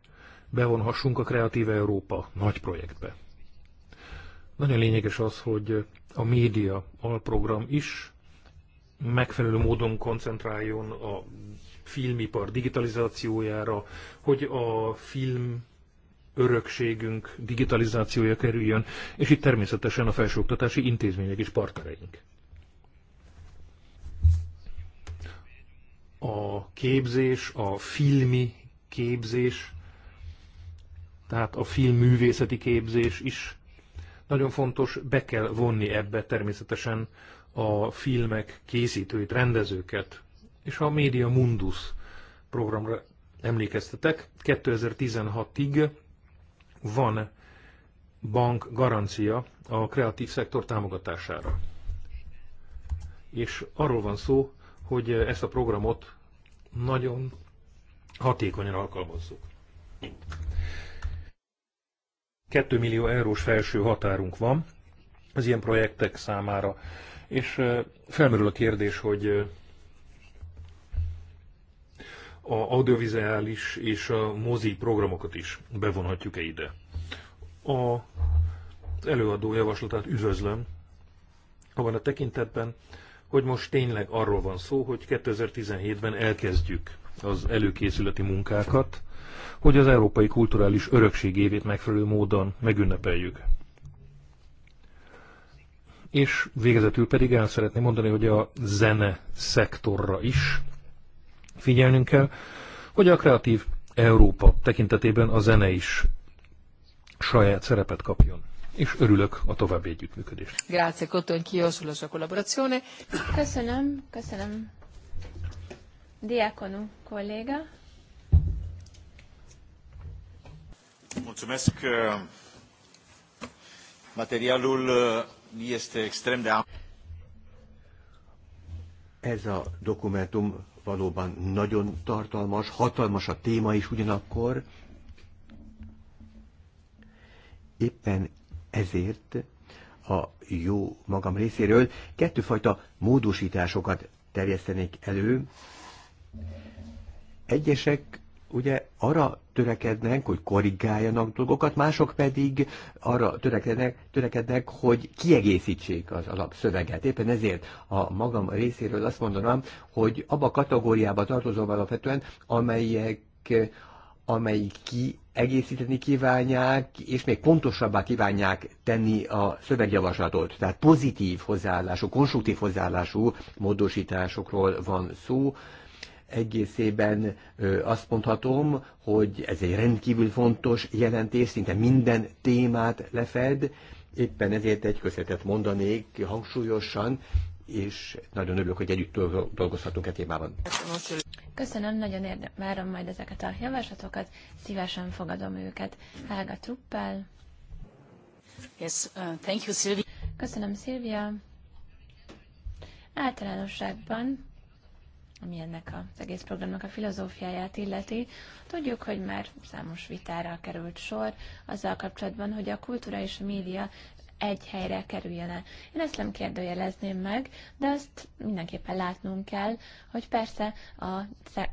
bevonhassunk a Kreatív Európa nagy projektbe. Nagyon lényeges az, hogy a média alprogram is megfelelő módon koncentráljon a filmipar digitalizációjára, hogy a film örökségünk digitalizációja kerüljön, és itt természetesen a felsőoktatási intézmények is partnereink. a képzés, a filmi képzés, tehát a filmművészeti képzés is nagyon fontos, be kell vonni ebbe természetesen a filmek készítőit, rendezőket. És a Media Mundus programra emlékeztetek, 2016-ig van bank garancia a kreatív szektor támogatására. És arról van szó, hogy ezt a programot nagyon hatékonyan alkalmazzuk. 2 millió eurós felső határunk van az ilyen projektek számára, és felmerül a kérdés, hogy a audiovizuális és a mozi programokat is bevonhatjuk-e ide. A előadó javaslatát üdvözlöm, abban a tekintetben, hogy most tényleg arról van szó, hogy 2017-ben elkezdjük az előkészületi munkákat, hogy az Európai Kulturális Örökség évét megfelelő módon megünnepeljük. És végezetül pedig el szeretném mondani, hogy a zene szektorra is figyelnünk kell, hogy a kreatív Európa tekintetében a zene is saját szerepet kapjon és örülök a további együttműködést. Grazie, Cotton Kiosul, a collaborazione. Köszönöm, köszönöm. Diákonú kolléga. Mulțumesc. Materialul uh, este extrem de Ez a dokumentum valóban nagyon tartalmas, hatalmas a téma is ugyanakkor. Éppen ezért a jó magam részéről kettőfajta módosításokat terjesztenék elő. Egyesek ugye arra törekednek, hogy korrigáljanak dolgokat, mások pedig arra törekednek, törekednek, hogy kiegészítsék az alapszöveget. Éppen ezért a magam részéről azt mondanám, hogy abba a kategóriába tartozom alapvetően, amelyek amelyik ki egészíteni kívánják, és még pontosabbá kívánják tenni a szövegjavaslatot. Tehát pozitív hozzáállású, konstruktív hozzáállású módosításokról van szó. Egészében azt mondhatom, hogy ez egy rendkívül fontos jelentés, szinte minden témát lefed, éppen ezért egy köszönetet mondanék hangsúlyosan és nagyon örülök, hogy együtt dolgozhatunk e témában. Köszönöm, nagyon érde- várom majd ezeket a javaslatokat, szívesen fogadom őket. Helga Truppel. Yes, uh, thank you, Sylvia. Köszönöm, Szilvia. Általánosságban ami ennek az egész programnak a filozófiáját illeti. Tudjuk, hogy már számos vitára került sor azzal kapcsolatban, hogy a kultúra és a média egy helyre kerüljön el. Én ezt nem kérdőjelezném meg, de azt mindenképpen látnunk kell, hogy persze a,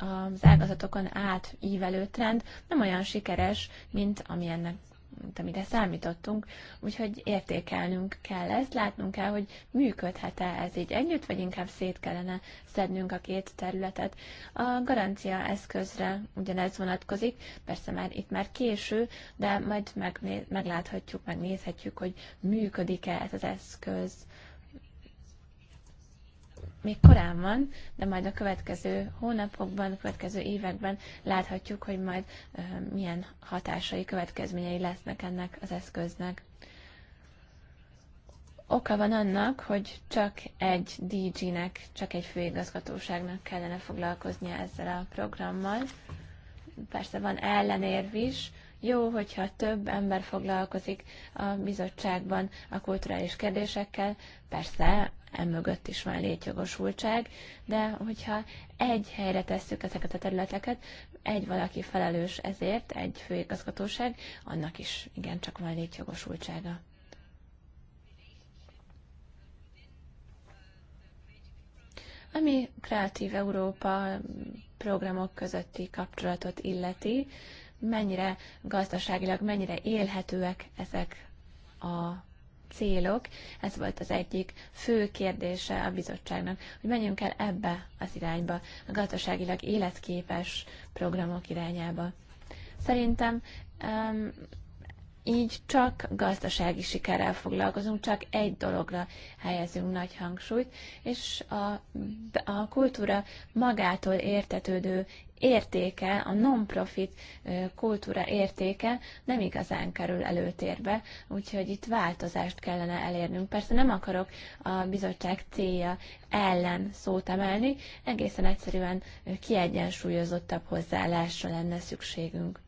az ágazatokon átívelő trend nem olyan sikeres, mint amilyennek mint amire számítottunk, úgyhogy értékelnünk kell ezt, látnunk kell, hogy működhet-e ez így együtt, vagy inkább szét kellene szednünk a két területet. A garancia eszközre ugyanez vonatkozik, persze már itt már késő, de majd megnéz, megláthatjuk, megnézhetjük, hogy működik-e ez az eszköz még korán van, de majd a következő hónapokban, a következő években láthatjuk, hogy majd milyen hatásai, következményei lesznek ennek az eszköznek. Oka van annak, hogy csak egy DG-nek, csak egy főigazgatóságnak kellene foglalkoznia ezzel a programmal. Persze van ellenérv is, jó, hogyha több ember foglalkozik a bizottságban a kulturális kérdésekkel, persze emögött is van létjogosultság, de hogyha egy helyre tesszük ezeket a területeket, egy valaki felelős ezért, egy főigazgatóság, annak is igencsak van létjogosultsága. Ami Kreatív Európa programok közötti kapcsolatot illeti, mennyire gazdaságilag, mennyire élhetőek ezek a célok, ez volt az egyik fő kérdése a bizottságnak, hogy menjünk el ebbe az irányba, a gazdaságilag életképes programok irányába. Szerintem um, így csak gazdasági sikerrel foglalkozunk, csak egy dologra helyezünk nagy hangsúlyt, és a, a kultúra magától értetődő értéke, a non-profit kultúra értéke nem igazán kerül előtérbe, úgyhogy itt változást kellene elérnünk. Persze nem akarok a bizottság célja ellen szót emelni, egészen egyszerűen kiegyensúlyozottabb hozzáállásra lenne szükségünk.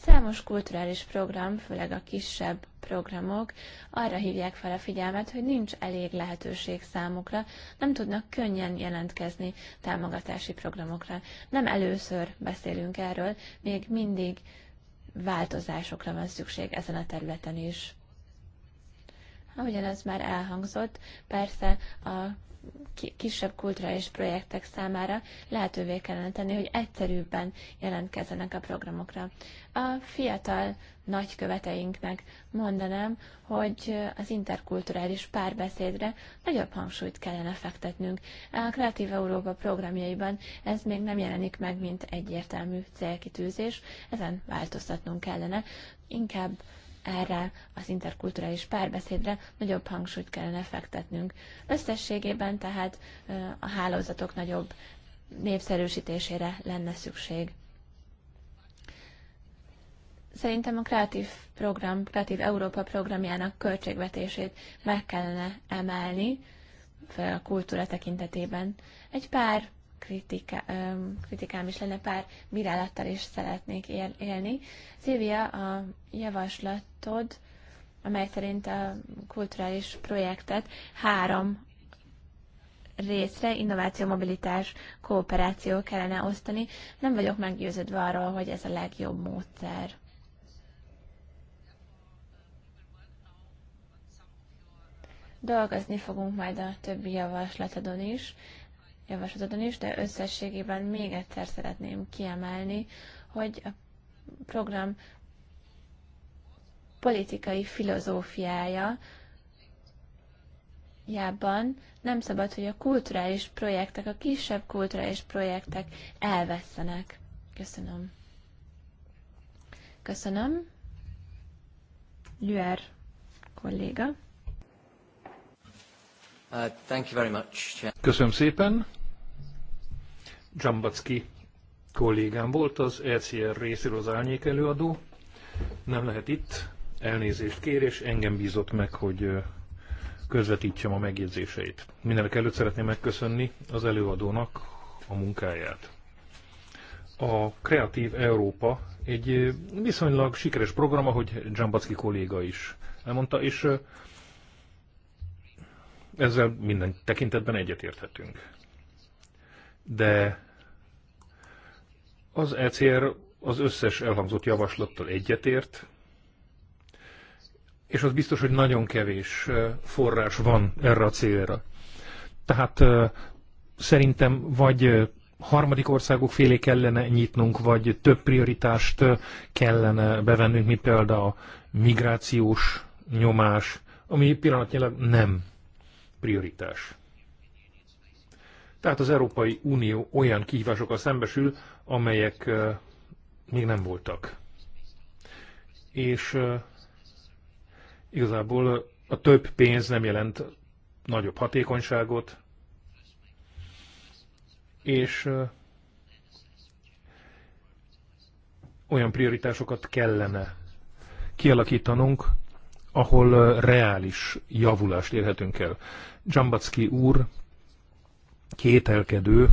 Számos kulturális program, főleg a kisebb programok arra hívják fel a figyelmet, hogy nincs elég lehetőség számukra, nem tudnak könnyen jelentkezni támogatási programokra. Nem először beszélünk erről, még mindig változásokra van szükség ezen a területen is ahogyan ez már elhangzott, persze a kisebb kulturális projektek számára lehetővé kellene tenni, hogy egyszerűbben jelentkezzenek a programokra. A fiatal nagyköveteinknek mondanám, hogy az interkulturális párbeszédre nagyobb hangsúlyt kellene fektetnünk. A Kreatív Európa programjaiban ez még nem jelenik meg, mint egyértelmű célkitűzés, ezen változtatnunk kellene. Inkább erre az interkulturális párbeszédre nagyobb hangsúlyt kellene fektetnünk. Összességében tehát a hálózatok nagyobb népszerűsítésére lenne szükség. Szerintem a Kreatív program, Kreatív Európa programjának költségvetését meg kellene emelni, a kultúra tekintetében. Egy pár kritika, kritikám is lenne, pár bírálattal is szeretnék él, élni. Szilvia, a javaslatod, amely szerint a kulturális projektet három részre innováció, mobilitás, kooperáció kellene osztani. Nem vagyok meggyőződve arról, hogy ez a legjobb módszer. Dolgozni fogunk majd a többi javaslatodon is, javaslatodon is, de összességében még egyszer szeretném kiemelni, hogy a program politikai filozófiája jában nem szabad, hogy a kulturális projektek, a kisebb kulturális projektek elvesztenek. Köszönöm. Köszönöm. Lüer kolléga. Uh, thank you very much. Köszönöm szépen. Dzsambacki kollégám volt az LCR e részéről az árnyék előadó. Nem lehet itt, elnézést kér, és engem bízott meg, hogy közvetítsem a megjegyzéseit. Mindenek előtt szeretném megköszönni az előadónak a munkáját. A Kreatív Európa egy viszonylag sikeres program, ahogy Dzsambacki kolléga is elmondta, és ezzel minden tekintetben egyetérthetünk. De az ECR az összes elhangzott javaslattal egyetért, és az biztos, hogy nagyon kevés forrás van erre a célra. Tehát szerintem vagy harmadik országok félé kellene nyitnunk, vagy több prioritást kellene bevennünk, mint például a migrációs nyomás, ami pillanatnyilag nem prioritás. Tehát az Európai Unió olyan kihívásokkal szembesül, amelyek még nem voltak. És igazából a több pénz nem jelent nagyobb hatékonyságot, és olyan prioritásokat kellene kialakítanunk, ahol reális javulást érhetünk el. Dzsambacki úr kételkedő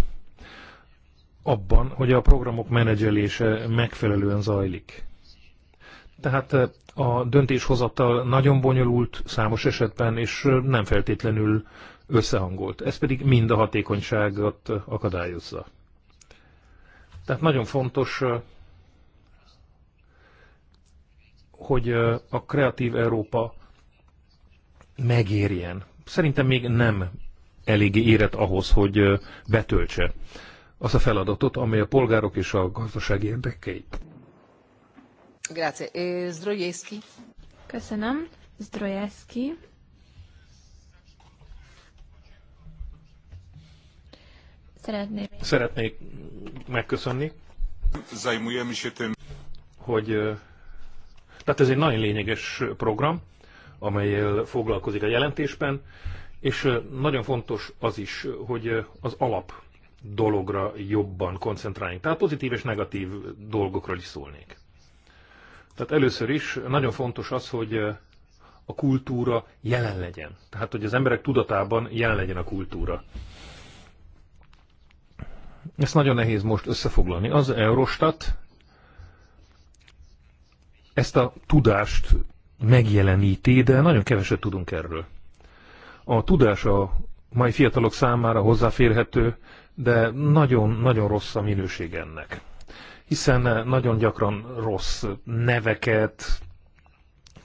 abban, hogy a programok menedzselése megfelelően zajlik. Tehát eh, a döntéshozattal nagyon bonyolult számos esetben, és eh, nem feltétlenül összehangolt. Ez pedig mind a hatékonyságot eh, akadályozza. Tehát nagyon fontos, hogy a Kreatív Európa megérjen. Szerintem még nem eléggé érett ahhoz, hogy betöltse az a feladatot, amely a polgárok és a gazdaság érdekeit. E, Zdrojewski. Köszönöm. Zdrojewski. Szeretnék. Szeretnék megköszönni. Zajmujem is Hogy, tehát ez egy nagyon lényeges program, amelyel foglalkozik a jelentésben, és nagyon fontos az is, hogy az alap dologra jobban koncentrálni, Tehát pozitív és negatív dolgokról is szólnék. Tehát először is nagyon fontos az, hogy eh, a kultúra jelen legyen. Tehát, hogy az emberek tudatában jelen legyen a kultúra. Ezt nagyon nehéz most összefoglalni. Az Eurostat ezt a tudást megjeleníti, de nagyon keveset tudunk erről. A tudás a mai fiatalok számára hozzáférhető, de nagyon-nagyon rossz a minőség ennek. Hiszen nagyon gyakran rossz neveket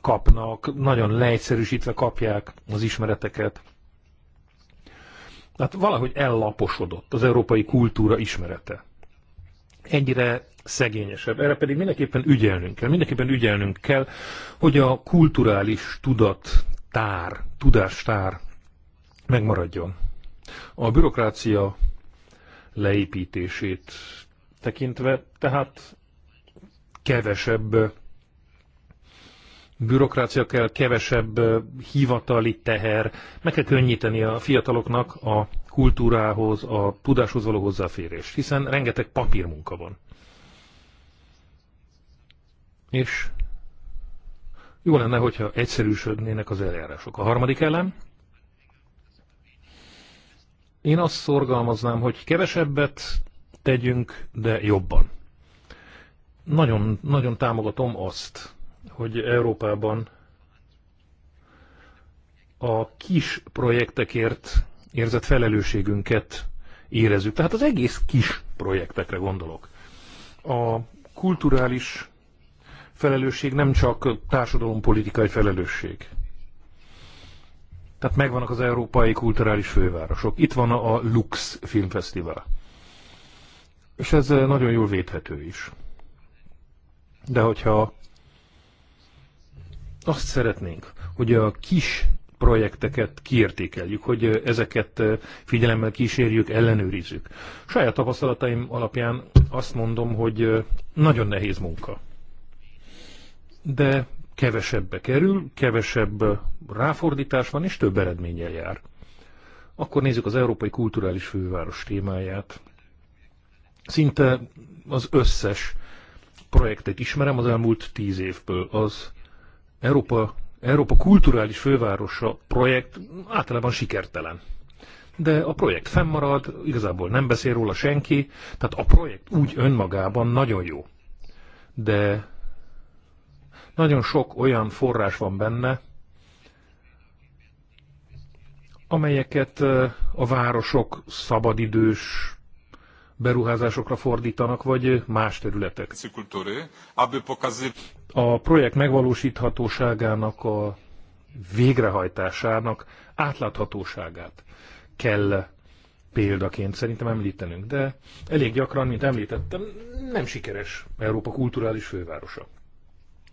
kapnak, nagyon leegyszerűsítve kapják az ismereteket. Hát valahogy ellaposodott az európai kultúra ismerete. Egyre szegényesebb. Erre pedig mindenképpen ügyelnünk kell. Mindenképpen ügyelnünk kell, hogy a kulturális tudat tár, tudástár megmaradjon. A bürokrácia leépítését tekintve, tehát kevesebb bürokrácia kell, kevesebb hivatali teher, meg kell könnyíteni a fiataloknak a kultúrához, a tudáshoz való hozzáférést, hiszen rengeteg papírmunka van. És jó lenne, hogyha egyszerűsödnének az eljárások. A harmadik elem, én azt szorgalmaznám, hogy kevesebbet tegyünk, de jobban. Nagyon, nagyon támogatom azt, hogy Európában a kis projektekért érzett felelősségünket érezzük. Tehát az egész kis projektekre gondolok. A kulturális felelősség nem csak társadalompolitikai felelősség. Tehát megvannak az európai kulturális fővárosok. Itt van a Lux Filmfesztivál. És ez eh, nagyon jól védhető is. De hogyha azt szeretnénk, hogy a kis projekteket kiértékeljük, hogy eh, ezeket eh, figyelemmel kísérjük, ellenőrizzük. Saját tapasztalataim alapján azt mondom, hogy nagyon nehéz munka. De kevesebbe kerül, kevesebb ráfordítás van, és több eredménnyel jár. Akkor nézzük az Európai Kulturális Főváros témáját. Szinte az összes projektet ismerem az elmúlt tíz évből. Az Európa, Európa Kulturális Fővárosa projekt általában sikertelen. De a projekt fennmarad, igazából nem beszél róla senki, tehát a projekt úgy önmagában nagyon jó. De nagyon sok olyan forrás van benne, amelyeket a városok szabadidős beruházásokra fordítanak, vagy más területek. A projekt megvalósíthatóságának, a végrehajtásának átláthatóságát kell példaként szerintem említenünk, de elég gyakran, mint említettem, nem sikeres Európa kulturális fővárosa.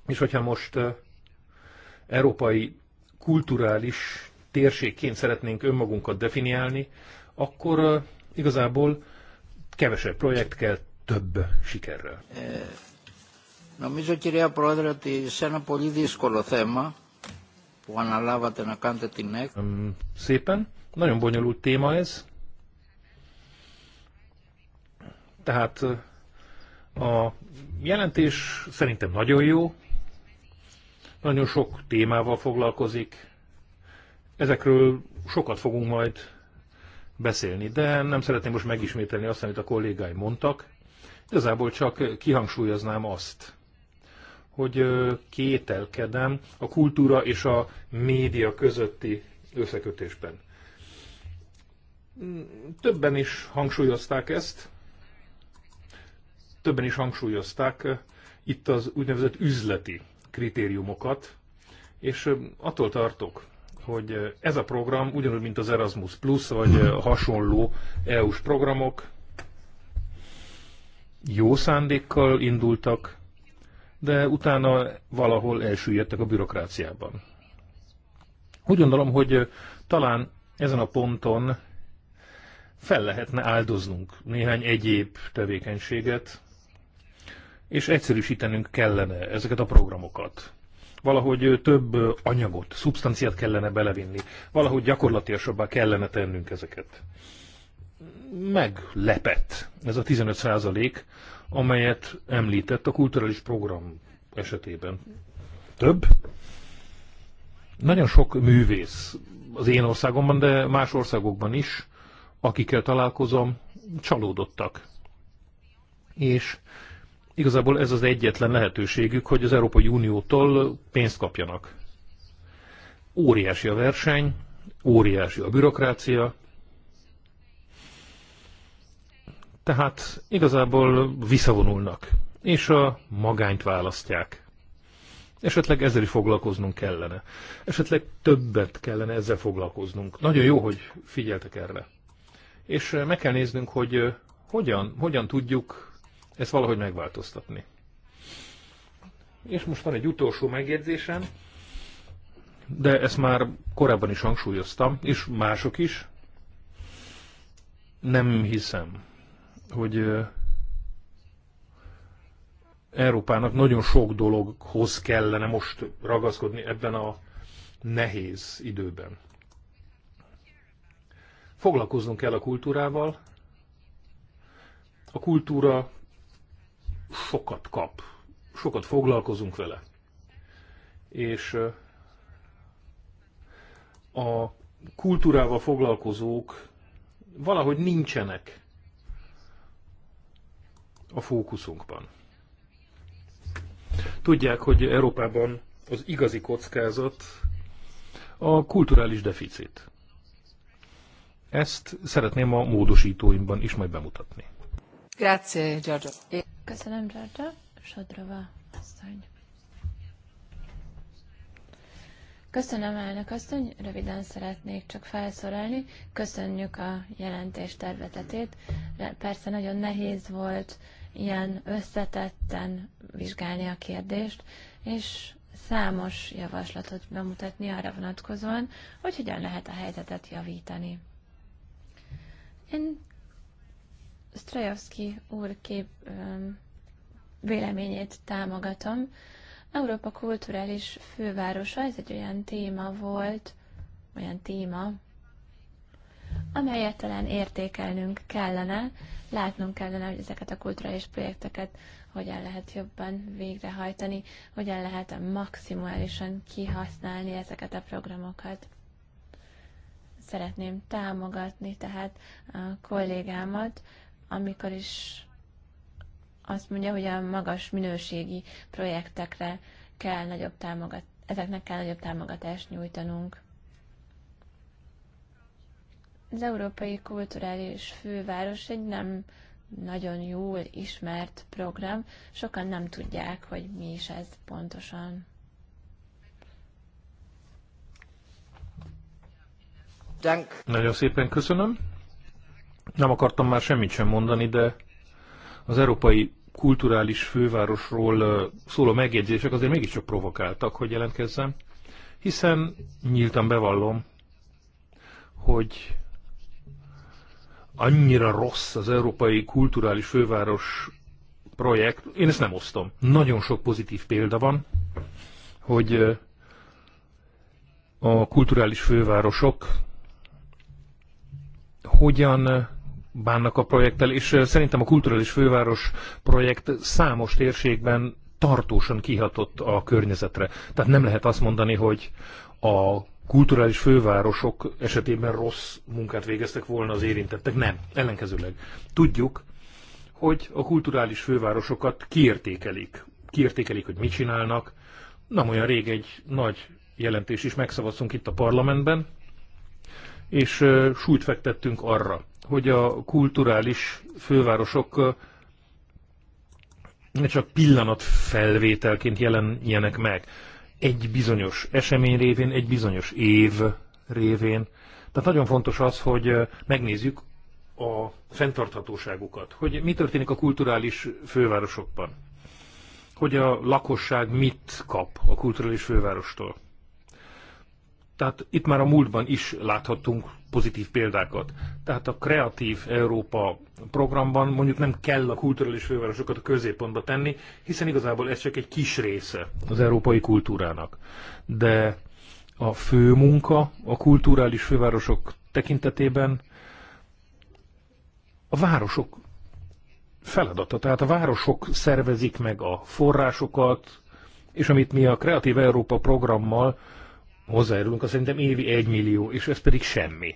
És hogyha most európai kulturális térségként szeretnénk önmagunkat definiálni, akkor igazából kevesebb projekt kell több sikerrel. Eh, νομίζω κυρία Πρόεδρε ότι σε ένα πολύ δύσκολο θέμα που αναλάβατε να κάνετε την ΕΚ. Szépen, nagyon bonyolult téma ez. Tehát a jelentés szerintem nagyon jó, nagyon sok témával foglalkozik. Ezekről sokat fogunk majd beszélni, de nem szeretném most megismételni azt, amit a kollégái mondtak. Igazából csak kihangsúlyoznám azt, hogy kételkedem a kultúra és a média közötti összekötésben. Többen is hangsúlyozták ezt, többen is hangsúlyozták itt az úgynevezett üzleti kritériumokat, és attól tartok, hogy ez a program ugyanúgy, mint az Erasmus Plus, vagy hasonló EU-s programok jó szándékkal indultak, de utána valahol elsüllyedtek a bürokráciában. Úgy gondolom, hogy talán ezen a ponton fel lehetne áldoznunk néhány egyéb tevékenységet, és egyszerűsítenünk kellene ezeket a programokat. Valahogy több anyagot, szubstanciát kellene belevinni, valahogy gyakorlatilasabbá kellene tennünk ezeket. Meglepett ez a 15 százalék, amelyet említett a kulturális program esetében. Több? Nagyon sok művész az én országomban, de más országokban is, akikkel találkozom, csalódottak. És Igazából ez az egyetlen lehetőségük, hogy az Európai Uniótól pénzt kapjanak. Óriási a verseny, óriási a bürokrácia, tehát igazából visszavonulnak, és a magányt választják. Esetleg ezzel is foglalkoznunk kellene. Esetleg többet kellene ezzel foglalkoznunk. Nagyon jó, hogy figyeltek erre. És meg kell néznünk, hogy hogyan, hogyan tudjuk ezt valahogy megváltoztatni. És most van egy utolsó megjegyzésem, de ezt már korábban is hangsúlyoztam, és mások is. Nem hiszem, hogy Európának nagyon sok dologhoz kellene most ragaszkodni ebben a nehéz időben. Foglalkoznunk kell a kultúrával. A kultúra sokat kap, sokat foglalkozunk vele. És a kultúrával foglalkozók valahogy nincsenek a fókuszunkban. Tudják, hogy Európában az igazi kockázat a kulturális deficit. Ezt szeretném a módosítóimban is majd bemutatni. Grazie, Giorgio. E- Köszönöm, Giorgio. Sodrova asszony. Köszönöm, elnök asszony, röviden szeretnék csak felszorolni. Köszönjük a jelentés tervezetét. Persze nagyon nehéz volt ilyen összetetten vizsgálni a kérdést, és számos javaslatot bemutatni arra vonatkozóan, hogy hogyan lehet a helyzetet javítani. Én Strajewski úr kép véleményét támogatom. Európa kulturális fővárosa, ez egy olyan téma volt, olyan téma, amelyet talán értékelnünk kellene, látnunk kellene, hogy ezeket a kulturális projekteket hogyan lehet jobban végrehajtani, hogyan lehet maximálisan kihasználni ezeket a programokat. Szeretném támogatni tehát a kollégámat, amikor is azt mondja, hogy a magas minőségi projektekre kell nagyobb támogat, ezeknek kell nagyobb támogatást nyújtanunk. Az Európai Kulturális Főváros egy nem nagyon jól ismert program, sokan nem tudják, hogy mi is ez pontosan. Dank. Nagyon szépen köszönöm. Nem akartam már semmit sem mondani, de az európai kulturális fővárosról szóló megjegyzések azért mégiscsak provokáltak, hogy jelentkezzem, hiszen nyíltan bevallom, hogy annyira rossz az európai kulturális főváros projekt, én ezt nem osztom. Nagyon sok pozitív példa van, hogy a kulturális fővárosok hogyan bánnak a projekttel, és szerintem a kulturális főváros projekt számos térségben tartósan kihatott a környezetre. Tehát nem lehet azt mondani, hogy a kulturális fővárosok esetében rossz munkát végeztek volna az érintettek. Nem, ellenkezőleg. Tudjuk, hogy a kulturális fővárosokat kiértékelik. Kiértékelik, hogy mit csinálnak. Nem olyan rég egy nagy jelentés is megszavaztunk itt a parlamentben, és súlyt fektettünk arra, hogy a kulturális fővárosok ne csak pillanat felvételként jelenjenek meg. Egy bizonyos esemény révén, egy bizonyos év révén. Tehát nagyon fontos az, hogy megnézzük a fenntarthatóságukat, hogy mi történik a kulturális fővárosokban, hogy a lakosság mit kap a kulturális fővárostól. Tehát itt már a múltban is láthattunk pozitív példákat. Tehát a Kreatív Európa programban mondjuk nem kell a kulturális fővárosokat a középpontba tenni, hiszen igazából ez csak egy kis része az európai kultúrának. De a fő munka a kulturális fővárosok tekintetében a városok feladata. Tehát a városok szervezik meg a forrásokat, és amit mi a Kreatív Európa programmal hozzájárulunk, az szerintem évi egy millió, és ez pedig semmi.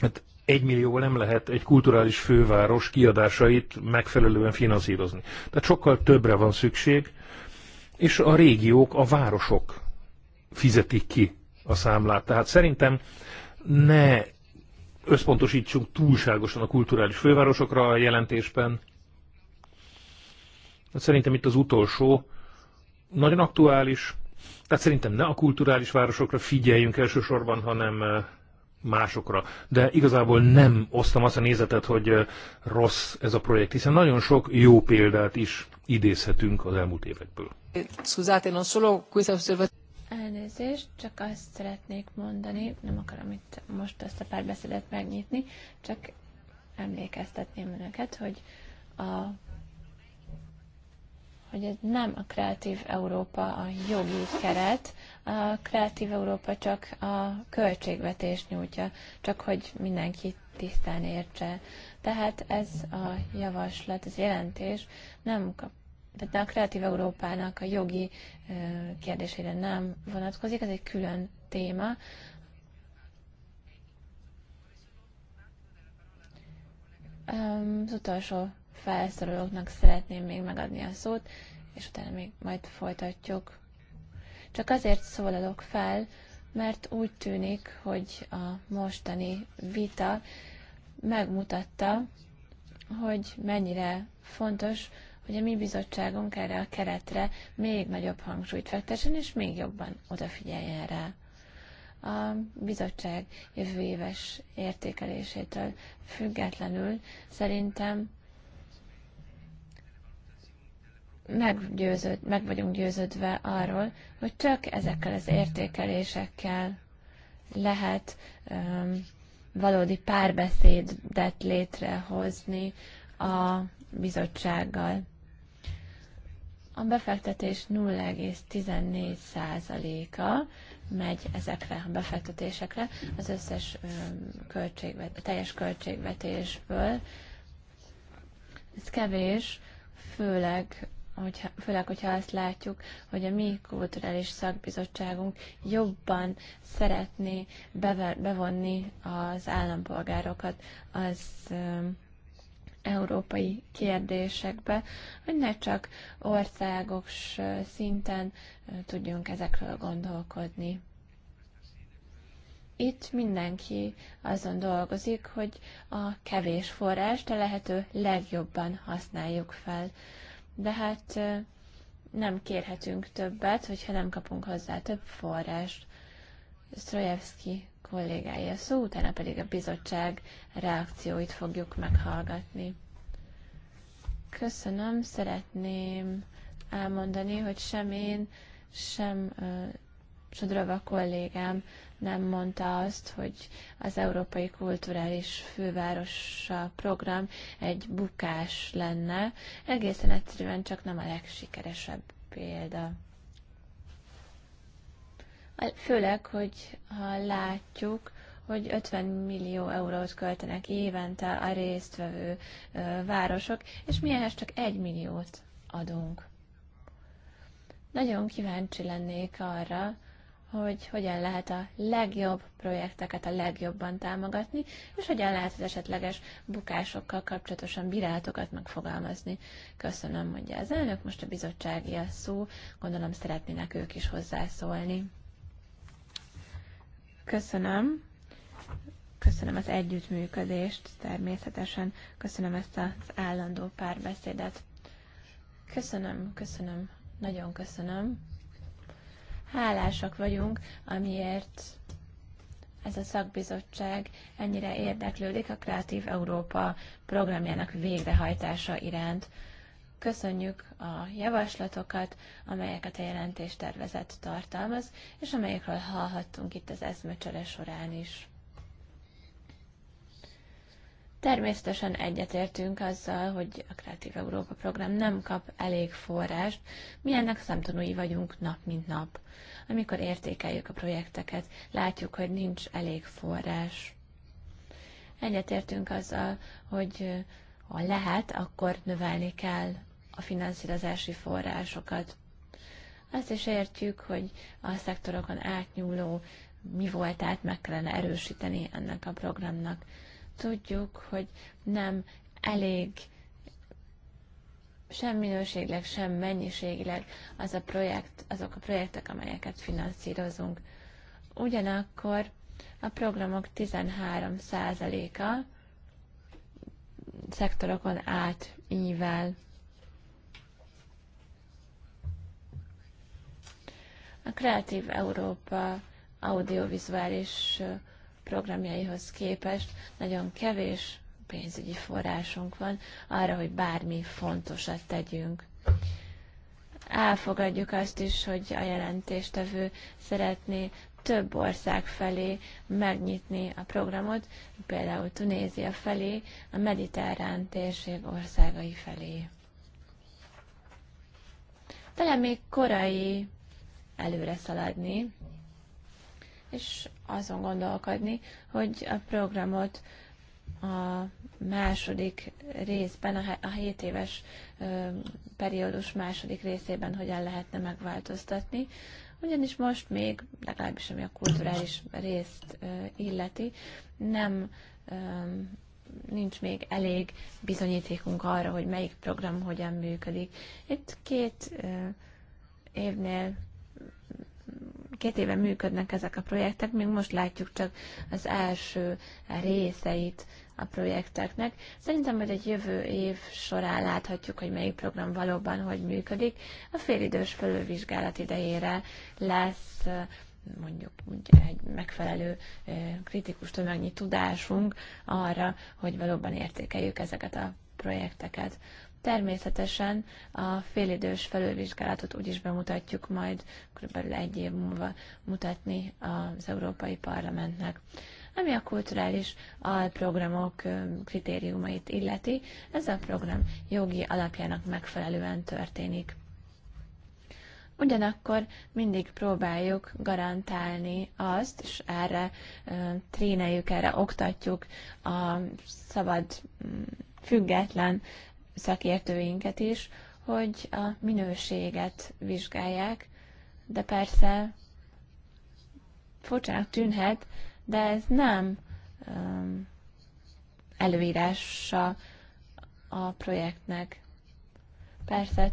Hát 1 millióval nem lehet egy kulturális főváros kiadásait megfelelően finanszírozni. Tehát sokkal többre van szükség, és a régiók, a városok fizetik ki a számlát. Tehát szerintem ne összpontosítsunk túlságosan a kulturális fővárosokra a jelentésben. Hát szerintem itt az utolsó nagyon aktuális, tehát szerintem ne a kulturális városokra figyeljünk elsősorban, hanem másokra. De igazából nem osztom azt a nézetet, hogy rossz ez a projekt, hiszen nagyon sok jó példát is idézhetünk az elmúlt évekből. Scusate, non solo Elnézést, csak azt szeretnék mondani, nem akarom itt most ezt a párbeszédet megnyitni, csak emlékeztetném önöket, hogy a hogy ez nem a Kreatív Európa a jogi keret, a Kreatív Európa csak a költségvetés nyújtja, csak hogy mindenki tisztán értse. Tehát ez a javaslat, ez jelentés nem kap tehát a Kreatív Európának a jogi kérdésére nem vonatkozik, ez egy külön téma. Az utolsó felszorolóknak szeretném még megadni a szót, és utána még majd folytatjuk. Csak azért szólalok fel, mert úgy tűnik, hogy a mostani vita megmutatta, hogy mennyire fontos, hogy a mi bizottságunk erre a keretre még nagyobb hangsúlyt fektessen, és még jobban odafigyeljen rá. A bizottság jövő éves értékelésétől függetlenül szerintem meggyőződ, meg vagyunk győződve arról, hogy csak ezekkel az értékelésekkel lehet um, valódi párbeszédet létrehozni a bizottsággal. A befektetés 0,14%-a megy ezekre a befektetésekre az összes költségvet, teljes költségvetésből. Ez kevés, főleg hogy, főleg, hogyha azt látjuk, hogy a mi kulturális szakbizottságunk jobban szeretné bevonni az állampolgárokat az um, európai kérdésekbe, hogy ne csak országos szinten tudjunk ezekről gondolkodni. Itt mindenki azon dolgozik, hogy a kevés forrást a lehető legjobban használjuk fel de hát nem kérhetünk többet, hogyha nem kapunk hozzá több forrást. Strojevski kollégája szó, utána pedig a bizottság reakcióit fogjuk meghallgatni. Köszönöm, szeretném elmondani, hogy sem én, sem Sodrova kollégám nem mondta azt, hogy az Európai Kulturális Főváros program egy bukás lenne. Egészen egyszerűen csak nem a legsikeresebb példa. Főleg, hogy ha látjuk, hogy 50 millió eurót költenek évente a résztvevő városok, és mi ehhez csak 1 milliót adunk. Nagyon kíváncsi lennék arra, hogy hogyan lehet a legjobb projekteket a legjobban támogatni, és hogyan lehet az esetleges bukásokkal kapcsolatosan bírálatokat megfogalmazni. Köszönöm, mondja az elnök, most a bizottsági a szó, gondolom szeretnének ők is hozzászólni. Köszönöm. Köszönöm az együttműködést, természetesen köszönöm ezt az állandó párbeszédet. Köszönöm, köszönöm, nagyon köszönöm hálásak vagyunk, amiért ez a szakbizottság ennyire érdeklődik a Kreatív Európa programjának végrehajtása iránt. Köszönjük a javaslatokat, amelyeket a jelentéstervezet tartalmaz, és amelyekről hallhattunk itt az eszmecsere során is. Természetesen egyetértünk azzal, hogy a Kreatív Európa program nem kap elég forrást, mi ennek szemtanúi vagyunk nap mint nap. Amikor értékeljük a projekteket, látjuk, hogy nincs elég forrás. Egyetértünk azzal, hogy ha lehet, akkor növelni kell a finanszírozási forrásokat. Azt is értjük, hogy a szektorokon átnyúló mi voltát meg kellene erősíteni ennek a programnak Tudjuk, hogy nem elég sem minőségileg, sem mennyiségileg az a projekt, azok a projektek, amelyeket finanszírozunk. Ugyanakkor a programok 13%-a szektorokon átível. A Kreatív Európa audiovizuális programjaihoz képest nagyon kevés pénzügyi forrásunk van arra, hogy bármi fontosat tegyünk. Elfogadjuk azt is, hogy a jelentéstevő szeretné több ország felé megnyitni a programot, például Tunézia felé, a mediterrán térség országai felé. Talán még korai előre szaladni, és azon gondolkodni, hogy a programot a második részben, a 7 éves periódus második részében hogyan lehetne megváltoztatni, ugyanis most még, legalábbis ami a kulturális részt illeti, nem nincs még elég bizonyítékunk arra, hogy melyik program hogyan működik. Itt két évnél két éve működnek ezek a projektek, még most látjuk csak az első részeit a projekteknek. Szerintem majd egy jövő év során láthatjuk, hogy melyik program valóban hogy működik. A félidős felülvizsgálat idejére lesz mondjuk egy megfelelő kritikus tömegnyi tudásunk arra, hogy valóban értékeljük ezeket a projekteket. Természetesen a félidős felülvizsgálatot úgy is bemutatjuk majd, kb. egy év múlva mutatni az Európai Parlamentnek. Ami a kulturális alprogramok kritériumait illeti, ez a program jogi alapjának megfelelően történik. Ugyanakkor mindig próbáljuk garantálni azt, és erre tréneljük, erre oktatjuk a szabad, mm, független szakértőinket is, hogy a minőséget vizsgálják, de persze furcsának tűnhet, de ez nem um, előírása a projektnek. Persze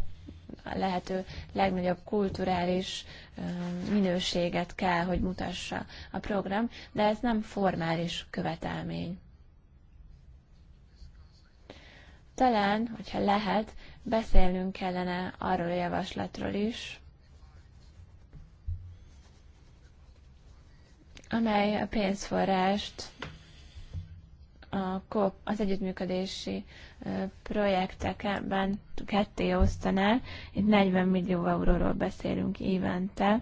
a lehető legnagyobb kulturális minőséget kell, hogy mutassa a program, de ez nem formális követelmény. Talán, hogyha lehet, beszélnünk kellene arról a javaslatról is, amely a pénzforrást a COP, az együttműködési projektekben ketté osztaná. Itt 40 millió euróról beszélünk évente.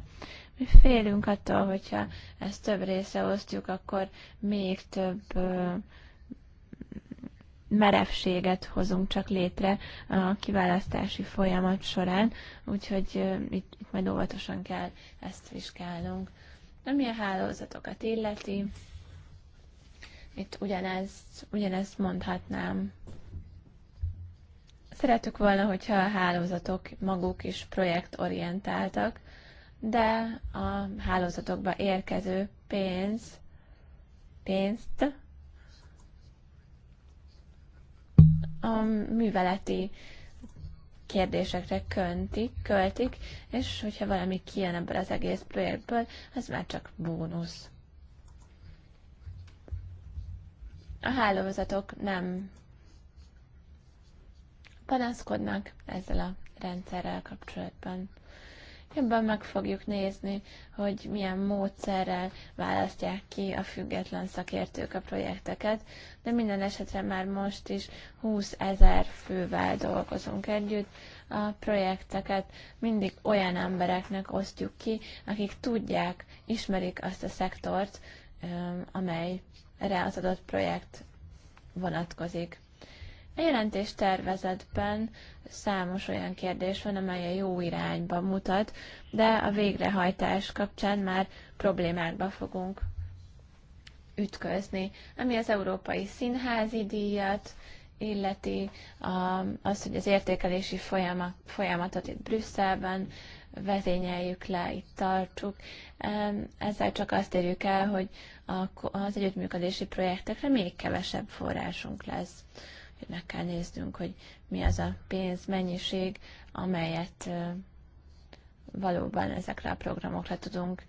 Mi félünk attól, hogyha ezt több része osztjuk, akkor még több merevséget hozunk csak létre a kiválasztási folyamat során, úgyhogy itt, itt majd óvatosan kell ezt vizsgálnunk. Ami a hálózatokat illeti, itt ugyanezt, ugyanezt mondhatnám. Szeretük volna, hogyha a hálózatok maguk is projektorientáltak, de a hálózatokba érkező pénz, pénzt a műveleti kérdésekre köntik, költik, és hogyha valami kijön ebből az egész projektből, az már csak bónusz. A hálózatok nem panaszkodnak ezzel a rendszerrel kapcsolatban. Jobban meg fogjuk nézni, hogy milyen módszerrel választják ki a független szakértők a projekteket, de minden esetre már most is 20 ezer fővel dolgozunk együtt, a projekteket mindig olyan embereknek osztjuk ki, akik tudják, ismerik azt a szektort, amelyre az adott projekt vonatkozik. A jelentés tervezetben számos olyan kérdés van, amely a jó irányba mutat, de a végrehajtás kapcsán már problémákba fogunk ütközni, ami az Európai Színházi Díjat illeti, az, hogy az értékelési folyamatot itt Brüsszelben vezényeljük le, itt tartsuk. Ezzel csak azt érjük el, hogy az együttműködési projektekre még kevesebb forrásunk lesz hogy meg kell néznünk, hogy mi az a pénz mennyiség, amelyet valóban ezekre a programokra tudunk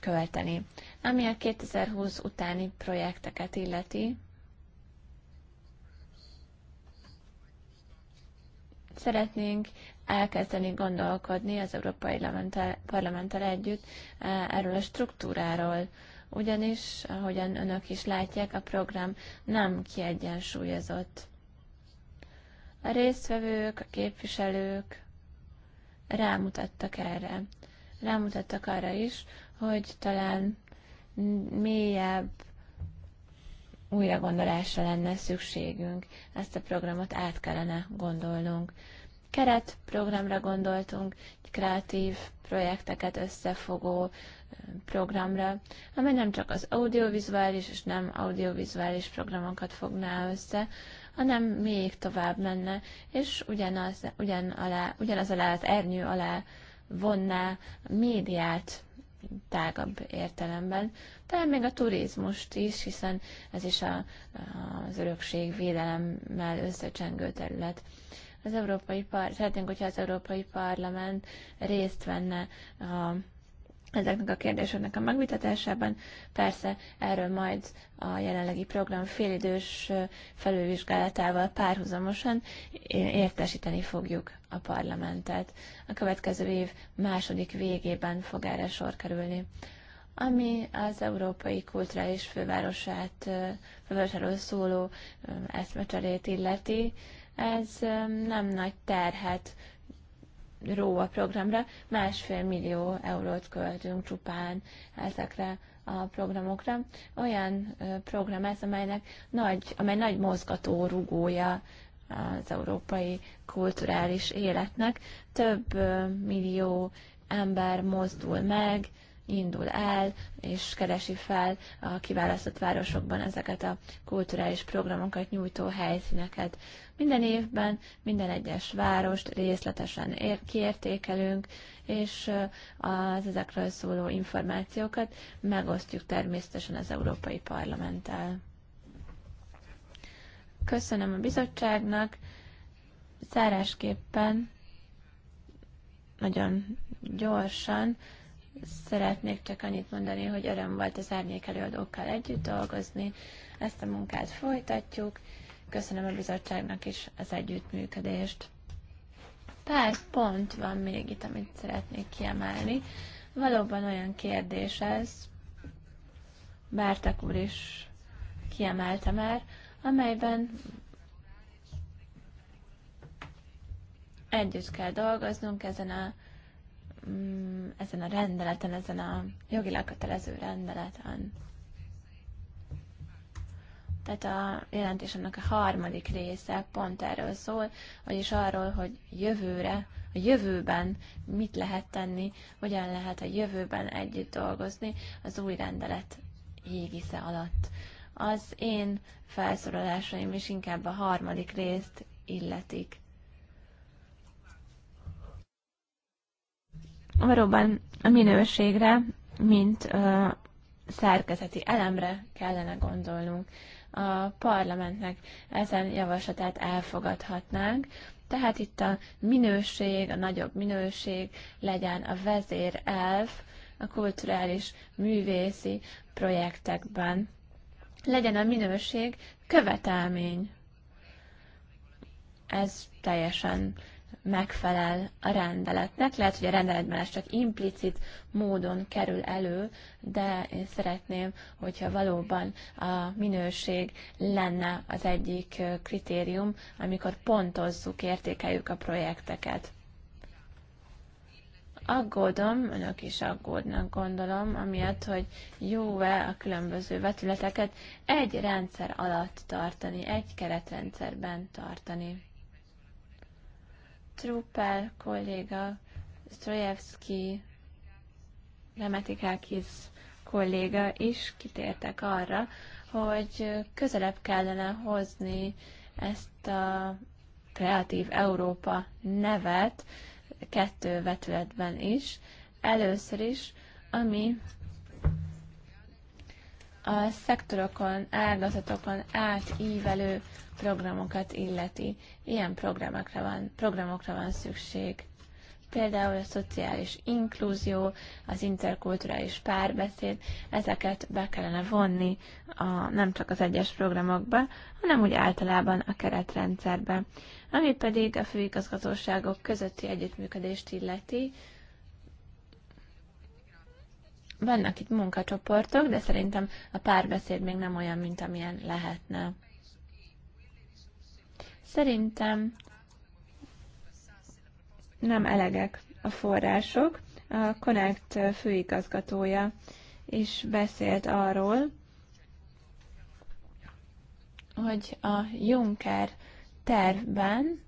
költeni. Ami a 2020 utáni projekteket illeti, szeretnénk elkezdeni gondolkodni az Európai Parlamenttel együtt erről a struktúráról, ugyanis, ahogyan önök is látják, a program nem kiegyensúlyozott. A résztvevők, a képviselők rámutattak erre. Rámutattak arra is, hogy talán mélyebb újra gondolásra lenne szükségünk. Ezt a programot át kellene gondolnunk. Keret programra gondoltunk, kreatív projekteket összefogó, programra, amely nem csak az audiovizuális és nem audiovizuális programokat fogná össze, hanem még tovább menne, és ugyanaz, ugyan alá, ugyanaz alá az ernyő alá vonná a médiát tágabb értelemben, talán még a turizmust is, hiszen ez is a, az örökség védelemmel összecsengő terület az Európai Par- szeretnénk, hogyha az Európai Parlament részt venne a ezeknek a kérdéseknek a megvitatásában. Persze erről majd a jelenlegi program félidős felülvizsgálatával párhuzamosan értesíteni fogjuk a parlamentet. A következő év második végében fog erre sor kerülni ami az Európai Kulturális Fővárosát, fővárosáról szóló eszmecserét illeti. Ez nem nagy terhet RÓA programra másfél millió eurót költünk csupán ezekre a programokra. Olyan program ez, amelynek nagy, amely nagy mozgató rugója az európai kulturális életnek. Több millió ember mozdul meg, indul el, és keresi fel a kiválasztott városokban ezeket a kulturális programokat nyújtó helyszíneket. Minden évben minden egyes várost részletesen ér- kiértékelünk, és az ezekről szóló információkat megosztjuk természetesen az Európai Parlamenttel. Köszönöm a bizottságnak, zárásképpen nagyon gyorsan Szeretnék csak annyit mondani, hogy öröm volt az árnyék előadókkal együtt dolgozni. Ezt a munkát folytatjuk. Köszönöm a bizottságnak is az együttműködést. Pár pont van még itt, amit szeretnék kiemelni. Valóban olyan kérdés ez, Bártak úr is kiemelte már, amelyben együtt kell dolgoznunk ezen a Mm, ezen a rendeleten, ezen a jogilag kötelező rendeleten. Tehát a jelentés annak a harmadik része pont erről szól, vagyis arról, hogy jövőre, a jövőben mit lehet tenni, hogyan lehet a jövőben együtt dolgozni az új rendelet égisze alatt. Az én felszólalásaim is inkább a harmadik részt illetik. valóban a minőségre, mint ö, szerkezeti elemre kellene gondolnunk. A parlamentnek ezen javaslatát elfogadhatnánk, tehát itt a minőség, a nagyobb minőség legyen a vezérelv a kulturális, művészi projektekben. Legyen a minőség követelmény. Ez teljesen megfelel a rendeletnek. Lehet, hogy a rendeletben ez csak implicit módon kerül elő, de én szeretném, hogyha valóban a minőség lenne az egyik kritérium, amikor pontozzuk, értékeljük a projekteket. Aggódom, önök is aggódnak, gondolom, amiatt, hogy jó-e a különböző vetületeket egy rendszer alatt tartani, egy keretrendszerben tartani Trupel kolléga, Strojevski, Remetikákis kolléga is kitértek arra, hogy közelebb kellene hozni ezt a Kreatív Európa nevet kettő vetületben is. Először is, ami a szektorokon, ágazatokon átívelő programokat illeti. Ilyen programokra van, programokra van szükség. Például a szociális inklúzió, az interkulturális párbeszéd, ezeket be kellene vonni a, nem csak az egyes programokba, hanem úgy általában a keretrendszerbe. Ami pedig a főigazgatóságok közötti együttműködést illeti, vannak itt munkacsoportok, de szerintem a párbeszéd még nem olyan, mint amilyen lehetne. Szerintem nem elegek a források. A Connect főigazgatója is beszélt arról, hogy a Juncker tervben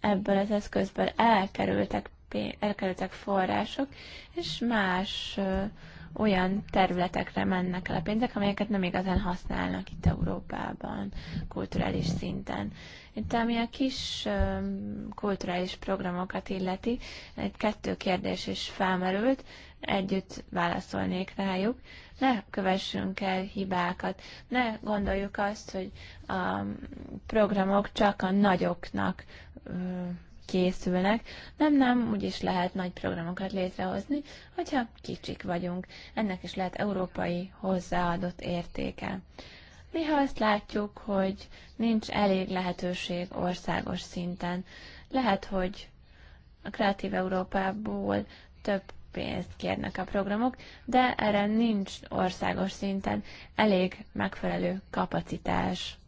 ebből az eszközből elkerültek, elkerültek források, és más olyan területekre mennek el a pénzek, amelyeket nem igazán használnak itt Európában, kulturális szinten. Itt ami a kis kulturális programokat illeti, egy kettő kérdés is felmerült, együtt válaszolnék rájuk. Ne kövessünk el hibákat, ne gondoljuk azt, hogy a programok csak a nagyoknak készülnek. Nem, nem, úgyis lehet nagy programokat létrehozni, hogyha kicsik vagyunk. Ennek is lehet európai hozzáadott értéke. Néha azt látjuk, hogy nincs elég lehetőség országos szinten. Lehet, hogy a Kreatív Európából több pénzt kérnek a programok, de erre nincs országos szinten elég megfelelő kapacitás.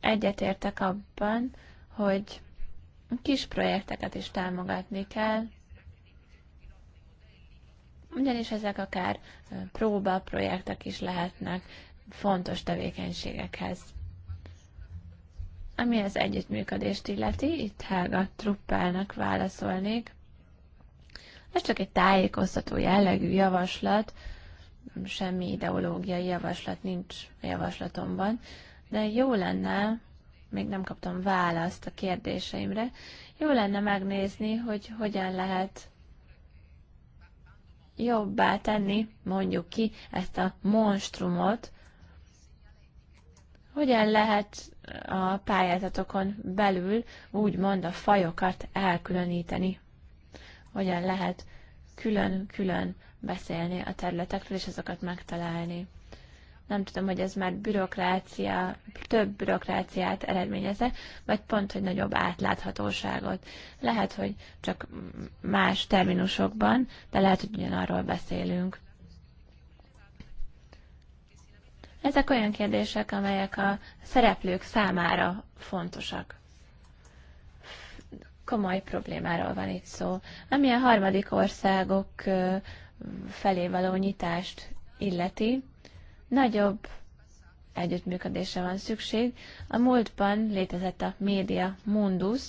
Egyetértek abban, hogy kis projekteket is támogatni kell, ugyanis ezek akár próba projektek is lehetnek fontos tevékenységekhez. Ami az együttműködést illeti, itt Helga Truppelnek válaszolnék. Ez csak egy tájékoztató jellegű javaslat, semmi ideológiai javaslat nincs a javaslatomban, de jó lenne, még nem kaptam választ a kérdéseimre. Jó lenne megnézni, hogy hogyan lehet jobbá tenni, mondjuk ki, ezt a monstrumot, hogyan lehet a pályázatokon belül úgymond a fajokat elkülöníteni, hogyan lehet külön-külön beszélni a területekről és azokat megtalálni nem tudom, hogy ez már bürokrácia, több bürokráciát eredményeze, vagy pont, hogy nagyobb átláthatóságot. Lehet, hogy csak más terminusokban, de lehet, hogy ugyanarról beszélünk. Ezek olyan kérdések, amelyek a szereplők számára fontosak. Komoly problémáról van itt szó. Ami a harmadik országok felé való nyitást illeti, Nagyobb együttműködésre van szükség. A múltban létezett a Média Mundus,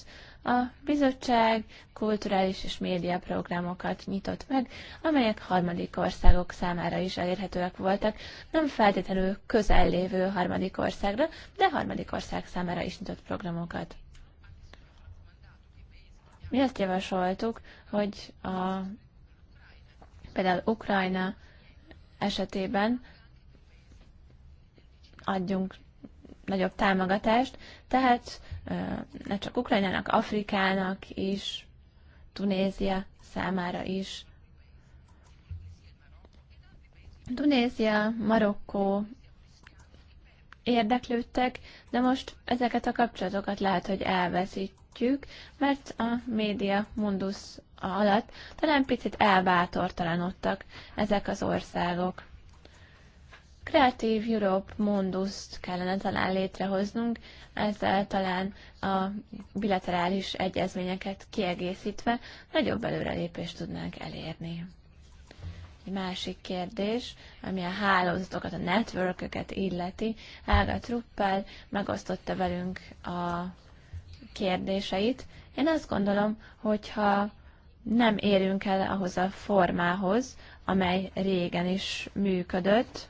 a bizottság kulturális és média programokat nyitott meg, amelyek harmadik országok számára is elérhetőek voltak, nem feltétlenül közel lévő harmadik országra, de harmadik ország számára is nyitott programokat. Mi azt javasoltuk, hogy a, például Ukrajna esetében adjunk nagyobb támogatást, tehát ne csak Ukrajnának, Afrikának is, Tunézia számára is. Tunézia, Marokkó érdeklődtek, de most ezeket a kapcsolatokat lehet, hogy elveszítjük, mert a média mundusz alatt talán picit elbátortalanodtak ezek az országok. Creative Europe mondust kellene talán létrehoznunk, ezzel talán a bilaterális egyezményeket kiegészítve nagyobb előrelépést tudnánk elérni. Egy másik kérdés, ami a hálózatokat, a networköket illeti, Ága Truppel megosztotta velünk a kérdéseit. Én azt gondolom, hogyha nem érünk el ahhoz a formához, amely régen is működött,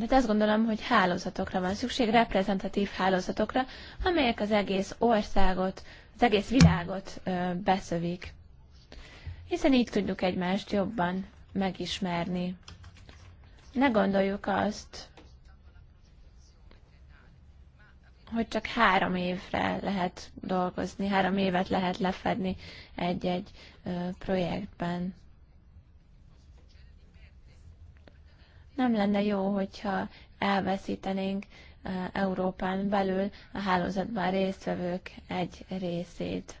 Mert azt gondolom, hogy hálózatokra van szükség, reprezentatív hálózatokra, amelyek az egész országot, az egész világot ö, beszövik. Hiszen így tudjuk egymást jobban megismerni. Ne gondoljuk azt, hogy csak három évre lehet dolgozni, három évet lehet lefedni egy-egy projektben. Nem lenne jó, hogyha elveszítenénk Európán belül a hálózatban résztvevők egy részét.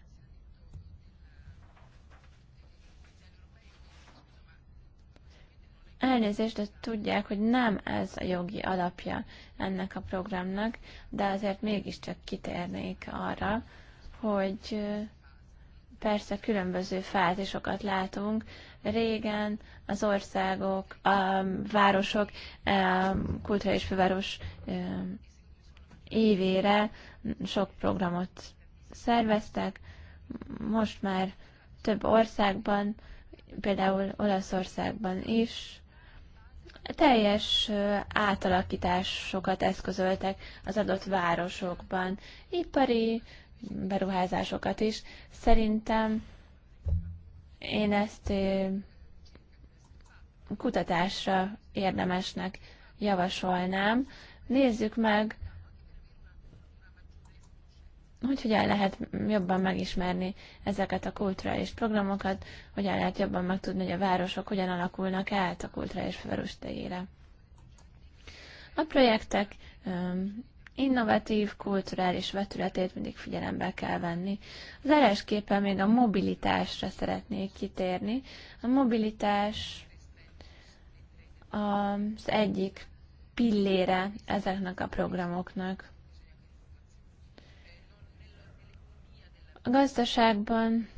Elnézést, de tudják, hogy nem ez a jogi alapja ennek a programnak, de azért mégiscsak kitérnék arra, hogy persze különböző fázisokat látunk. Régen az országok, a városok, a és főváros évére sok programot szerveztek, most már több országban, például Olaszországban is, teljes átalakításokat eszközöltek az adott városokban. Ipari, beruházásokat is. Szerintem én ezt kutatásra érdemesnek javasolnám. Nézzük meg, hogy hogyan lehet jobban megismerni ezeket a kulturális programokat, hogyan lehet jobban megtudni, hogy a városok hogyan alakulnak át a kulturális város tejére. A projektek innovatív, kulturális vetületét mindig figyelembe kell venni. Az állásképpen még a mobilitásra szeretnék kitérni. A mobilitás az egyik pillére ezeknek a programoknak. A gazdaságban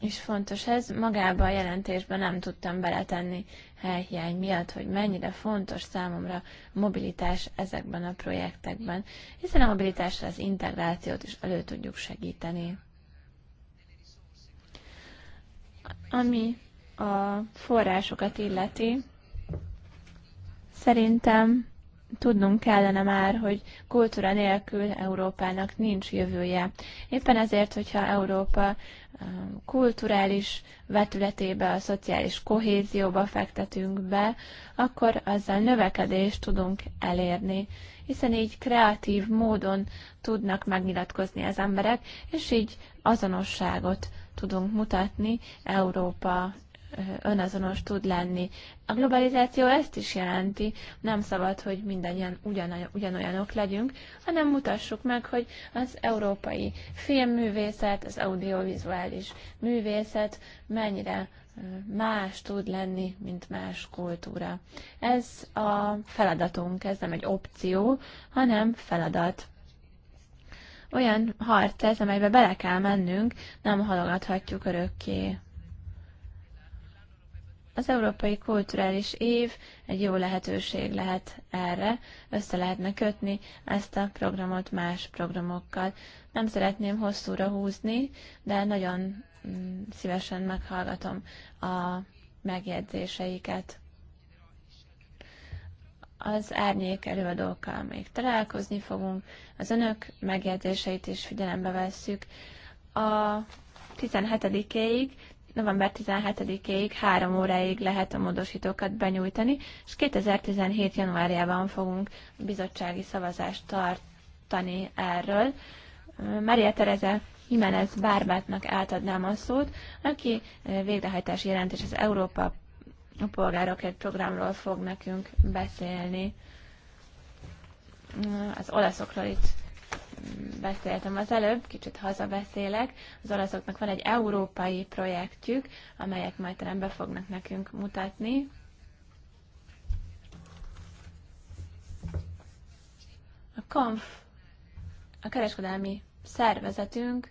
is fontos ez, magába a jelentésben nem tudtam beletenni helyhiány miatt, hogy mennyire fontos számomra a mobilitás ezekben a projektekben, hiszen a mobilitásra az integrációt is elő tudjuk segíteni. Ami a forrásokat illeti, szerintem tudnunk kellene már, hogy kultúra nélkül Európának nincs jövője. Éppen ezért, hogyha Európa kulturális vetületébe, a szociális kohézióba fektetünk be, akkor azzal növekedést tudunk elérni, hiszen így kreatív módon tudnak megnyilatkozni az emberek, és így azonosságot tudunk mutatni Európa önazonos tud lenni. A globalizáció ezt is jelenti, nem szabad, hogy mindannyian ugyanolyanok legyünk, hanem mutassuk meg, hogy az európai filmművészet, az audiovizuális művészet mennyire más tud lenni, mint más kultúra. Ez a feladatunk, ez nem egy opció, hanem feladat olyan harc ez, amelybe bele kell mennünk, nem halogathatjuk örökké. Az Európai Kulturális Év egy jó lehetőség lehet erre, össze lehetne kötni ezt a programot más programokkal. Nem szeretném hosszúra húzni, de nagyon mm, szívesen meghallgatom a megjegyzéseiket. Az árnyék előadókkal még találkozni fogunk, az önök megjegyzéseit is figyelembe vesszük. A 17-éig november 17-ig három óráig lehet a módosítókat benyújtani, és 2017. januárjában fogunk bizottsági szavazást tartani erről. Maria Tereza Jimenez Bárbátnak átadnám a szót, aki végrehajtási jelentés az Európa a polgárokért programról fog nekünk beszélni. Az olaszokról itt beszéltem az előbb, kicsit hazabeszélek. Az olaszoknak van egy európai projektjük, amelyet majd talán be fognak nekünk mutatni. A KAMF, a kereskedelmi szervezetünk,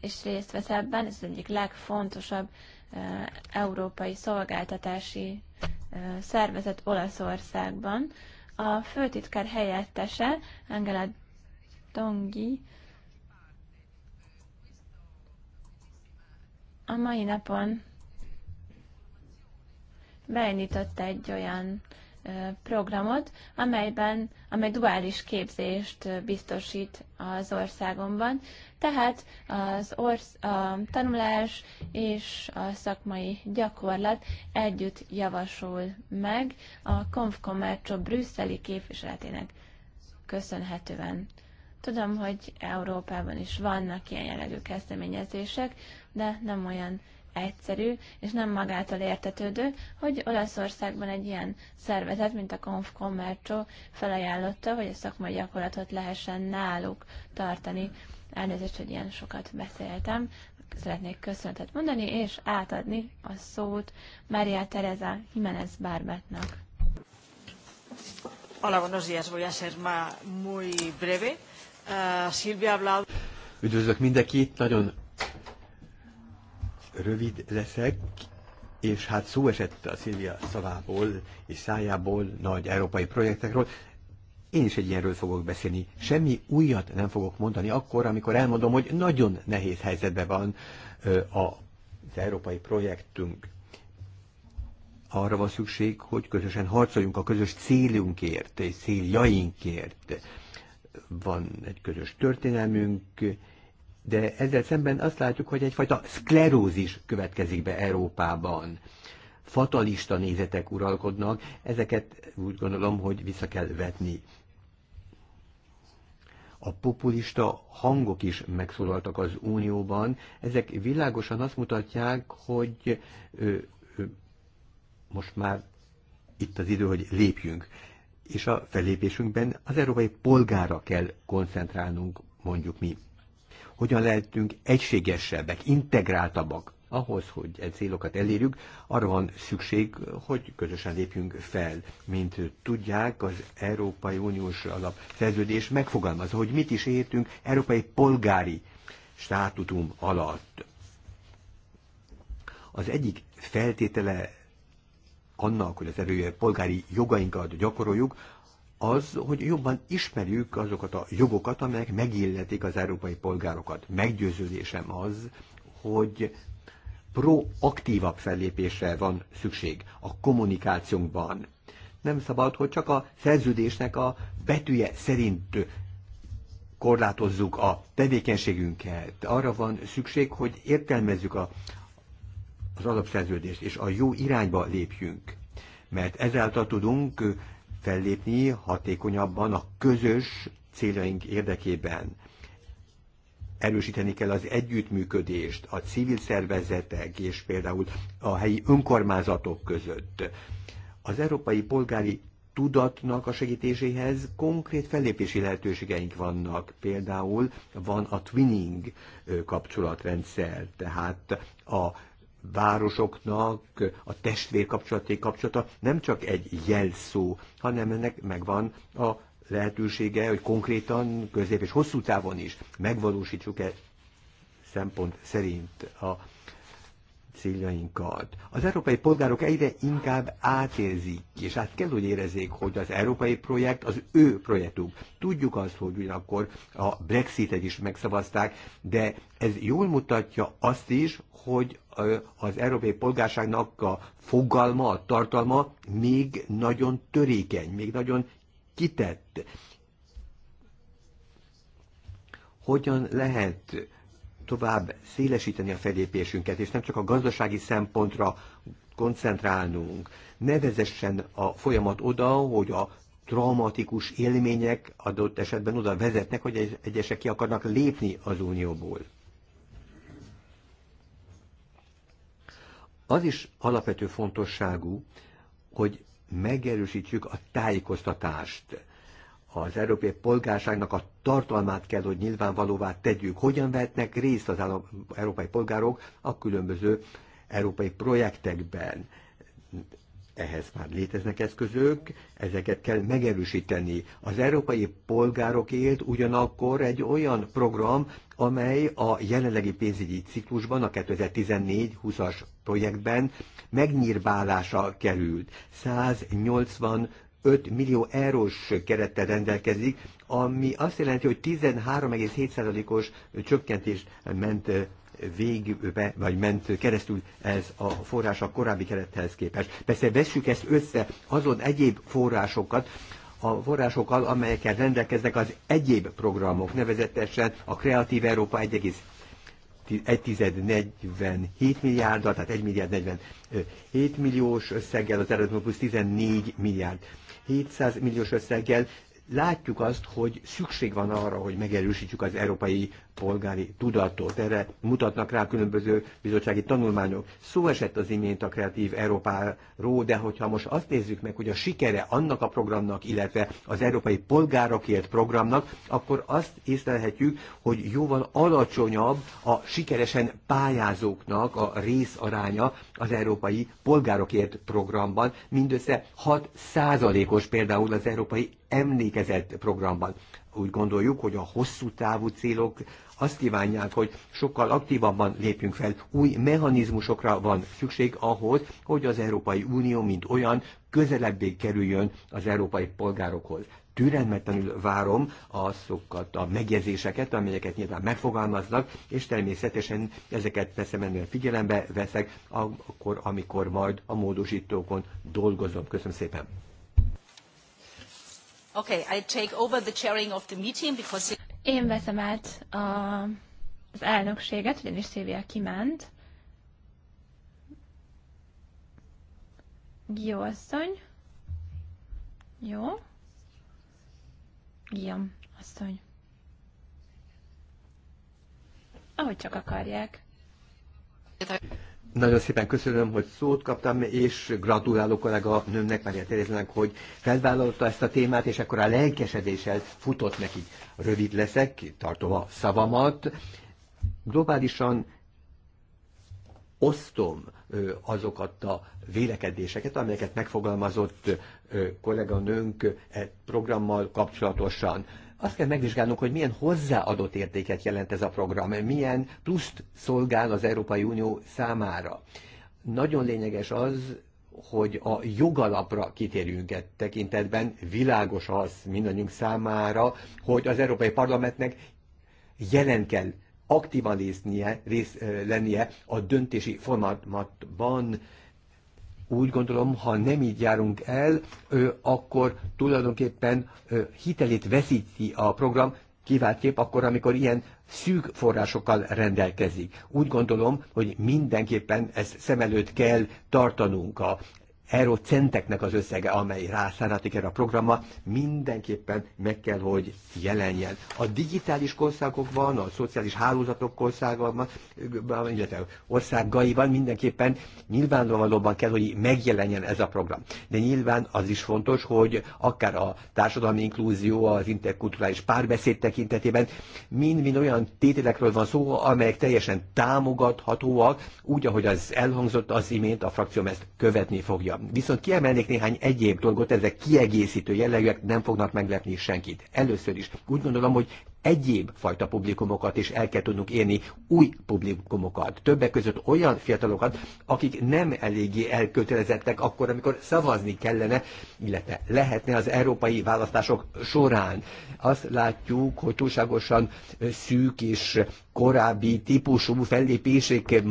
és részt vesz ebben, ez az egyik legfontosabb európai szolgáltatási szervezet Olaszországban. A főtitkár helyettese, Angela Tonghi a mai napon beindított egy olyan programot, amelyben, amely duális képzést biztosít az országomban, tehát az orsz, a tanulás és a szakmai gyakorlat együtt javasul meg a Konfkommercsó brüsszeli képviseletének köszönhetően. Tudom, hogy Európában is vannak ilyen jellegű kezdeményezések, de nem olyan egyszerű, és nem magától értetődő, hogy Olaszországban egy ilyen szervezet, mint a Commercio felajánlotta, hogy a szakmai gyakorlatot lehessen náluk tartani. Elnézést, hogy ilyen sokat beszéltem. Szeretnék köszönetet mondani, és átadni a szót Maria Teresa Jimenez Bárbetnak. Hola, buenos días. Voy a ser muy breve. Üdvözlök mindenkit, nagyon rövid leszek, és hát szó esett a Szilvia szavából és szájából nagy európai projektekről. Én is egy ilyenről fogok beszélni. Semmi újat nem fogok mondani akkor, amikor elmondom, hogy nagyon nehéz helyzetben van az európai projektünk. Arra van szükség, hogy közösen harcoljunk a közös célunkért és céljainkért van egy közös történelmünk, de ezzel szemben azt látjuk, hogy egyfajta szklerózis következik be Európában. Fatalista nézetek uralkodnak, ezeket úgy gondolom, hogy vissza kell vetni. A populista hangok is megszólaltak az Unióban, ezek világosan azt mutatják, hogy ö, ö, most már itt az idő, hogy lépjünk és a fellépésünkben az európai polgára kell koncentrálnunk, mondjuk mi. Hogyan lehetünk egységesebbek, integráltabbak ahhoz, hogy egy célokat elérjük, arra van szükség, hogy közösen lépjünk fel. Mint tudják, az Európai Uniós szerződés megfogalmazza, hogy mit is értünk európai polgári státutum alatt. Az egyik feltétele annak, hogy az erője polgári jogainkat gyakoroljuk, az, hogy jobban ismerjük azokat a jogokat, amelyek megilletik az európai polgárokat. Meggyőződésem az, hogy proaktívabb fellépésre van szükség a kommunikációnkban. Nem szabad, hogy csak a szerződésnek a betűje szerint korlátozzuk a tevékenységünket. Arra van szükség, hogy értelmezzük a, az alapszerződést, és a jó irányba lépjünk. Mert ezáltal tudunk fellépni hatékonyabban a közös céljaink érdekében. Erősíteni kell az együttműködést a civil szervezetek és például a helyi önkormányzatok között. Az európai polgári tudatnak a segítéséhez konkrét fellépési lehetőségeink vannak. Például van a twinning kapcsolatrendszer, tehát a városoknak a kapcsolaté kapcsolata nem csak egy jelszó, hanem ennek megvan a lehetősége, hogy konkrétan, közép és hosszú távon is megvalósítsuk-e szempont szerint a céljainkat. Az európai polgárok egyre inkább átérzik, és át kell, hogy érezzék, hogy az európai projekt az ő projektük. Tudjuk azt, hogy ugyanakkor a Brexit-et is megszavazták, de ez jól mutatja azt is, hogy az európai polgárságnak a fogalma, a tartalma még nagyon törékeny, még nagyon kitett. Hogyan lehet tovább szélesíteni a felépésünket, és nem csak a gazdasági szempontra koncentrálnunk. Nevezessen a folyamat oda, hogy a traumatikus élmények adott esetben oda vezetnek, hogy egyesek ki akarnak lépni az unióból. Az is alapvető fontosságú, hogy megerősítjük a tájékoztatást. Az európai polgárságnak a tartalmát kell, hogy nyilvánvalóvá tegyük. Hogyan vehetnek részt az európai polgárok a különböző európai projektekben ehhez már léteznek eszközök, ezeket kell megerősíteni. Az európai polgárokért ugyanakkor egy olyan program, amely a jelenlegi pénzügyi ciklusban, a 2014-20-as projektben megnyírbálása került. 180 5 millió eurós kerettel rendelkezik, ami azt jelenti, hogy 13,7%-os csökkentést ment végbe, vagy ment keresztül ez a forrás a korábbi kerethez képest. Persze vessük ezt össze azon egyéb forrásokat, a forrásokkal, amelyekkel rendelkeznek az egyéb programok, nevezetesen a Kreatív Európa 1,47 milliárd, tehát 1 milliárd 47 milliós összeggel, az Erasmus plusz 14 milliárd 700 milliós összeggel, látjuk azt, hogy szükség van arra, hogy megerősítsük az európai polgári tudatot. Erre mutatnak rá különböző bizottsági tanulmányok. Szó esett az imént a Kreatív Európáról, de hogyha most azt nézzük meg, hogy a sikere annak a programnak, illetve az európai polgárokért programnak, akkor azt észlelhetjük, hogy jóval alacsonyabb a sikeresen pályázóknak a részaránya az európai polgárokért programban. Mindössze 6 százalékos például az európai emlékezett programban. Úgy gondoljuk, hogy a hosszú távú célok azt kívánják, hogy sokkal aktívabban lépjünk fel. Új mechanizmusokra van szükség ahhoz, hogy az Európai Unió, mint olyan, közelebbé kerüljön az európai polgárokhoz türelmetlenül várom azokat a megjegyzéseket, amelyeket nyilván megfogalmaznak, és természetesen ezeket veszem ennél figyelembe, veszek akkor, amikor majd a módosítókon dolgozom. Köszönöm szépen! Okay, I take over the chairing of the meeting because én veszem át a, az elnökséget, ugyanis Szévia kiment. Gió asszony. Jó. Guillaume asszony. Ahogy csak akarják. Nagyon szépen köszönöm, hogy szót kaptam, és gratulálok a nőmnek, Mária Terézlának, hogy felvállalta ezt a témát, és akkor a lelkesedéssel futott neki. Rövid leszek, tartom a szavamat. Globálisan osztom azokat a vélekedéseket, amelyeket megfogalmazott kolléganőnk e programmal kapcsolatosan azt kell megvizsgálnunk, hogy milyen hozzáadott értéket jelent ez a program, milyen pluszt szolgál az Európai Unió számára. Nagyon lényeges az, hogy a jogalapra kitérjünk egy tekintetben, világos az mindannyiunk számára, hogy az Európai Parlamentnek jelen kell aktívan résznie, rész, lennie a döntési folyamatban, úgy gondolom, ha nem így járunk el, akkor tulajdonképpen hitelét veszíti a program, kiváltképp akkor, amikor ilyen szűk forrásokkal rendelkezik. Úgy gondolom, hogy mindenképpen ezt szem előtt kell tartanunk. A centeknek az összege, amely rászállhatik erre a programra, mindenképpen meg kell, hogy jelenjen. A digitális országokban, a szociális hálózatok országokban, illetve országaiban mindenképpen nyilvánvalóban kell, hogy megjelenjen ez a program. De nyilván az is fontos, hogy akár a társadalmi inklúzió, az interkulturális párbeszéd tekintetében mind-mind olyan tételekről van szó, amelyek teljesen támogathatóak, úgy, ahogy az elhangzott az imént, a frakcióm ezt követni fogja mondjam. Viszont kiemelnék néhány egyéb dolgot, ezek kiegészítő jellegűek, nem fognak meglepni senkit. Először is úgy gondolom, hogy egyéb fajta publikumokat is el kell tudnunk érni, új publikumokat, többek között olyan fiatalokat, akik nem eléggé elkötelezettek akkor, amikor szavazni kellene, illetve lehetne az európai választások során. Azt látjuk, hogy túlságosan szűk és korábbi típusú fellépések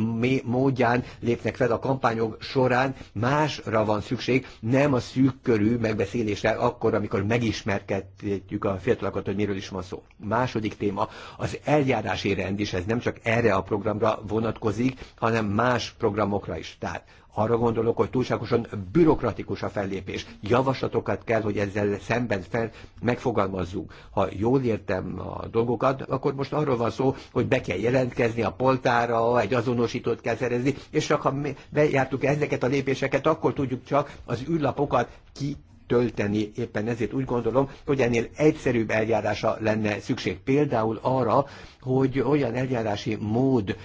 módján lépnek fel a kampányok során, másra van szükség, nem a szűk körű megbeszélésre akkor, amikor megismerkedjük a fiatalokat, hogy miről is van szó. Más második téma az eljárási rend is, ez nem csak erre a programra vonatkozik, hanem más programokra is. Tehát arra gondolok, hogy túlságosan bürokratikus a fellépés. Javaslatokat kell, hogy ezzel szemben fel megfogalmazzunk. Ha jól értem a dolgokat, akkor most arról van szó, hogy be kell jelentkezni a poltára, egy azonosítót kell szerezni, és csak ha bejártuk ezeket a lépéseket, akkor tudjuk csak az űrlapokat ki tölteni. Éppen ezért úgy gondolom, hogy ennél egyszerűbb eljárása lenne szükség. Például arra, hogy olyan eljárási mód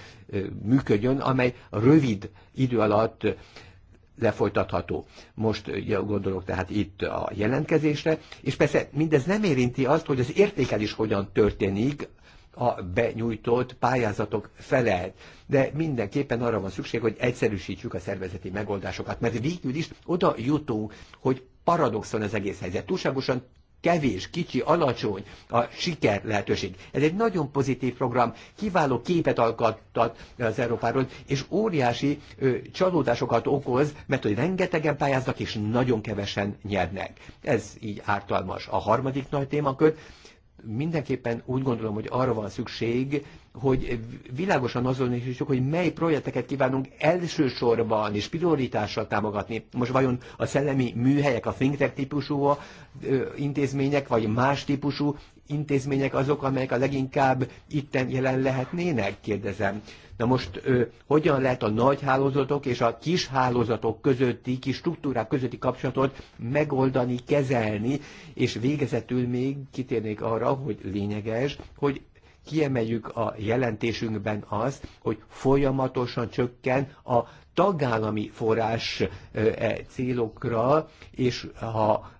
működjön, amely rövid idő alatt lefolytatható. Most ja, gondolok tehát itt a jelentkezésre, és persze mindez nem érinti azt, hogy az értékelés hogyan történik, a benyújtott pályázatok felelt. De mindenképpen arra van szükség, hogy egyszerűsítjük a szervezeti megoldásokat, mert végül is oda jutunk, hogy paradoxon az egész helyzet. Túlságosan kevés, kicsi, alacsony a siker lehetőség. Ez egy nagyon pozitív program, kiváló képet alkottat az Európáról, és óriási ö, csalódásokat okoz, mert hogy rengetegen pályáznak, és nagyon kevesen nyernek. Ez így ártalmas. A harmadik nagy témakör, mindenképpen úgy gondolom, hogy arra van szükség, hogy világosan azonosítsuk, hogy mely projekteket kívánunk elsősorban és prioritással támogatni. Most vajon a szellemi műhelyek, a think tank típusú intézmények, vagy más típusú intézmények azok, amelyek a leginkább itten jelen lehetnének, kérdezem. Na most ö, hogyan lehet a nagy hálózatok és a kis hálózatok közötti, kis struktúrák közötti kapcsolatot megoldani, kezelni, és végezetül még kitérnék arra, hogy lényeges, hogy kiemeljük a jelentésünkben az, hogy folyamatosan csökken a tagállami forrás e célokra, és ha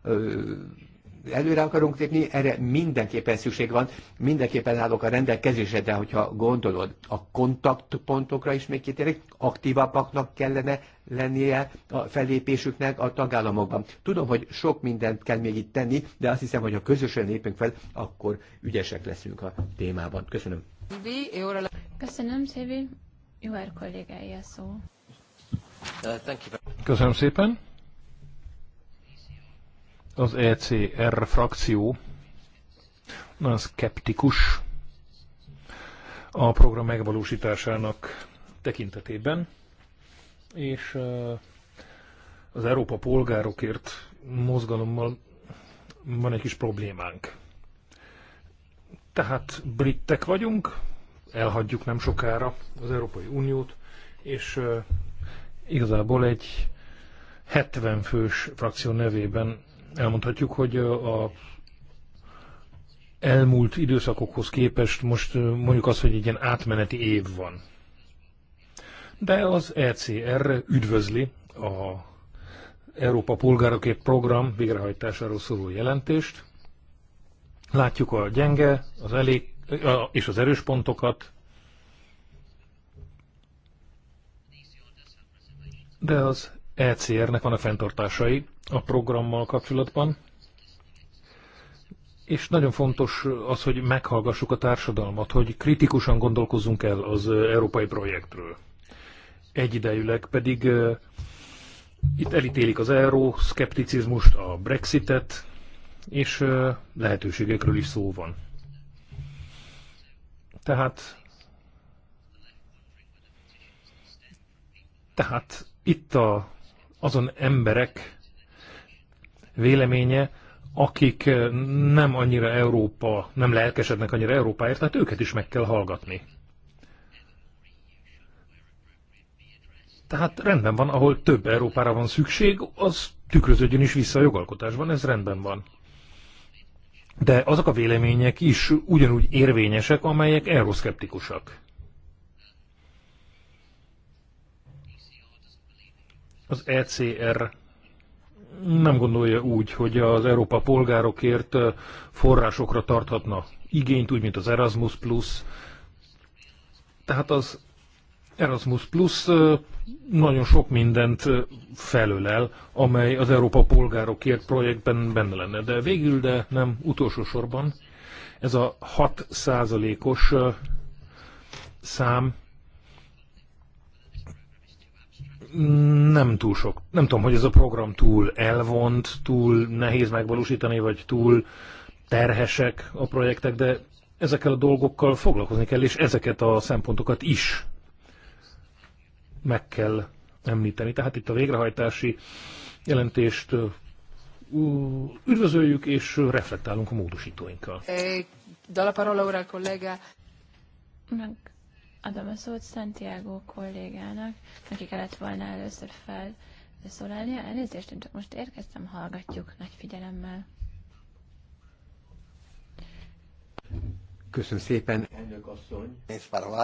előre akarunk lépni, erre mindenképpen szükség van, mindenképpen állok a rendelkezésedre, hogyha gondolod. A kontaktpontokra is még kitérek, aktívabbaknak kellene lennie a fellépésüknek a tagállamokban. Tudom, hogy sok mindent kell még itt tenni, de azt hiszem, hogy ha közösen lépünk fel, akkor ügyesek leszünk a témában. Köszönöm. Köszönöm, Szévi. Jó kollégája szó. Uh, Köszönöm szépen. Az ECR frakció nagyon szkeptikus a program megvalósításának tekintetében, és az Európa polgárokért mozgalommal van egy kis problémánk. Tehát brittek vagyunk, elhagyjuk nem sokára az Európai Uniót, és igazából egy 70 fős frakció nevében elmondhatjuk, hogy a elmúlt időszakokhoz képest most mondjuk az hogy egy ilyen átmeneti év van. De az ECR üdvözli a Európa Polgárokért Program végrehajtásáról szóló jelentést. Látjuk a gyenge az elég, és az erős pontokat, de az ECR-nek van a fenntartásai a programmal kapcsolatban, és nagyon fontos az, hogy meghallgassuk a társadalmat, hogy kritikusan gondolkozunk el az európai projektről. Egyidejűleg pedig itt elítélik az euró, szkepticizmust, a Brexitet, és lehetőségekről is szó van. Tehát, tehát itt a, azon emberek véleménye, akik eh, nem annyira Európa, nem lelkesednek annyira Európáért, tehát őket is meg kell hallgatni. Tehát rendben van, ahol több Európára van szükség, az tükröződjön is vissza a jogalkotásban, ez rendben van. De azok a vélemények is ugyanúgy érvényesek, amelyek euroszkeptikusak. Az ECR nem gondolja úgy, hogy az Európa polgárokért forrásokra tarthatna igényt, úgy, mint az Erasmus Plus. Tehát az Erasmus Plus nagyon sok mindent felölel, amely az Európa polgárokért projektben benne lenne. De végül, de nem utolsó sorban, ez a 6 os szám nem túl sok. Nem tudom, hogy ez a program túl elvont, túl nehéz megvalósítani, vagy túl terhesek a projektek, de ezekkel a dolgokkal foglalkozni kell, és ezeket a szempontokat is meg kell említeni. Tehát itt a végrehajtási jelentést üdvözöljük, és reflektálunk a módosítóinkkal. Eh, Dalla parola ora collega adom a szót Santiago kollégának, neki kellett volna először fel szólalnia. Elnézést, én csak most érkeztem, hallgatjuk nagy figyelemmel. Köszönöm szépen. Elnök asszony. Ez el,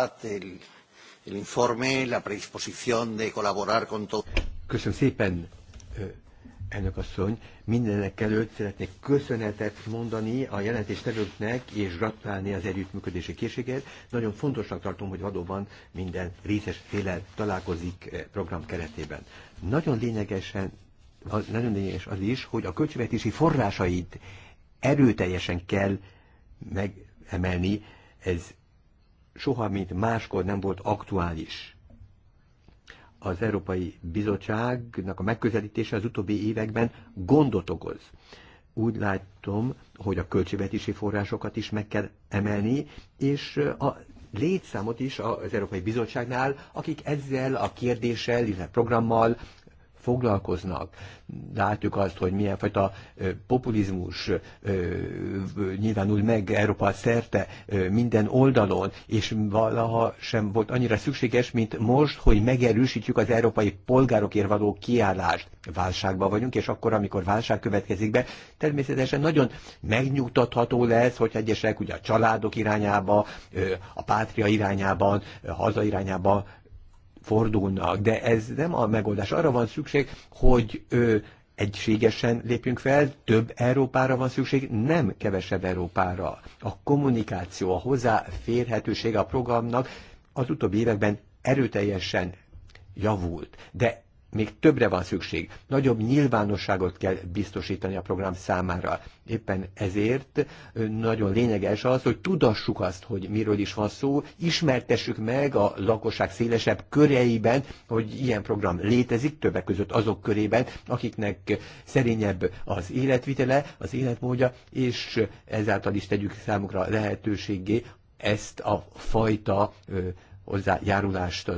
el informe, la predisposición de colaborar con todo. Köszönöm szépen, Elnök asszony, mindenek előtt szeretnék köszönetet mondani a jelentéstevőknek és gratulálni az együttműködési készséget. Nagyon fontosnak tartom, hogy valóban minden részes féle találkozik eh, program keretében. Nagyon lényegesen az, nagyon lényeges az is, hogy a költségvetési forrásait erőteljesen kell megemelni, ez soha, mint máskor nem volt aktuális az Európai Bizottságnak a megközelítése az utóbbi években gondot okoz. Úgy látom, hogy a költségvetési forrásokat is meg kell emelni, és a létszámot is az Európai Bizottságnál, akik ezzel a kérdéssel, illetve programmal foglalkoznak. Látjuk azt, hogy milyen fajta populizmus nyilvánul meg Európa szerte minden oldalon, és valaha sem volt annyira szükséges, mint most, hogy megerősítjük az európai polgárokért való kiállást. Válságban vagyunk, és akkor, amikor válság következik be, természetesen nagyon megnyugtatható lesz, hogy egyesek ugye a családok irányába, a pátria irányában, a haza irányába fordulnak, de ez nem a megoldás. Arra van szükség, hogy ö, egységesen lépjünk fel, több Európára van szükség, nem kevesebb Európára. A kommunikáció, a hozzáférhetőség a programnak az utóbbi években erőteljesen javult, de még többre van szükség. Nagyobb nyilvánosságot kell biztosítani a program számára. Éppen ezért nagyon lényeges az, hogy tudassuk azt, hogy miről is van szó, ismertessük meg a lakosság szélesebb köreiben, hogy ilyen program létezik, többek között azok körében, akiknek szerényebb az életvitele, az életmódja, és ezáltal is tegyük számukra lehetőségé ezt a fajta hozzájárulást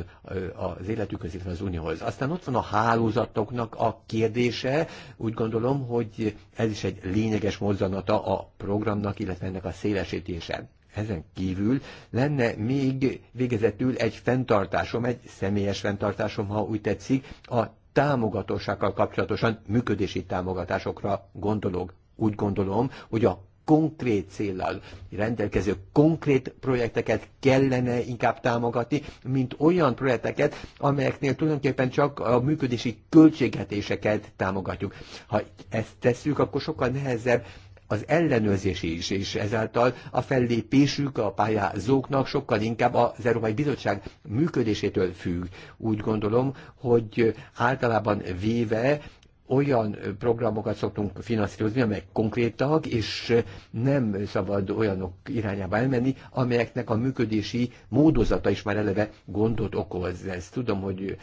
az életükhöz, illetve az unióhoz. Aztán ott van a hálózatoknak a kérdése. Úgy gondolom, hogy ez is egy lényeges mozzanata a programnak, illetve ennek a szélesítése. Ezen kívül lenne még végezetül egy fenntartásom, egy személyes fenntartásom, ha úgy tetszik, a támogatósággal kapcsolatosan működési támogatásokra gondolok. Úgy gondolom, hogy a konkrét céllal rendelkező konkrét projekteket kellene inkább támogatni, mint olyan projekteket, amelyeknél tulajdonképpen csak a működési költségetéseket támogatjuk. Ha ezt tesszük, akkor sokkal nehezebb az ellenőrzés is, és ezáltal a fellépésük a pályázóknak sokkal inkább az Európai Bizottság működésétől függ. Úgy gondolom, hogy általában véve olyan programokat szoktunk finanszírozni, amelyek konkrétak, és nem szabad olyanok irányába elmenni, amelyeknek a működési módozata is már eleve gondot okoz. Ezt tudom, hogy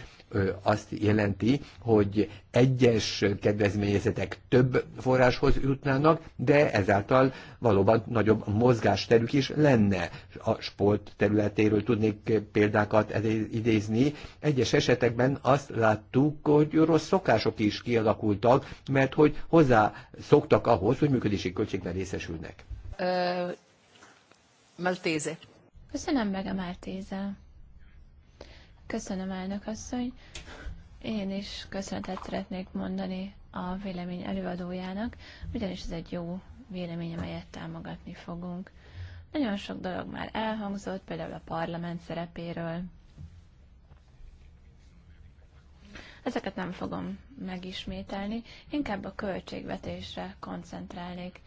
azt jelenti, hogy egyes kedvezményezetek több forráshoz jutnának, de ezáltal valóban nagyobb mozgásterük is lenne. A sport területéről tudnék példákat idézni. Egyes esetekben azt láttuk, hogy rossz szokások is kialakultak, mert hogy hozzá szoktak ahhoz, hogy működési költségben részesülnek. Ö, Maltéze. Köszönöm meg a Maltéze. Köszönöm, elnök asszony. Én is köszönetet szeretnék mondani a vélemény előadójának, ugyanis ez egy jó vélemény, amelyet támogatni fogunk. Nagyon sok dolog már elhangzott, például a parlament szerepéről. Ezeket nem fogom megismételni, inkább a költségvetésre koncentrálnék.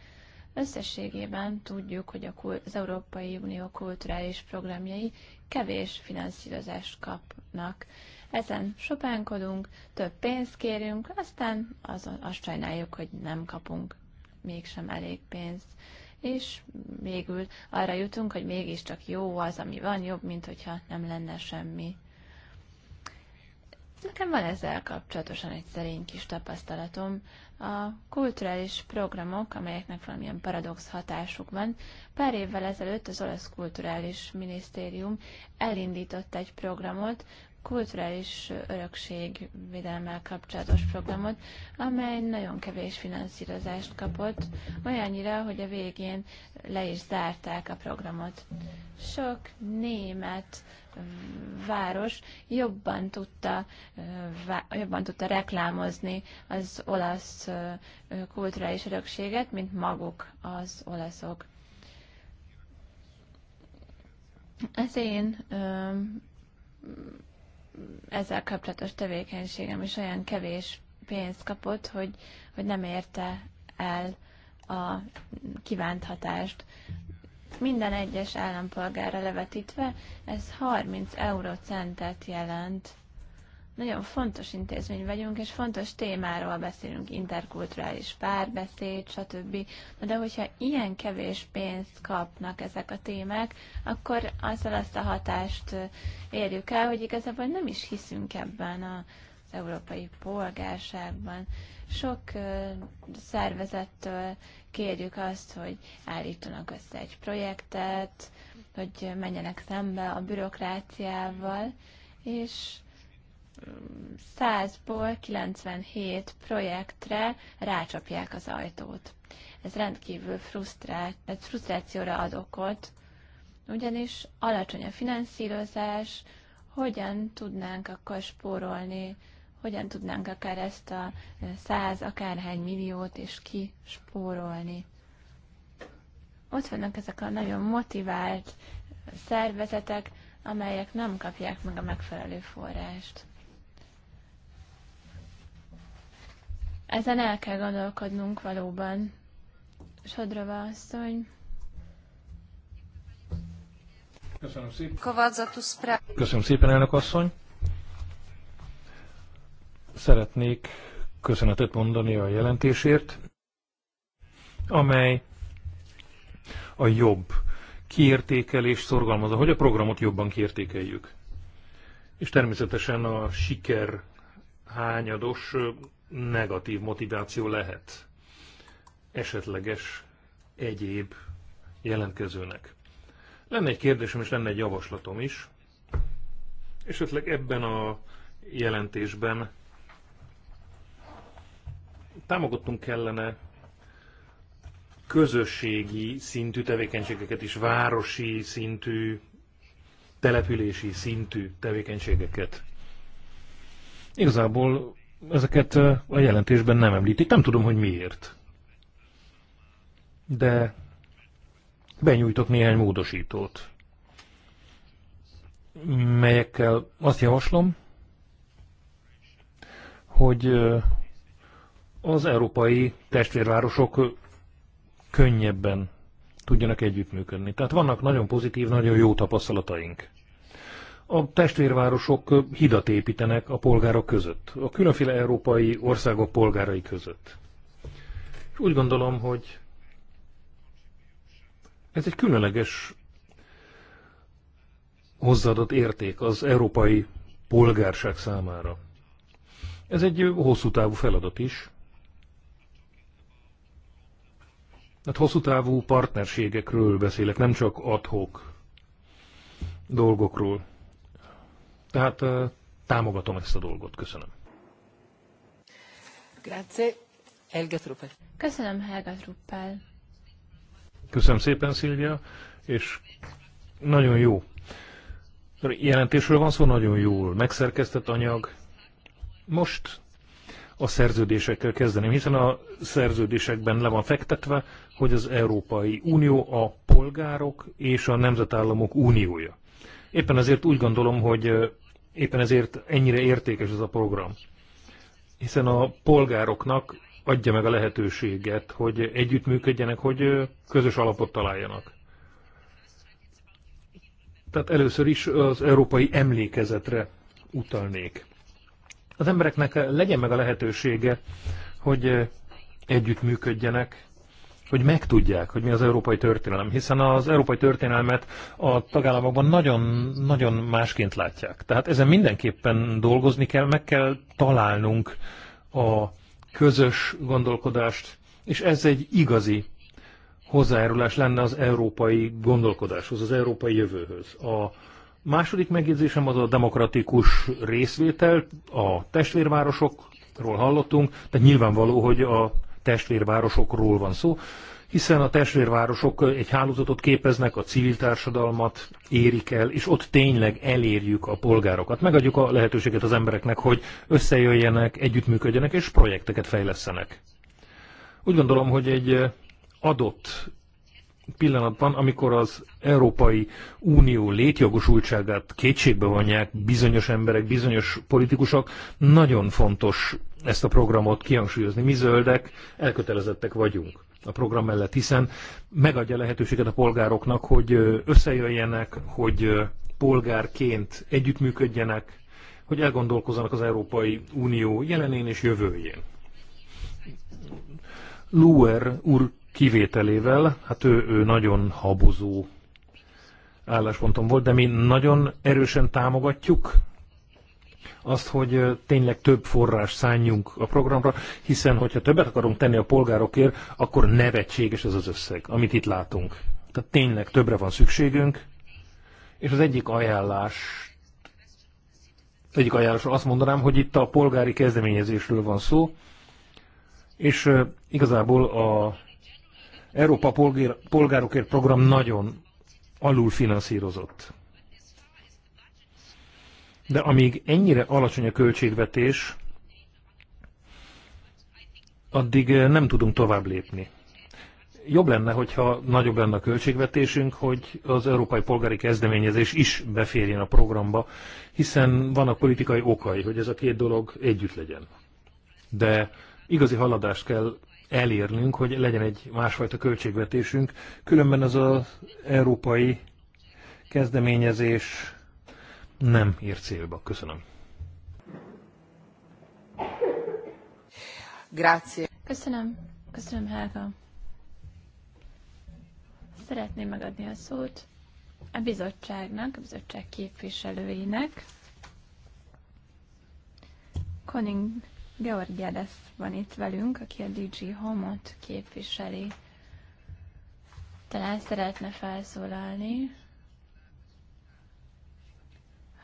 Összességében tudjuk, hogy az Európai Unió kulturális programjai kevés finanszírozást kapnak. Ezen sopánkodunk, több pénzt kérünk, aztán azon azt sajnáljuk, hogy nem kapunk mégsem elég pénzt. És végül arra jutunk, hogy mégiscsak jó az, ami van, jobb, mint hogyha nem lenne semmi. Nekem van ezzel kapcsolatosan egy szerény kis tapasztalatom. A kulturális programok, amelyeknek valamilyen paradox hatásuk van, pár évvel ezelőtt az olasz kulturális minisztérium elindított egy programot, kulturális örökség védelmel kapcsolatos programot, amely nagyon kevés finanszírozást kapott, olyannyira, hogy a végén le is zárták a programot. Sok német város jobban tudta, jobban tudta reklámozni az olasz kulturális örökséget, mint maguk az olaszok. Az én ezzel kapcsolatos tevékenységem is olyan kevés pénzt kapott, hogy, hogy nem érte el a kívánt hatást. Minden egyes állampolgára levetítve ez 30 eurocentet jelent nagyon fontos intézmény vagyunk, és fontos témáról beszélünk, interkulturális párbeszéd, stb. Na de hogyha ilyen kevés pénzt kapnak ezek a témák, akkor azzal azt a hatást érjük el, hogy igazából nem is hiszünk ebben a az európai polgárságban. Sok szervezettől kérjük azt, hogy állítsanak össze egy projektet, hogy menjenek szembe a bürokráciával, és 100-ból 97 projektre rácsapják az ajtót. Ez rendkívül frusztrá- ez frusztrációra ad okot, ugyanis alacsony a finanszírozás, hogyan tudnánk akkor spórolni, hogyan tudnánk akár ezt a száz, akárhány milliót is kispórolni. Ott vannak ezek a nagyon motivált szervezetek, amelyek nem kapják meg a megfelelő forrást. Ezen el kell gondolkodnunk valóban. Sodrova asszony. Köszönöm szépen. Köszönöm szépen, elnök asszony. Szeretnék köszönetet mondani a jelentésért, amely a jobb kiértékelés szorgalmazza, hogy a programot jobban kiértékeljük. És természetesen a siker hányados negatív motiváció lehet esetleges egyéb jelentkezőnek. Lenne egy kérdésem, és lenne egy javaslatom is. Esetleg ebben a jelentésben támogatnunk kellene közösségi szintű tevékenységeket is, városi szintű, települési szintű tevékenységeket. Igazából ezeket a jelentésben nem említik. Nem tudom, hogy miért. De benyújtok néhány módosítót, melyekkel azt javaslom, hogy az európai testvérvárosok könnyebben tudjanak együttműködni. Tehát vannak nagyon pozitív, nagyon jó tapasztalataink a testvérvárosok hidat építenek a polgárok között, a különféle európai országok polgárai között. És úgy gondolom, hogy ez egy különleges hozzáadott érték az európai polgárság számára. Ez egy hosszú távú feladat is. Hát hosszú távú partnerségekről beszélek, nem csak adhok dolgokról. Tehát támogatom ezt a dolgot. Köszönöm. Grazie. Helga Truppel. Köszönöm, Helga Truppel. Köszönöm szépen, Szilvia, és nagyon jó. Jelentésről van szó, nagyon jól megszerkesztett anyag. Most a szerződésekkel kezdeném, hiszen a szerződésekben le van fektetve, hogy az Európai Unió a polgárok és a nemzetállamok uniója. Éppen ezért úgy gondolom, hogy éppen ezért ennyire értékes ez a program. Hiszen a polgároknak adja meg a lehetőséget, hogy együttműködjenek, hogy közös alapot találjanak. Tehát először is az európai emlékezetre utalnék. Az embereknek legyen meg a lehetősége, hogy együttműködjenek, hogy megtudják, hogy mi az európai történelem, hiszen az európai történelmet a tagállamokban nagyon-nagyon másként látják. Tehát ezen mindenképpen dolgozni kell, meg kell találnunk a közös gondolkodást, és ez egy igazi hozzájárulás lenne az európai gondolkodáshoz, az európai jövőhöz. A második megjegyzésem az a demokratikus részvétel, a testvérvárosokról hallottunk, tehát nyilvánvaló, hogy a testvérvárosokról van szó, hiszen a testvérvárosok egy hálózatot képeznek, a civil társadalmat érik el, és ott tényleg elérjük a polgárokat. Megadjuk a lehetőséget az embereknek, hogy összejöjjenek, együttműködjenek és projekteket fejlesztenek. Úgy gondolom, hogy egy adott pillanatban, amikor az Európai Unió létjogosultságát kétségbe vonják bizonyos emberek, bizonyos politikusok, nagyon fontos ezt a programot kihangsúlyozni. Mi zöldek elkötelezettek vagyunk a program mellett, hiszen megadja lehetőséget a polgároknak, hogy összejöjjenek, hogy polgárként együttműködjenek, hogy elgondolkozzanak az Európai Unió jelenén és jövőjén. Luer úr kivételével, hát ő, ő nagyon habozó állásponton volt, de mi nagyon erősen támogatjuk azt, hogy tényleg több forrás szálljunk a programra, hiszen hogyha többet akarunk tenni a polgárokért, akkor nevetséges ez az összeg, amit itt látunk. Tehát tényleg többre van szükségünk, és az egyik ajánlás egyik ajánlásra azt mondanám, hogy itt a polgári kezdeményezésről van szó, és igazából a Európa Polgárokért Program nagyon alulfinanszírozott. De amíg ennyire alacsony a költségvetés, addig eh, nem tudunk tovább lépni. Jobb lenne, hogyha nagyobb lenne a költségvetésünk, hogy az európai polgári kezdeményezés is beférjen a programba, hiszen vannak politikai okai, hogy ez a két dolog együtt legyen. De igazi haladást kell elérnünk, hogy legyen egy másfajta költségvetésünk, különben az az európai kezdeményezés nem ír célba. Köszönöm. Grazie. Köszönöm. Köszönöm, Helga. Szeretném megadni a szót a bizottságnak, a bizottság képviselőinek. Koning Georgiades van itt velünk, aki a DG Homot képviseli. Talán szeretne felszólalni.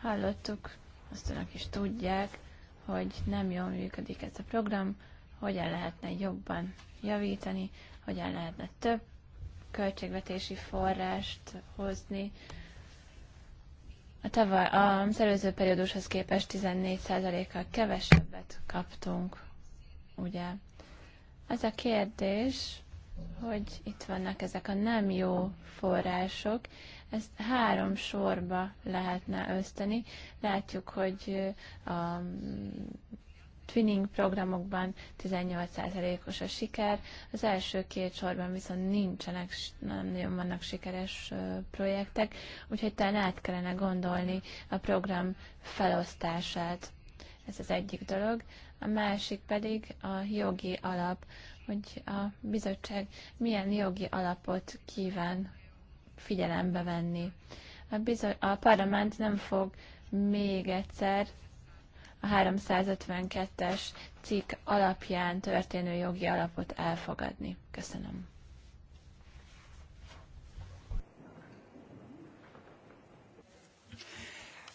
Hallottuk, azt önök is tudják, hogy nem jól működik ez a program, hogyan lehetne jobban javítani, hogyan lehetne több költségvetési forrást hozni. A, tavaly, a szerőző periódushoz képest 14%-kal kevesebbet kaptunk, ugye? Az a kérdés, hogy itt vannak ezek a nem jó források, ezt három sorba lehetne ösztöni. Látjuk, hogy a twinning programokban 18%-os a siker, az első két sorban viszont nincsenek, nem nagyon vannak sikeres projektek, úgyhogy talán át kellene gondolni a program felosztását. Ez az egyik dolog. A másik pedig a jogi alap, hogy a bizottság milyen jogi alapot kíván figyelembe venni. A, bizony, a parlament nem fog még egyszer a 352-es cikk alapján történő jogi alapot elfogadni. Köszönöm.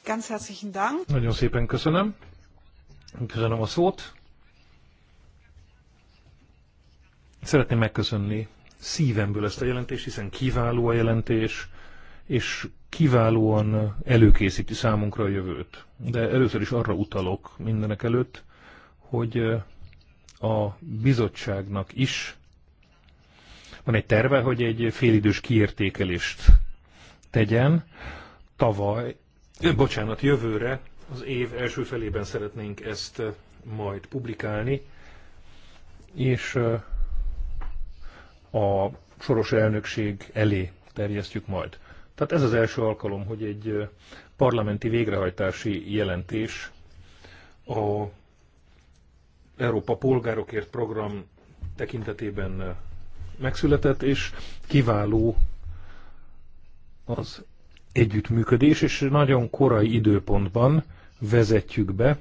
Ganz herzlichen Dank. Nagyon szépen köszönöm. Köszönöm a szót. Szeretném megköszönni szívemből ezt a jelentést, hiszen kiváló a jelentés, és kiválóan előkészíti számunkra a jövőt. De először is arra utalok mindenek előtt, hogy eh, a bizottságnak is van egy terve, hogy egy félidős kiértékelést tegyen. Tavaly, bocsánat, jövőre az év első felében szeretnénk ezt eh, majd publikálni, és eh, a soros elnökség elé terjesztjük majd. Tehát ez az első alkalom, hogy egy parlamenti végrehajtási jelentés a Európa Polgárokért program tekintetében megszületett, és kiváló az együttműködés, és nagyon korai időpontban vezetjük be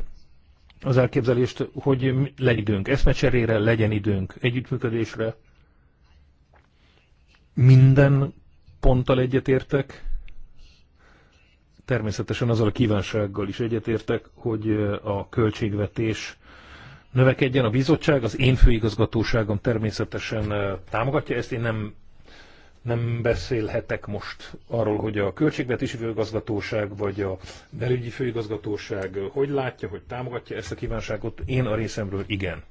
az elképzelést, hogy legyen időnk eszmecserére, legyen időnk együttműködésre, minden ponttal egyetértek, természetesen azzal a kívánsággal is egyetértek, hogy a költségvetés növekedjen. A bizottság, az én főigazgatóságom természetesen támogatja ezt, én nem nem beszélhetek most arról, hogy a Költségvetési Főigazgatóság vagy a Belügyi Főigazgatóság hogy látja, hogy támogatja ezt a kívánságot. Én a részemről igen.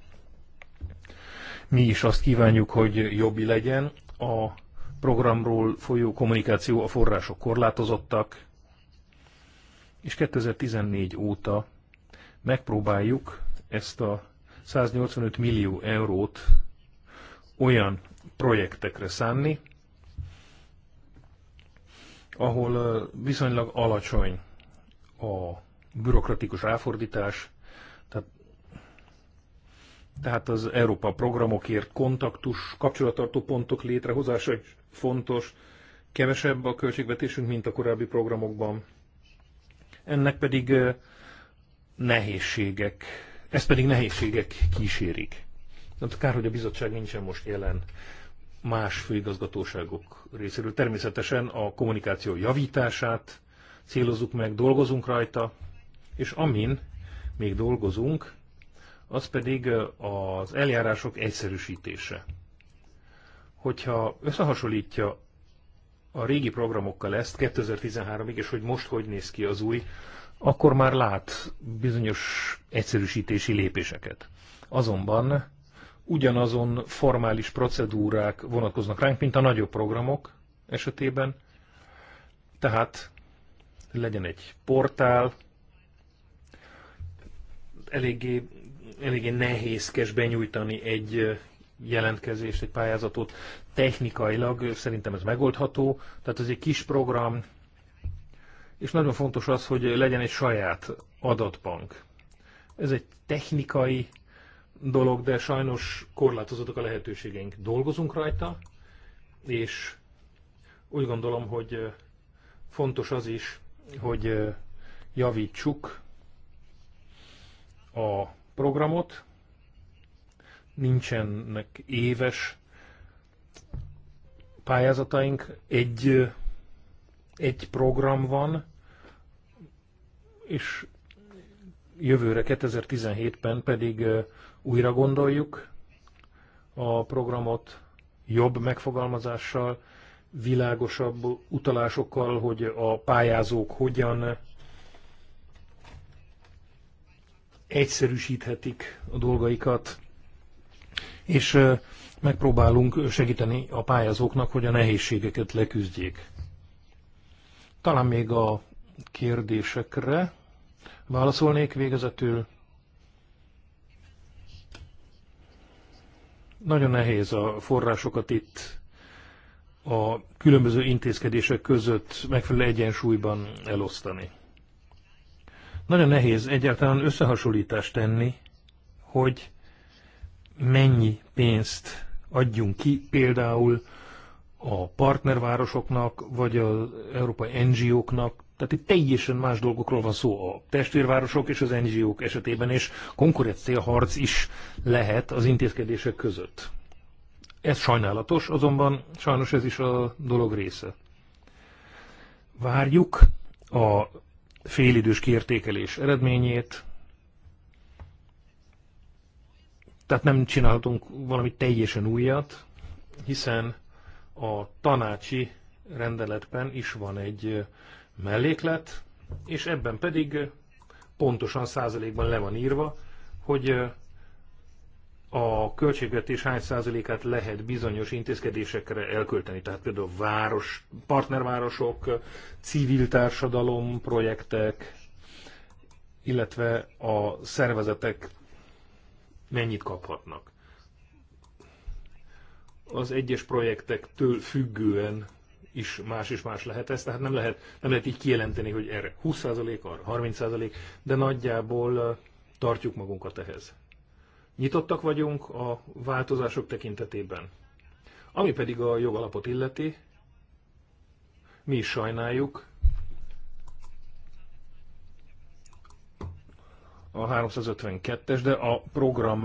Mi is azt kívánjuk, hogy jobbi legyen a programról folyó kommunikáció, a források korlátozottak, és 2014 óta megpróbáljuk ezt a 185 millió eurót olyan projektekre szánni, ahol viszonylag alacsony a bürokratikus ráfordítás, tehát, tehát az Európa programokért kontaktus, kapcsolattartó pontok létrehozása és fontos, kevesebb a költségvetésünk, mint a korábbi programokban. Ennek pedig nehézségek, ezt pedig nehézségek kísérik. Nem kár, hogy a bizottság nincsen most jelen más főigazgatóságok részéről. Természetesen a kommunikáció javítását célozzuk meg, dolgozunk rajta, és amin még dolgozunk, az pedig az eljárások egyszerűsítése hogyha összehasonlítja a régi programokkal ezt 2013-ig, és hogy most hogy néz ki az új, akkor már lát bizonyos egyszerűsítési lépéseket. Azonban ugyanazon formális procedúrák vonatkoznak ránk, mint a nagyobb programok esetében. Tehát legyen egy portál, eléggé, eléggé nehézkes benyújtani egy jelentkezést, egy pályázatot. Technikailag szerintem ez megoldható, tehát ez egy kis program, és nagyon fontos az, hogy legyen egy saját adatbank. Ez egy technikai dolog, de sajnos korlátozottak a lehetőségeink. Dolgozunk rajta, és úgy gondolom, hogy fontos az is, hogy javítsuk a programot, nincsenek éves pályázataink, egy, egy program van, és jövőre 2017-ben pedig újra gondoljuk a programot jobb megfogalmazással, világosabb utalásokkal, hogy a pályázók hogyan egyszerűsíthetik a dolgaikat, és megpróbálunk segíteni a pályázóknak, hogy a nehézségeket leküzdjék. Talán még a kérdésekre válaszolnék végezetül. Nagyon nehéz a forrásokat itt a különböző intézkedések között megfelelő egyensúlyban elosztani. Nagyon nehéz egyáltalán összehasonlítást tenni, hogy mennyi pénzt adjunk ki például a partnervárosoknak, vagy az európai NGO-knak, tehát itt teljesen más dolgokról van szó a testvérvárosok és az NGO-k esetében, és konkurenciaharc is lehet az intézkedések között. Ez sajnálatos, azonban sajnos ez is a dolog része. Várjuk a félidős kiértékelés eredményét, Tehát nem csinálhatunk valami teljesen újat, hiszen a tanácsi rendeletben is van egy melléklet, és ebben pedig pontosan százalékban le van írva, hogy a költségvetés hány százalékát lehet bizonyos intézkedésekre elkölteni, tehát például város, partnervárosok, civil társadalom projektek, illetve a szervezetek mennyit kaphatnak. Az egyes projektektől függően is más és más lehet ez, tehát nem lehet, nem lehet így kijelenteni, hogy erre 20% arra 30%, de nagyjából tartjuk magunkat ehhez. Nyitottak vagyunk a változások tekintetében. Ami pedig a jogalapot illeti, mi is sajnáljuk, a 352-es, de a program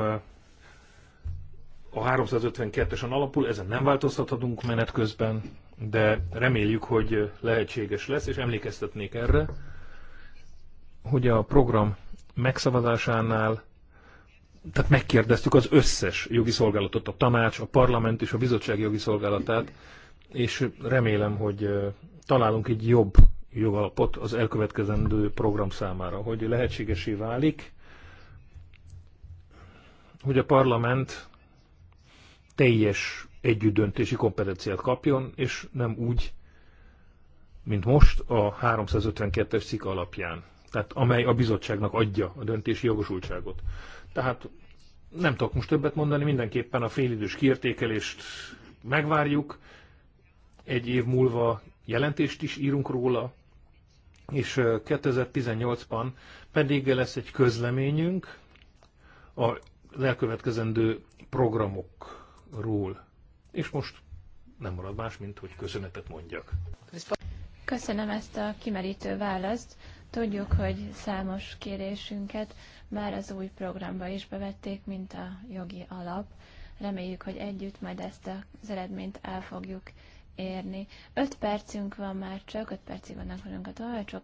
a 352-esen alapul, ezen nem változtathatunk menet közben, de reméljük, hogy lehetséges lesz, és emlékeztetnék erre, hogy a program megszavazásánál tehát megkérdeztük az összes jogi szolgálatot, a tanács, a parlament és a bizottság jogi szolgálatát, és remélem, hogy találunk egy jobb jogalapot az elkövetkezendő program számára, hogy lehetségesé válik, hogy a parlament teljes együttdöntési kompetenciát kapjon, és nem úgy, mint most a 352-es cikk alapján, tehát amely a bizottságnak adja a döntési jogosultságot. Tehát nem tudok most többet mondani, mindenképpen a félidős kiértékelést megvárjuk, egy év múlva jelentést is írunk róla, és 2018-ban pedig lesz egy közleményünk az elkövetkezendő programokról. És most nem marad más, mint hogy köszönetet mondjak. Köszönöm ezt a kimerítő választ. Tudjuk, hogy számos kérésünket már az új programba is bevették, mint a jogi alap. Reméljük, hogy együtt majd ezt az eredményt el fogjuk érni. Öt percünk van már csak, öt percig vannak velünk a tolvácsok,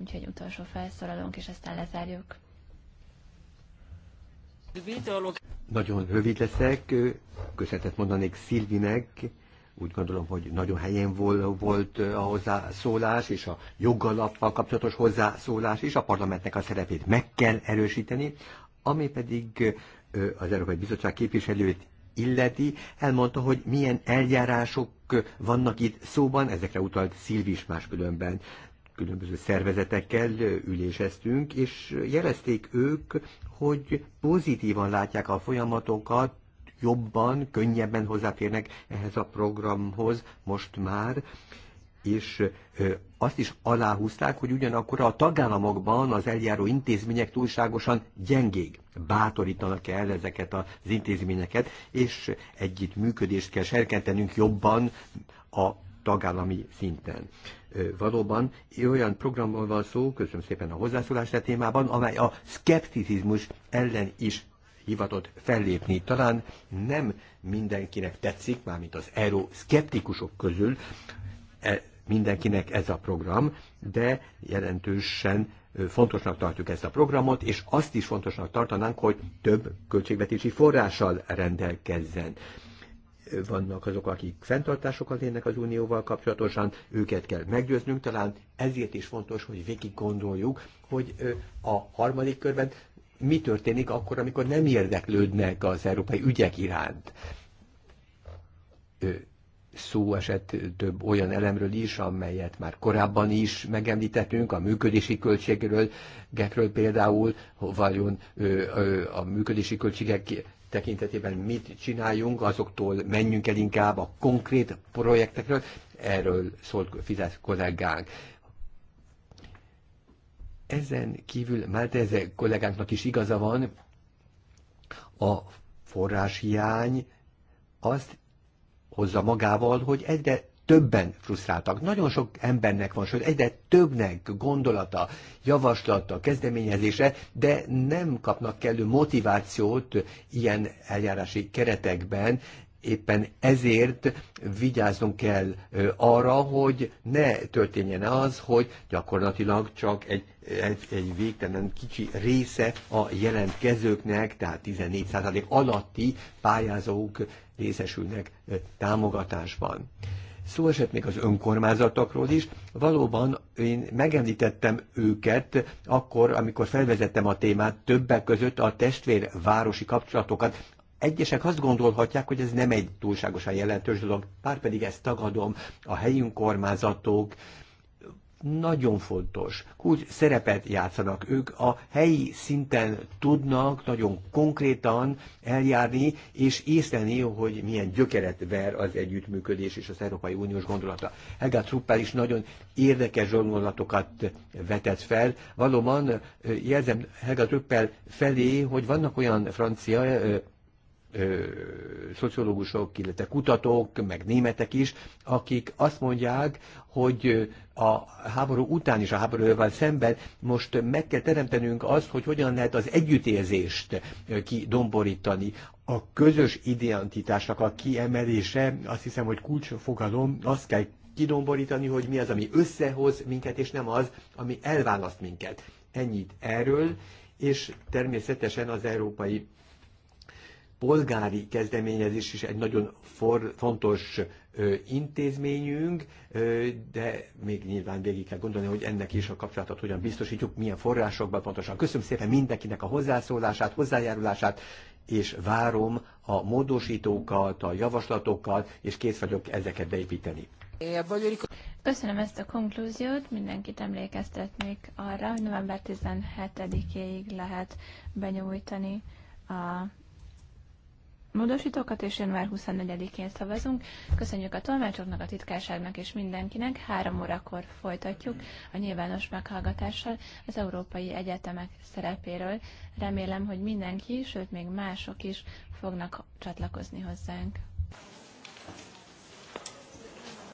úgyhogy utolsó felszólalunk, és aztán lezárjuk. Nagyon rövid leszek, köszönetet mondanék Szilvinek, úgy gondolom, hogy nagyon helyén volt a hozzászólás, és a jogalappal kapcsolatos hozzászólás is, a parlamentnek a szerepét meg kell erősíteni, ami pedig az Európai Bizottság képviselőt illeti, elmondta, hogy milyen eljárások vannak itt szóban, ezekre utalt Szilvi is máskülönben különböző szervezetekkel üléseztünk, és jelezték ők, hogy pozitívan látják a folyamatokat, jobban, könnyebben hozzáférnek ehhez a programhoz most már, és azt is aláhúzták, hogy ugyanakkor a tagállamokban az eljáró intézmények túlságosan gyengék. Bátorítanak el ezeket az intézményeket, és együtt működést kell serkentenünk jobban a tagállami szinten. Valóban olyan programról van szó, köszönöm szépen a hozzászólást a e témában, amely a szkepticizmus ellen is hivatott fellépni. Talán nem mindenkinek tetszik, mármint az euró szkeptikusok közül, e, mindenkinek ez a program, de jelentősen fontosnak tartjuk ezt a programot, és azt is fontosnak tartanánk, hogy több költségvetési forrással rendelkezzen vannak azok, akik fenntartásokat élnek az unióval kapcsolatosan, őket kell meggyőznünk, talán ezért is fontos, hogy végig gondoljuk, hogy a harmadik körben mi történik akkor, amikor nem érdeklődnek az európai ügyek iránt szó esett több olyan elemről is, amelyet már korábban is megemlítettünk, a működési költségről, gekről például, vajon a működési költségek tekintetében mit csináljunk, azoktól menjünk el inkább a konkrét projektekről, erről szólt Fidesz kollégánk. Ezen kívül Málteze kollégánknak is igaza van, a forráshiány azt hozza magával, hogy egyre többen frusztráltak. Nagyon sok embernek van, sőt egyre többnek gondolata, javaslata, kezdeményezése, de nem kapnak kellő motivációt ilyen eljárási keretekben, Éppen ezért vigyáznunk kell arra, hogy ne történjen az, hogy gyakorlatilag csak egy, egy, egy végtelen kicsi része a jelentkezőknek, tehát 14% alatti pályázók részesülnek támogatásban. Szó esett még az önkormányzatokról is. Valóban én megemlítettem őket akkor, amikor felvezettem a témát, többek között a testvérvárosi kapcsolatokat, Egyesek azt gondolhatják, hogy ez nem egy túlságosan jelentős dolog, pár pedig ezt tagadom, a helyi önkormányzatok, nagyon fontos kulcs szerepet játszanak. Ők a helyi szinten tudnak nagyon konkrétan eljárni és észlelni, hogy milyen gyökeret ver az együttműködés és az Európai Uniós gondolata. Helga Truppel is nagyon érdekes gondolatokat vetett fel. Valóban jelzem Helga Truppel felé, hogy vannak olyan francia ö, szociológusok, illetve kutatók, meg németek is, akik azt mondják, hogy a háború után is, a háborúval szemben most meg kell teremtenünk azt, hogy hogyan lehet az együttérzést kidomborítani. A közös identitásnak a kiemelése, azt hiszem, hogy kulcsfogalom, azt kell kidomborítani, hogy mi az, ami összehoz minket, és nem az, ami elválaszt minket. Ennyit erről, és természetesen az európai polgári kezdeményezés is egy nagyon for, fontos ö, intézményünk, ö, de még nyilván végig kell gondolni, hogy ennek is a kapcsolatot hogyan biztosítjuk, milyen forrásokban pontosan. Köszönöm szépen mindenkinek a hozzászólását, hozzájárulását, és várom a módosítókat, a javaslatokat, és kész vagyok ezeket beépíteni. Köszönöm ezt a konklúziót, mindenkit emlékeztetnék arra, hogy november 17-ig lehet benyújtani a módosítókat, és január 24-én szavazunk. Köszönjük a tolmácsoknak, a titkárságnak és mindenkinek. Három órakor folytatjuk a nyilvános meghallgatással az európai egyetemek szerepéről. Remélem, hogy mindenki, sőt még mások is fognak csatlakozni hozzánk.